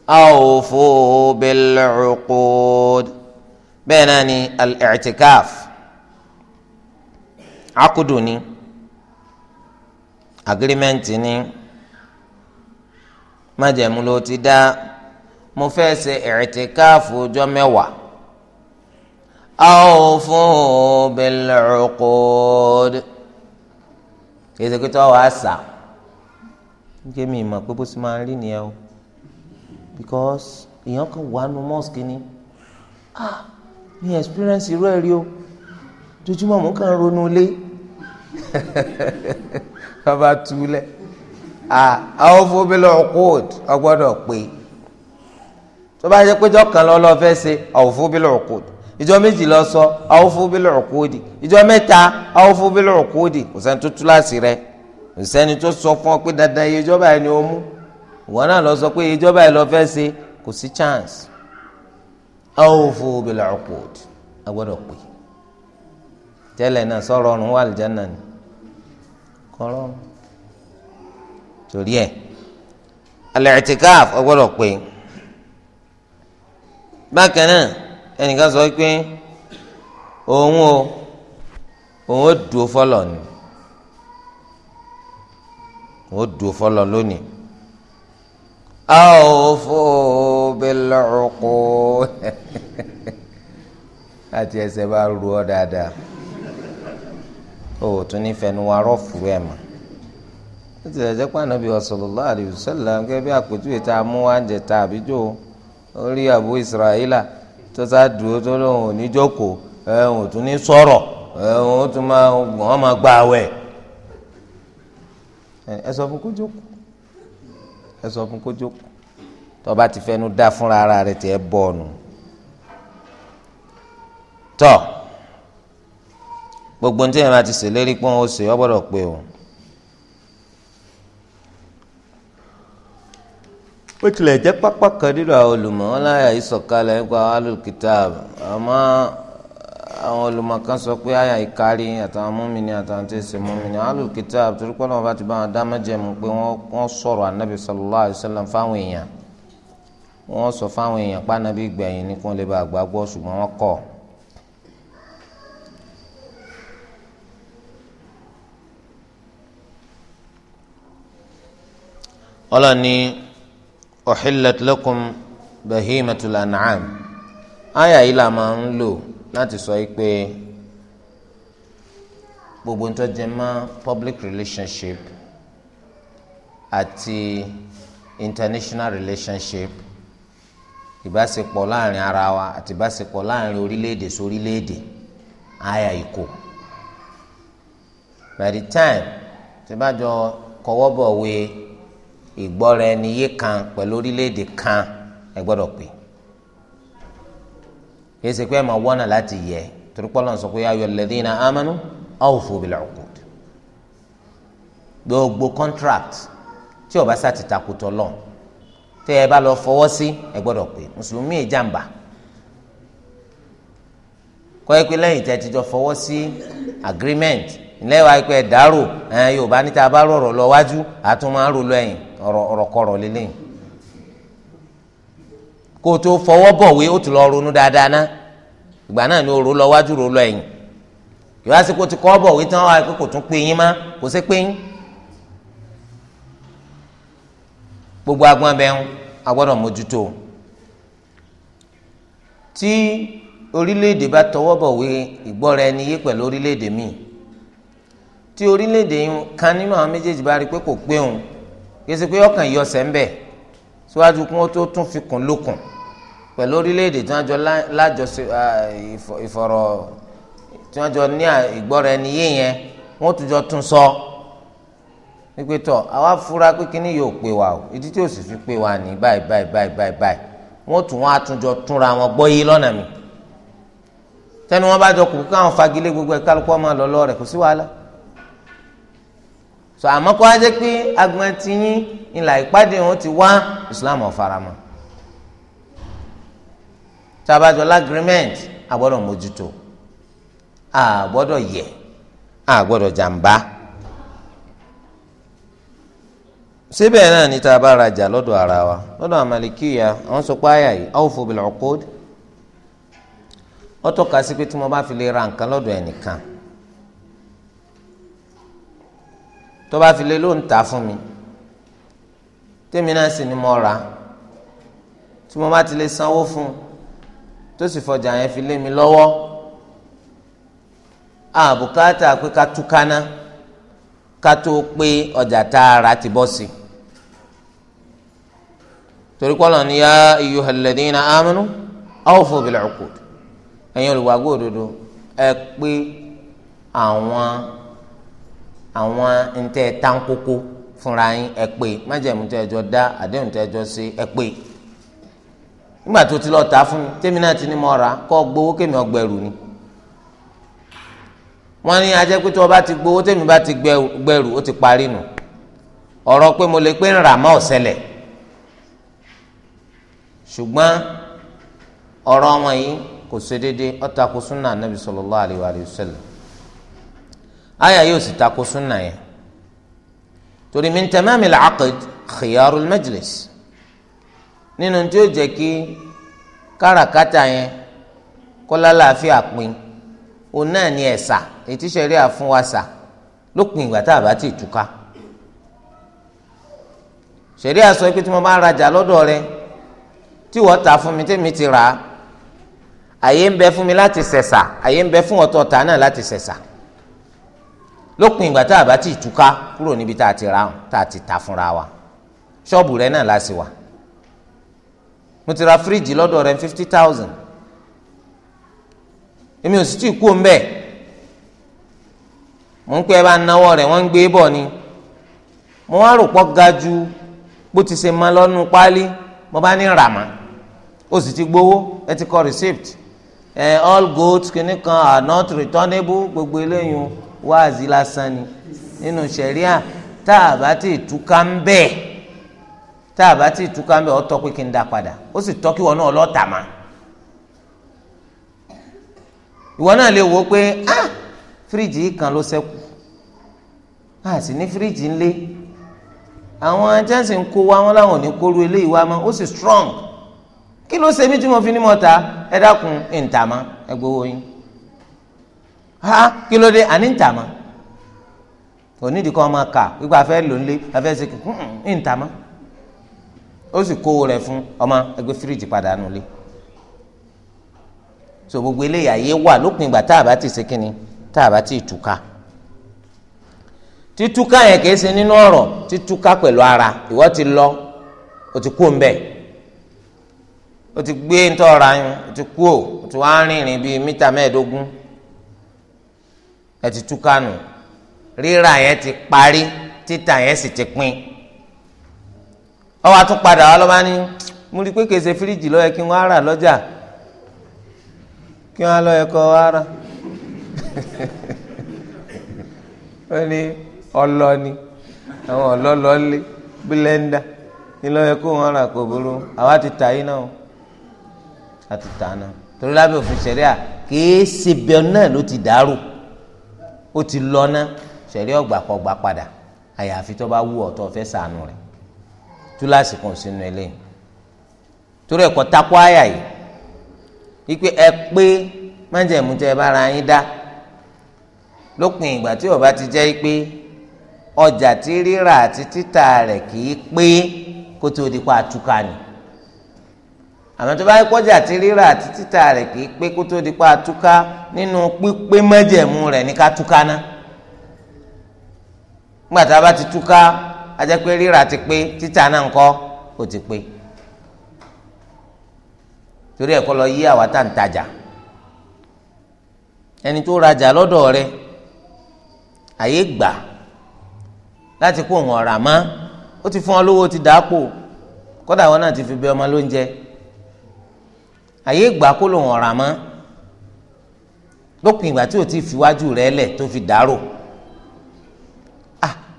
awfu bil uqud bẹ́ẹ̀ náà ni al-i'tikaf akudu ni agirimẹ́ǹtì ni májẹ̀mú ló ti dá mo fẹ́ ṣe i'tikaf ọjọ́ mẹ́wàá awfu bil uqud kí ẹsẹ̀ kí kí mi mọ̀ pé bó ṣe máa rí nìyẹn o because èèyàn kan wà nù mosque ni ah mi experience irú ẹ̀ rí o jojúmọ́ mò ń kàn ronú lé bàbá túlẹ̀ ah àwọn fòbílẹ̀ ọ̀kúùd ọgbọ́dọ̀ pé tó bá yẹ pé jọ kan lọ́ lọ́ọ́ fẹ́ ṣe àwọn fòbílẹ̀ ọ̀kúùd ìjọ méjì lọ sọ àwọn fòbílẹ̀ ọ̀kúùd ìjọ mẹ́ta àwọn fòbílẹ̀ ọ̀kúùd kò sẹ́ni tó túláàsì rẹ kò sẹ́ni tó sọ fún ọ pé dandan iye ìjọba ẹni ó mú wọn náà lọ sọ pé ìjọba ẹ lọ fẹ́ ṣe kò sí chance awfu bil uqud agbọ́dọ̀ pè tẹ́lẹ̀ náà sọ̀rọ̀ ọ̀run wà àlùjáná ni kọ́rọ́ torí ẹ̀ al-i'tikaf agbọ́dọ̀ pè bákan náà ẹnìkan sọ pé òun o òun ó dùn fọlọ ni òun ó dùn fọlọ lónìí. awofo bil'uqud láti ẹsẹ̀ bá o oh, ti dẹ̀jẹ́ pé ànábì sallallahu alaihi wasallam gẹ́gẹ́ bí àpèjúwe tá a mú wá ń jẹta àbíjó orí àbú ìsirahílà tó sá dúró tó ẹ sọ fún kó jókòó tó bá ti fẹnu dá fúnra ara rẹ̀ tiẹ̀ bọ ọnu tọ gbogbo ntẹ yẹn máa ti ṣèlérí pé wọn ó ṣe ọ gbọ́dọ̀ pé o. ó tilẹ̀ jẹ́ pápá kan nínú àwọn olùmọ̀ wọn láyà ìsọ̀kalẹ̀ nípa alùkìtà àmọ́ àwọn olùmọ̀kan sọ pé àyà ìkárí àtàwọn mọ́mìnì àtàwọn tó ṣe mọ́mìnì alul kitab torí pé ọlọ́run bá ti bá wọn dá májẹ̀mú pé wọ́n sọ̀rọ̀ ànábì sallallahu alaihi wasallam fáwọn èèyàn wọ́n sọ fáwọn èèyàn pa ànábì gbẹ̀yìn ní kí wọ́n lè bá àgbàgbọ́ ṣùgbọ́n wọ́n kọ̀ ọlọ́ni uhillat lakum bahimatul an'am àyà yìí là máa ń lò láti sọ yìí pé gbogbo nǹkan jẹ mọ́ public relationship àti international relationship ìbáṣepọ̀ láàrin ara wa àti ìbáṣepọ̀ láàrin orílẹ̀-èdè sórílẹ̀-èdè àyà ìkó by the time tí bá jọ kọwọ́ bọ̀ wé ìgbọ́ra ẹni yé kan pẹ̀lú orílẹ̀-èdè kan ẹ gbọ́dọ̀ pè é kìí ṣe pé ẹ máa wọ́nà ya yẹ torípọ́lọ́ sọ pé ayọ̀ lẹ́dínà amánú awfu bil gbogbo contract tí ó bá sá ti takùtọ̀ lọ tẹ́ ẹ bá lọ fọwọ́ sí ẹ gbọ́dọ̀ pé mùsùlùmí ìjàmbá ẹ pé lẹ́yìn tẹ́ ti jọ agreement lọ wájú àtúmọ̀ àrò ọrọ kó o tó fọwọ́ bọ̀wé ó ti lọ ronú dáadáa ná ìgbà náà ni o rò lọ wájú rò lọ ẹ̀yìn ìwá sí kó ti kọ́ bọ̀wé tán wá kó tún pé yín má kó sí pé yín gbogbo agbọn abẹ́hùn a gbọ́dọ̀ mójútó tí orílẹ̀-èdè bá tọwọ́ bọ̀wé ìgbọ́ra ẹni yé pẹ̀lú orílẹ̀-èdè míì tí orílẹ̀-èdè yìí kan nínú àwọn méjèèjì bá rí pé kò pé òun kí ẹ ṣe pé ọkàn yọ ọ̀sẹ̀ síwájú kí wọ́n tó tún fi kùn lókun pẹ̀lú orílẹ̀-èdè tí wọ́n jọ lájọsí ìfọ̀rọ̀ tí wọ́n jọ ní ìgbọ́ra ẹni yé yẹn wọ́n tún jọ tún sọ wípé tọ̀ àwa fura pé kíní yóò pè wá o ìdí tí ó sì fi pè wá ní báyìí báyìí báyìí báyìí báyìí wọ́n tún wọ́n àtúnjọ túnra wọn gbọ́ yé lọ́nà mi tẹnu wọn bá jọ kù káwọn fagilé gbogbo ẹ kálukú ọmọ lọlọ rẹ kò sí wàhálà sọ àmọ́ kó wá jẹ́ pé agbọn ti yín ìlà ìpàdé wọn ti wá Islam ọ̀faramọ́ tabajọ lágrímẹ́ǹt àgbọ́dọ̀ mójútó àgbọ́dọ̀ yẹ àgbọ́dọ̀ jàǹbá síbẹ̀ náà ní tá bá rajà lọ́dọ̀ ara wa lọ́dọ̀ àmàlìkíyà àwọn sọ pé àyà yìí awfu bil uqud ó tọ́ka sí pé tí mo bá fi lè ra nǹkan lọ́dọ̀ ẹnìkan tó bá fi lè ló ń ta fún mi tèmi náà sì ni mo rà tí mo bá ti lè sanwó fún un tó sì fọjà yẹn fi lé mi lọ́wọ́ àbùkátà pé ká túkaná ká ọjà tá a rà ti bọ́ sí torí ya ayyuhal ladina amanu awfu bil uqud ẹ̀yin olùwàgbọ́ òdodo ẹ pé àwọn àwọn ntẹ̀ táǹkókó fúnra yín ẹ pé májẹ̀mú tẹ́jọ́ dá àdéhùn nígbà tó ti lọ tà fún mi tèmi náà ti ní mọ ra kọ gbowó kémi ọgbẹrù ni wọn ní ajẹ́ pé tí wọn bá ti gbowó tèmi bá ti gbẹrù ó ti parí nù ọ̀rọ̀ pé mo lè pé ń rà má ọ̀sẹ̀lẹ̀ ṣùgbọ́n ọ̀rọ̀ wọn yìí kò ṣe déédéé ó tako súnà anabi sallallahu alayhi wa sallam aya yóò sì tako súnà yẹn torí min tamamil aqd khiyarul majlis nínú tí ó jẹ́ kí káràkátà yẹn kọ́lá làáfíà pin òun náà ni ẹ̀sà ètí sẹ́rí àfún wa sà lópin ìgbà tá a bá ti túká sẹ́rí àsọ pé tí mo bá ń rajà lọ́dọ̀ rẹ tí wọ́n ta fún mi tẹ́mi ti rà á àyè ń bẹ fún mi láti sẹ̀sà àyè ń bẹ fún ọ̀tọ̀ ta náà láti sẹ̀sà lópin ìgbà tá a bá ti túká kúrò níbi tá a ti rà á tá a ti ta fúnra wa ṣọ́ọ̀bù rẹ náà la sì wà mo ti ra fíríjì lọ́dọ̀ rẹ̀ fifty thousand èmi ò sì tí ì kú òǹbẹ̀ mo ń pẹ́ bá náwó rẹ̀ wọ́n ń gbé bọ̀ ni mo wá rò pọ̀ ga ju bó ti ṣe máa lọ́nu páálí mo bá ní ràmà ó sì ti gbowó ẹ ti kọ receipt ẹ all goods kìíní kan are not returnable gbogbo eléyìí wáàzí lásán ni nínú sẹ̀ríà tá a bá ti túká ń bẹ́ẹ̀. tá a bá ti túká mbẹ ọtọ pé kí n dá padà ó sì tọ́ kí wọn náà lọ́ọ́ tà má ìwọ náà lè wò pé ah fíríjì kan ló ṣẹ́kù a sì ní fíríjì ńlé àwọn ajánsìn kó wa wọn láwọn ò ní kóru eléyìí wá mọ́ ó sì strong kí ló ṣe mí tí mo fi ní mọ́ ta ẹ dákun ẹ̀ ń tà ẹ gbowó yín ha kí ló dé àní ń tà má onídìí kan máa kà wípé a fẹ́ lò ń lé a fẹ́ ṣe kí ń ó sì kó rẹ̀ fún ọmọ ẹgbẹ́ fíríjì padà nù lé so gbogbo eléyìí ayé wà lópin ìgbà tá a bá ti ṣe kínni tá a bá ti túká títúká yẹn kìí ṣe nínú ọ̀rọ̀ títúká pẹ̀lú ara ìwọ ti lọ o ti kú mbẹ o ti gbé ntọ́ra yín o ti kú o ti wá rìnrìn bíi mítà mẹ́ẹ̀ẹ́dógún ẹ ti túká nù rírà yẹn ti parí títà yẹn sì ti pín ọwọ́ àtún padà wá lọ́ba ní mo rí i pé kèsè fíríjì ló yẹ kí wọ́n á rà lọ́jà kí wọ́n á lọ ẹ̀kọ́ wá rà ó ní ọlọ́ni àwọn ọlọ́lọ́lé bílẹ́ndà nílò yẹ kó wọn rà kó burú àwa ti tà yín náà a ti tà náà torí lábẹ́ òfin ṣẹ̀ríà kèé sebẹ̀ náà ló ti dàrú ó ti lọ náà ṣẹ̀ríà ọgbà kọgbà padà àyàfi tó bá wù ọ́ tó fẹ́ sànù rẹ̀ túláàsì kan sínú eléyìí torí ẹ̀kọ́ takọ àyà yìí wípé ẹ pé májẹ̀mú tẹ ẹ bá ra yín dá lópin ìgbà tí ó bá ti jẹ́ pé ọjà tí rírà àti títà rẹ̀ kì í pé kó tó di pa àtúkà ni àmọ́ tó bá yẹ kọjá àti rírà àti títà rẹ̀ kì í pé kó tó di pa àtúkà nínú pípé májẹ̀mú rẹ̀ ní ká túká ná nígbà tá a bá ti túká ajẹ́ pé rírà ti pé títà náà ńkọ́ ó ti pé torí ẹ̀ kọ́ lọ yí àwa tá à ń tajà ẹni tó rajà lọ́dọ̀ rẹ àyè gbà láti kó òun ọ̀rà mọ́ ó ti fún ọ lówó ti dàápò kódà wọn náà ti fi bẹ ọmọ lóúnjẹ àyè gbà kó lòun ọ̀rà mọ́ lópin ìgbà tí o ti fi wájú rẹ lẹ̀ tó fi dàrò.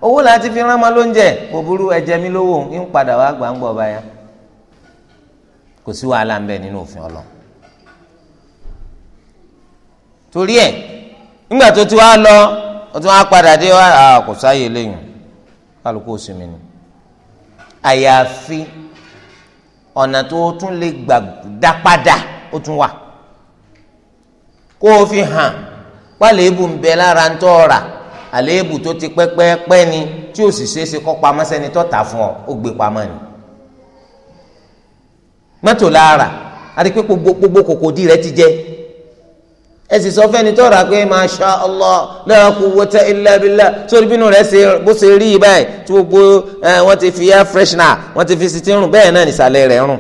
owó ti fi rán ọmọ lóúnjẹ kò burú ẹ̀jẹ̀ mi lówó ń padà wá gbàǹgbọ̀ báyà kò sí wàhálà ń bẹ nínú òfin Ọlọ́run torí ẹ̀ nígbà tó ti wá lọ ó ti wá padà dé wá kò sáyè lẹ́yìn kálukú oṣù mi ni àyàfi ọ̀nà tó tún lè gbà dá padà ó tún wà kó o fi hàn pálí ń bẹ lára ń tọ́ ọ̀rà àléébù tó ti pẹ́pẹ́pẹ́ ni tí ò sì ṣeéṣe kọ́ pamọ́ sẹ́ni tó tà fún ọ ó gbé pamọ́ ni. mọ́tò lára àti pé gbogbo kòkòdì rẹ ti jẹ ẹ sì sọ fẹ́ni tó rà pé masha allah la quwwata illa billah sórí bínú rẹ bó ṣe rí i báyìí tí gbogbo wọn ti fi air freshener wọn ti fi sitin rùn bẹ́ẹ̀ náà nìsàlẹ̀ rẹ̀ rùn.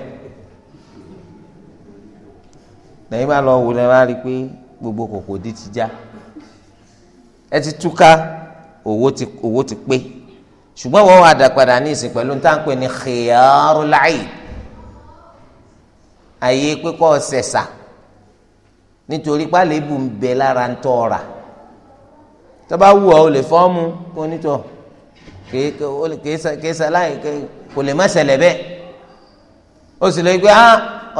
lẹ́yìn bá lọ wò lẹ́ bá rí i pé gbogbo kòkòdì ti já ẹ ti túká owó ti owó ti pé ṣùgbọ́n wọ́n wà dàpadà ní ìsìn pẹ̀lú tá à ń pè ní khiyarul aib àyè pípọ̀ ṣẹ̀ṣà nítorí pálébù ń bẹ lára ń tọ́ ọ̀rà tó bá wù ọ́ o lè fọ́ọ̀mù kó nítọ̀ kìí ṣaláì kò lè má ṣẹlẹ̀ bẹ́ẹ̀ o sì lè gbé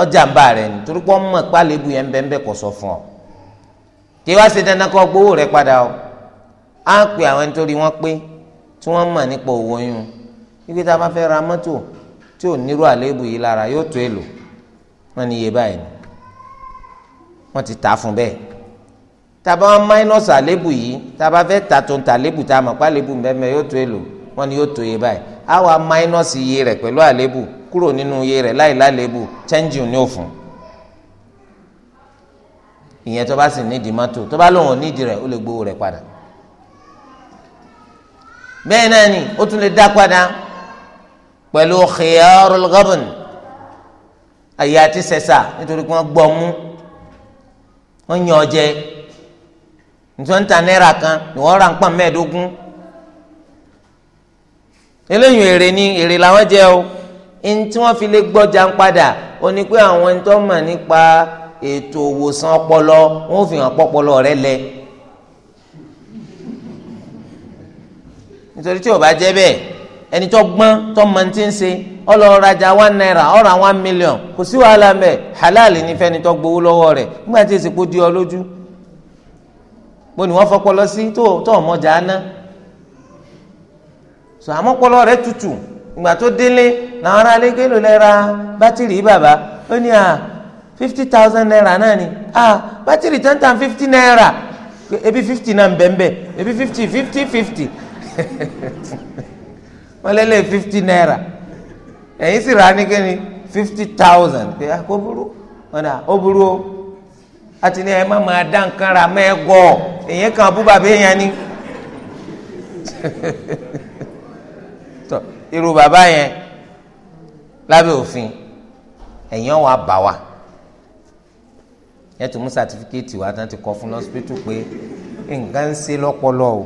ọjà ń bá rẹ̀ nítorí pọ́n pálébù yẹn ń bẹ́ẹ̀ kò sọ fún ọ kí wá ṣe dandan kó gbowó rẹ̀ padà o á pè àwọn ẹni tó rí wọn pé tí wọ́n mọ̀ nípa òwò oyún wípé tá a bá fẹ́ ra mọ́tò tí ò nírú àléébù yìí lára yóò tó èlò wọ́n ní iye báyìí ni wọ́n ti tà á fún bẹ́ẹ̀ tá a bá wọn máínọ́sì àléébù yìí tá a bá fẹ́ tà tó ń tà àléébù tá a mọ̀ pé àléébù mẹ́mẹ́ yóò tó èlò wọ́n ní yóò tó iye báyìí á wà máínọ́sì iye rẹ̀ pẹ̀lú àléébù kúrò nínú iye rẹ̀ láì láléébù chẹ́ńjì ò ní òfun ìyẹn tó bá sì nídìí mọ́tò tó bá lóun ò nídìí rẹ̀ ó lè gbowó rẹ̀ padà bẹ́ẹ̀ náà ni ó tún lè dá padà pẹ̀lú khiyarul ghabn àyè àti sẹ̀sà nítorí pé wọ́n gbọ́ mú wọ́n yàn ọ́ jẹ nítorí ń ta náírà kan ni wọ́n ra nǹkan mẹ́ẹ̀ẹ́dógún eléyìí èrè ni èrè làwọn jẹ o ní tí wọ́n fi lè gbọ́jà ń padà ó ní pé àwọn ẹni tó mọ̀ nípa ètò òwòsàn ọpọlọ wọ́n fi hàn pọ́pọlọ rẹ lẹ. nítorí tí ó bá jẹ́ bẹ́ẹ̀ ẹni tó gbọ́n tó mọ ti ń ṣe ọlọ́ọ̀rajà one naira ọ̀rọ̀ one million kò sí wàhálà ń bẹ̀ halal ní fẹ́ni tó gbowó lọ́wọ́ rẹ̀ nígbà tí èsì kò di ọ lójú bó ni wọ́n fọpọlọ sí tó tó ọmọjà ná sọ àmọ́pọlọ rẹ̀ tutù ìgbà tó délé làwọn ará ilé gbé lẹ́ ra bátìrì bàbá ó ní à fifty thousand naira náà ni à bátìrì ten tan fifty naira ebi fifty náà ń bẹ̀ ń bẹ̀ ebi fifty fifty fifty wọ́n lélẹ̀ fifty naira ẹ̀yin sì rà á ní kíni fifty thousand pé ah, kó burú ọ̀nà ah, ó burú o àti ní ẹ má máa dá nǹkan ra mẹ́gọ̀ èyàn kan bú bàbá èèyàn ni tọ irú bàbá yẹn lábẹ́ òfin èèyàn wà bá wa yẹn tó mú sátífíkẹ́tì wa tán ti kọ fún lọ́sípítù pé nǹkan ń ṣe lọ́pọlọ o.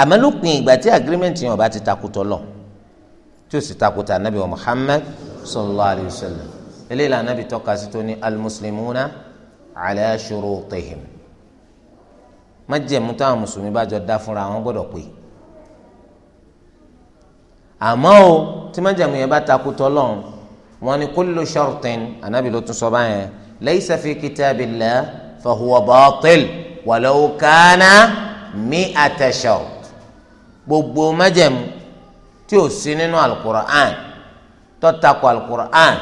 àmọ́ lópin ìgbà tí agreement yẹn ọba ti takùtọ̀ lọ tí ó sì takùtà anabi wa muhammad sallallahu alayhi wa sallam eléyìí la anabi tọ́ka sí tó ní almuslimuna ala shurutihim májẹ̀mú táwọn mùsùlùmí bá jọ dá fúnra wọn gbọ́dọ̀ pé àmọ́ o tí májẹ̀mú yẹn bá takùtọ̀ lọ́n wọn ni kullu shartin anabi ló tún sọ báyẹn laysa fi kitabillah fahuwa batil walau kana mi'ata shart gbogbo májẹ̀mú tí ò sí nínú alukur'an tọ́takò alukur'an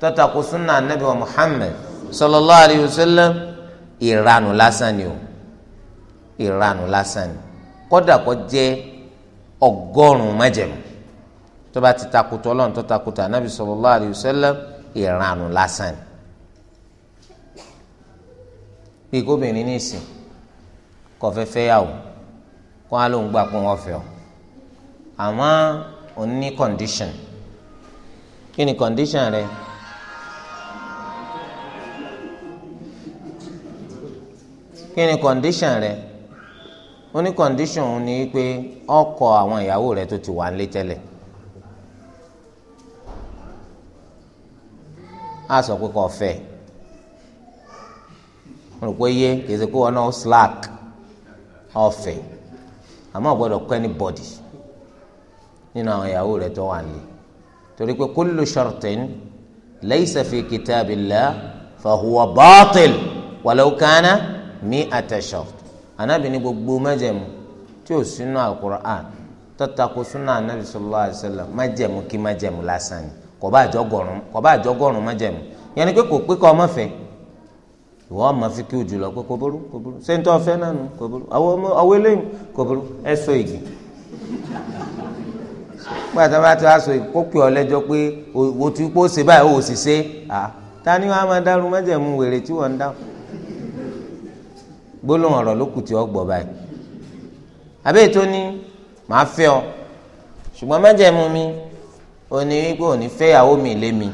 tọ́takò sunna anabi wa muhammed sallallahu alayhi wa sallam ìranù lásán ni o ìranù lásán ni kódà kó jẹ́ ọgọ́rùn-ún májẹ̀mú tó bá ti takùtà ọlọ́run tó anabi sallallahu alayhi wa sallam ìranù lásán ni bí gómìnà ní ìsìn kọfẹ́fẹ́ yà kó wọn lóun gbà pé wọn fẹ́ ọ àmọ́ òun ní condition kí ni condition rẹ. kí ni condition rẹ ó ní condition òun ni pé ọkọ àwọn ìyàwó rẹ tó ti wà ń lé tẹ́lẹ̀ á sọ pé kò fẹ́ mo rò pé yé kì í ṣe pé wọn náà slack ọ̀fẹ́ àmọ́ ọ̀gbọ́dọ̀ kọ́ ẹni bọ́dì nínú àwọn ìyàwó rẹ̀ tó wà ní torí pé kullu shartin laysa fi kitabillah fahuwa batil walau kana mi'ata shart anábì ní gbogbo májẹ̀mú tí ò sínú al-Qur'an tó tako súnà anábì sallallahu alaihi wasallam májẹ̀mú kí májẹ̀mú lásán ni kò bá àjọgọ̀rún kò bá yẹn ni pé kò pé kọ́ ọmọ fẹ́ẹ́ ìwọ ọmọ fíkì ojú lọ pé kò burú kò burú ṣé n tó ọfẹ náà nù kò burú àwọn ọmọ ọwọ eléyìí kò burú ẹ sọ igi pàtó bá ti wá sọ igi kó pè pé o ti kó ṣe báyìí o sì ṣe à ta ni wàá máa dárú mẹjẹmú wèrè tí wọn ń dá gbólóhùn ọ̀rọ̀ ló kù tí ọ gbọ́ báyìí àbẹ́ ètò ni màá fẹ́ ọ ṣùgbọ́n mẹjẹmú mi ò ní wípé ò ní fẹ́ ìyàwó mi lé mi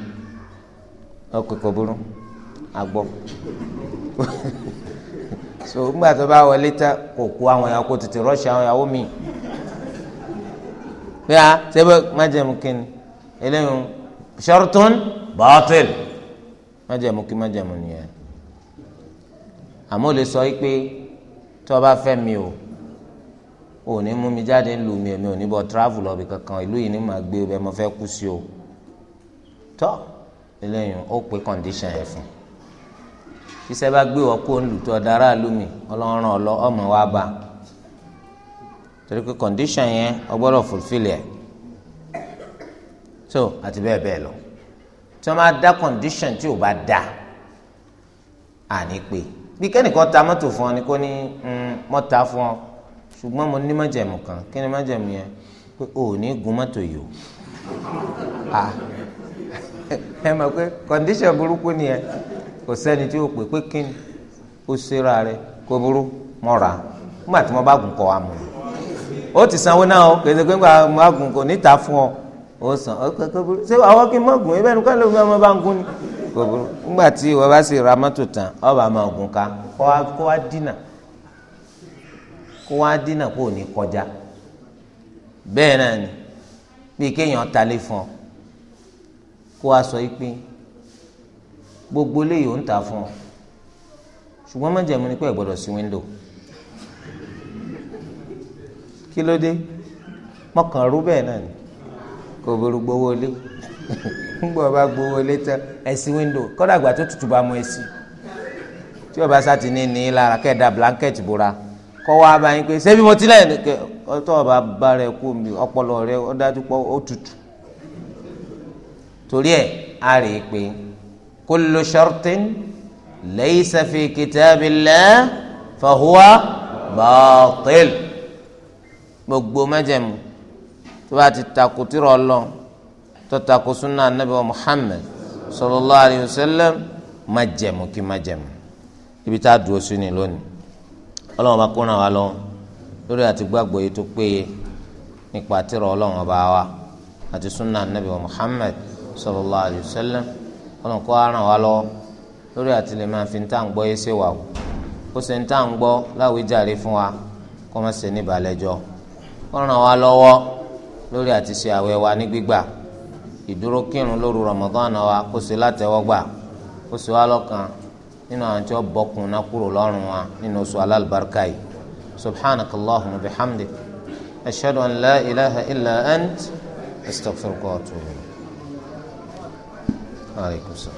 ọkọ̀ kò burú agbọ́ so nígbà tó bá wọlé tán kò kó àwọn ìyàwó kó tètè rọ́ọ̀ṣì àwọn ìyàwó mi pé a ah, sẹ́bẹ̀ májẹ̀mú kínní eléyìí shartun batil májẹ̀mú kí májẹ̀mú nìyẹn àmọ́ lè sọ pé tí bá fẹ́ mi o ò ní mú mi jáde ń lu mi èmi ò ní bọ́ travel lọ́bì kankan ìlú yìí ni màá gbé o bẹ́ẹ̀ mo fẹ́ kú sí o tọ́ eléyìí ó pé condition yẹn fún un iṣẹ́ bá gbé wọ́n kó olùtọ́ dára lómi ọlọ́run ọlọ́ ọmọ wa bá torí pé condition yẹn ọgbọ́dọ̀ fulfill ẹ̀ so àti bẹ́ẹ̀ bẹ́ẹ̀ lọ tí wọ́n máa dá condition tí ò bá dá àní pé bí kẹ́nìkan ta mọ́tò fún ọ ni kò ní mọ́ mm, ta fún ọ ṣùgbọ́n mo ní májẹ̀mú kan kí ni májẹ̀mú yẹn pé o ò ní gun mọ́tò yìí o ah. ẹ mọ̀ pé condition burúkú ni ẹ. kò sẹ́ni tí ó pè pé kí ni ó ṣera rẹ kó burú mọ́ra nígbà tí bá gùn kọ́ wa mọ̀ ti sanwó náà ó kèsì pé nígbà wọ́n bá gùn níta ọ san ọ kò burú ṣé àwọn kí n mọ̀ gùn ibẹ̀ nìkan bá ọ bá máa gùn ká kó dínà kó dínà kó ní kọjá bẹ́ẹ̀ náà ọ kó sọ gbogbo eléyìí ò ń tà fún ọ ṣùgbọ́n májẹ̀mú ni pé ẹ gbọ́dọ̀ sí wíńdò kí ló dé mọ̀kàn rú bẹ́ẹ̀ náà ni kò burú gbowó lé ńgbọ́ bá gbowó lé tán ẹ ṣí wíńdò kọ́dà àgbà tó tutù bá mú ẹ sí tí ọba sátì ní ní lára kẹ́ẹ̀dá blanket bora kọ́ wá bá yín pé ṣebí mo ti lẹ́yìn kẹ́ ọtọ́ ọba bá rẹ kú mi ọpọlọ rẹ ó dájú pọ̀ ó tutù torí ẹ̀ á rèé pé kullu shartin laysa fi kitabillah fahuwa baatil gbogbo májẹ̀mú tó bá ti takò tìrọ lọ tó takò sunna anabi wa muhammed sallallahu alayhi wa sallam májẹ̀mú kí májẹ̀mú ibi tá a dúró sí ni lónìí ọlọ́run bá kó ràn wá lọ́wọ́ lórí àti gbàgbọ́ yìí tó péye nípa tìrọ ọlọ́run ọba wa àti sunna anabi wa muhammed sallallahu alayhi wa sallam ọlọ́run kó ràn wá lọ́wọ́ lórí àti lè máa fi ntá ń gbọ́ yéé ṣe wà o ó ṣe ntá ń gbọ́ láwíjàre fún wa kó má ṣe ní ìbàlẹ́jọ́ ó ràn wá lọ́wọ́ lórí àti ṣe àwẹ̀ wa ní gbígbà ìdúró kírun lóru Ramadan wa kó ṣe látẹ̀wọ́gbà kó ṣe wá lọ́kàn nínú àwọn tí wọ́n bọ́kùn náà kúrò lọ́rùn wa nínú oṣù alálùbáríkà yìí subhanak allahumma bihamdik ashhadu an la ilaha illa ant astaghfiruka 阿里公司。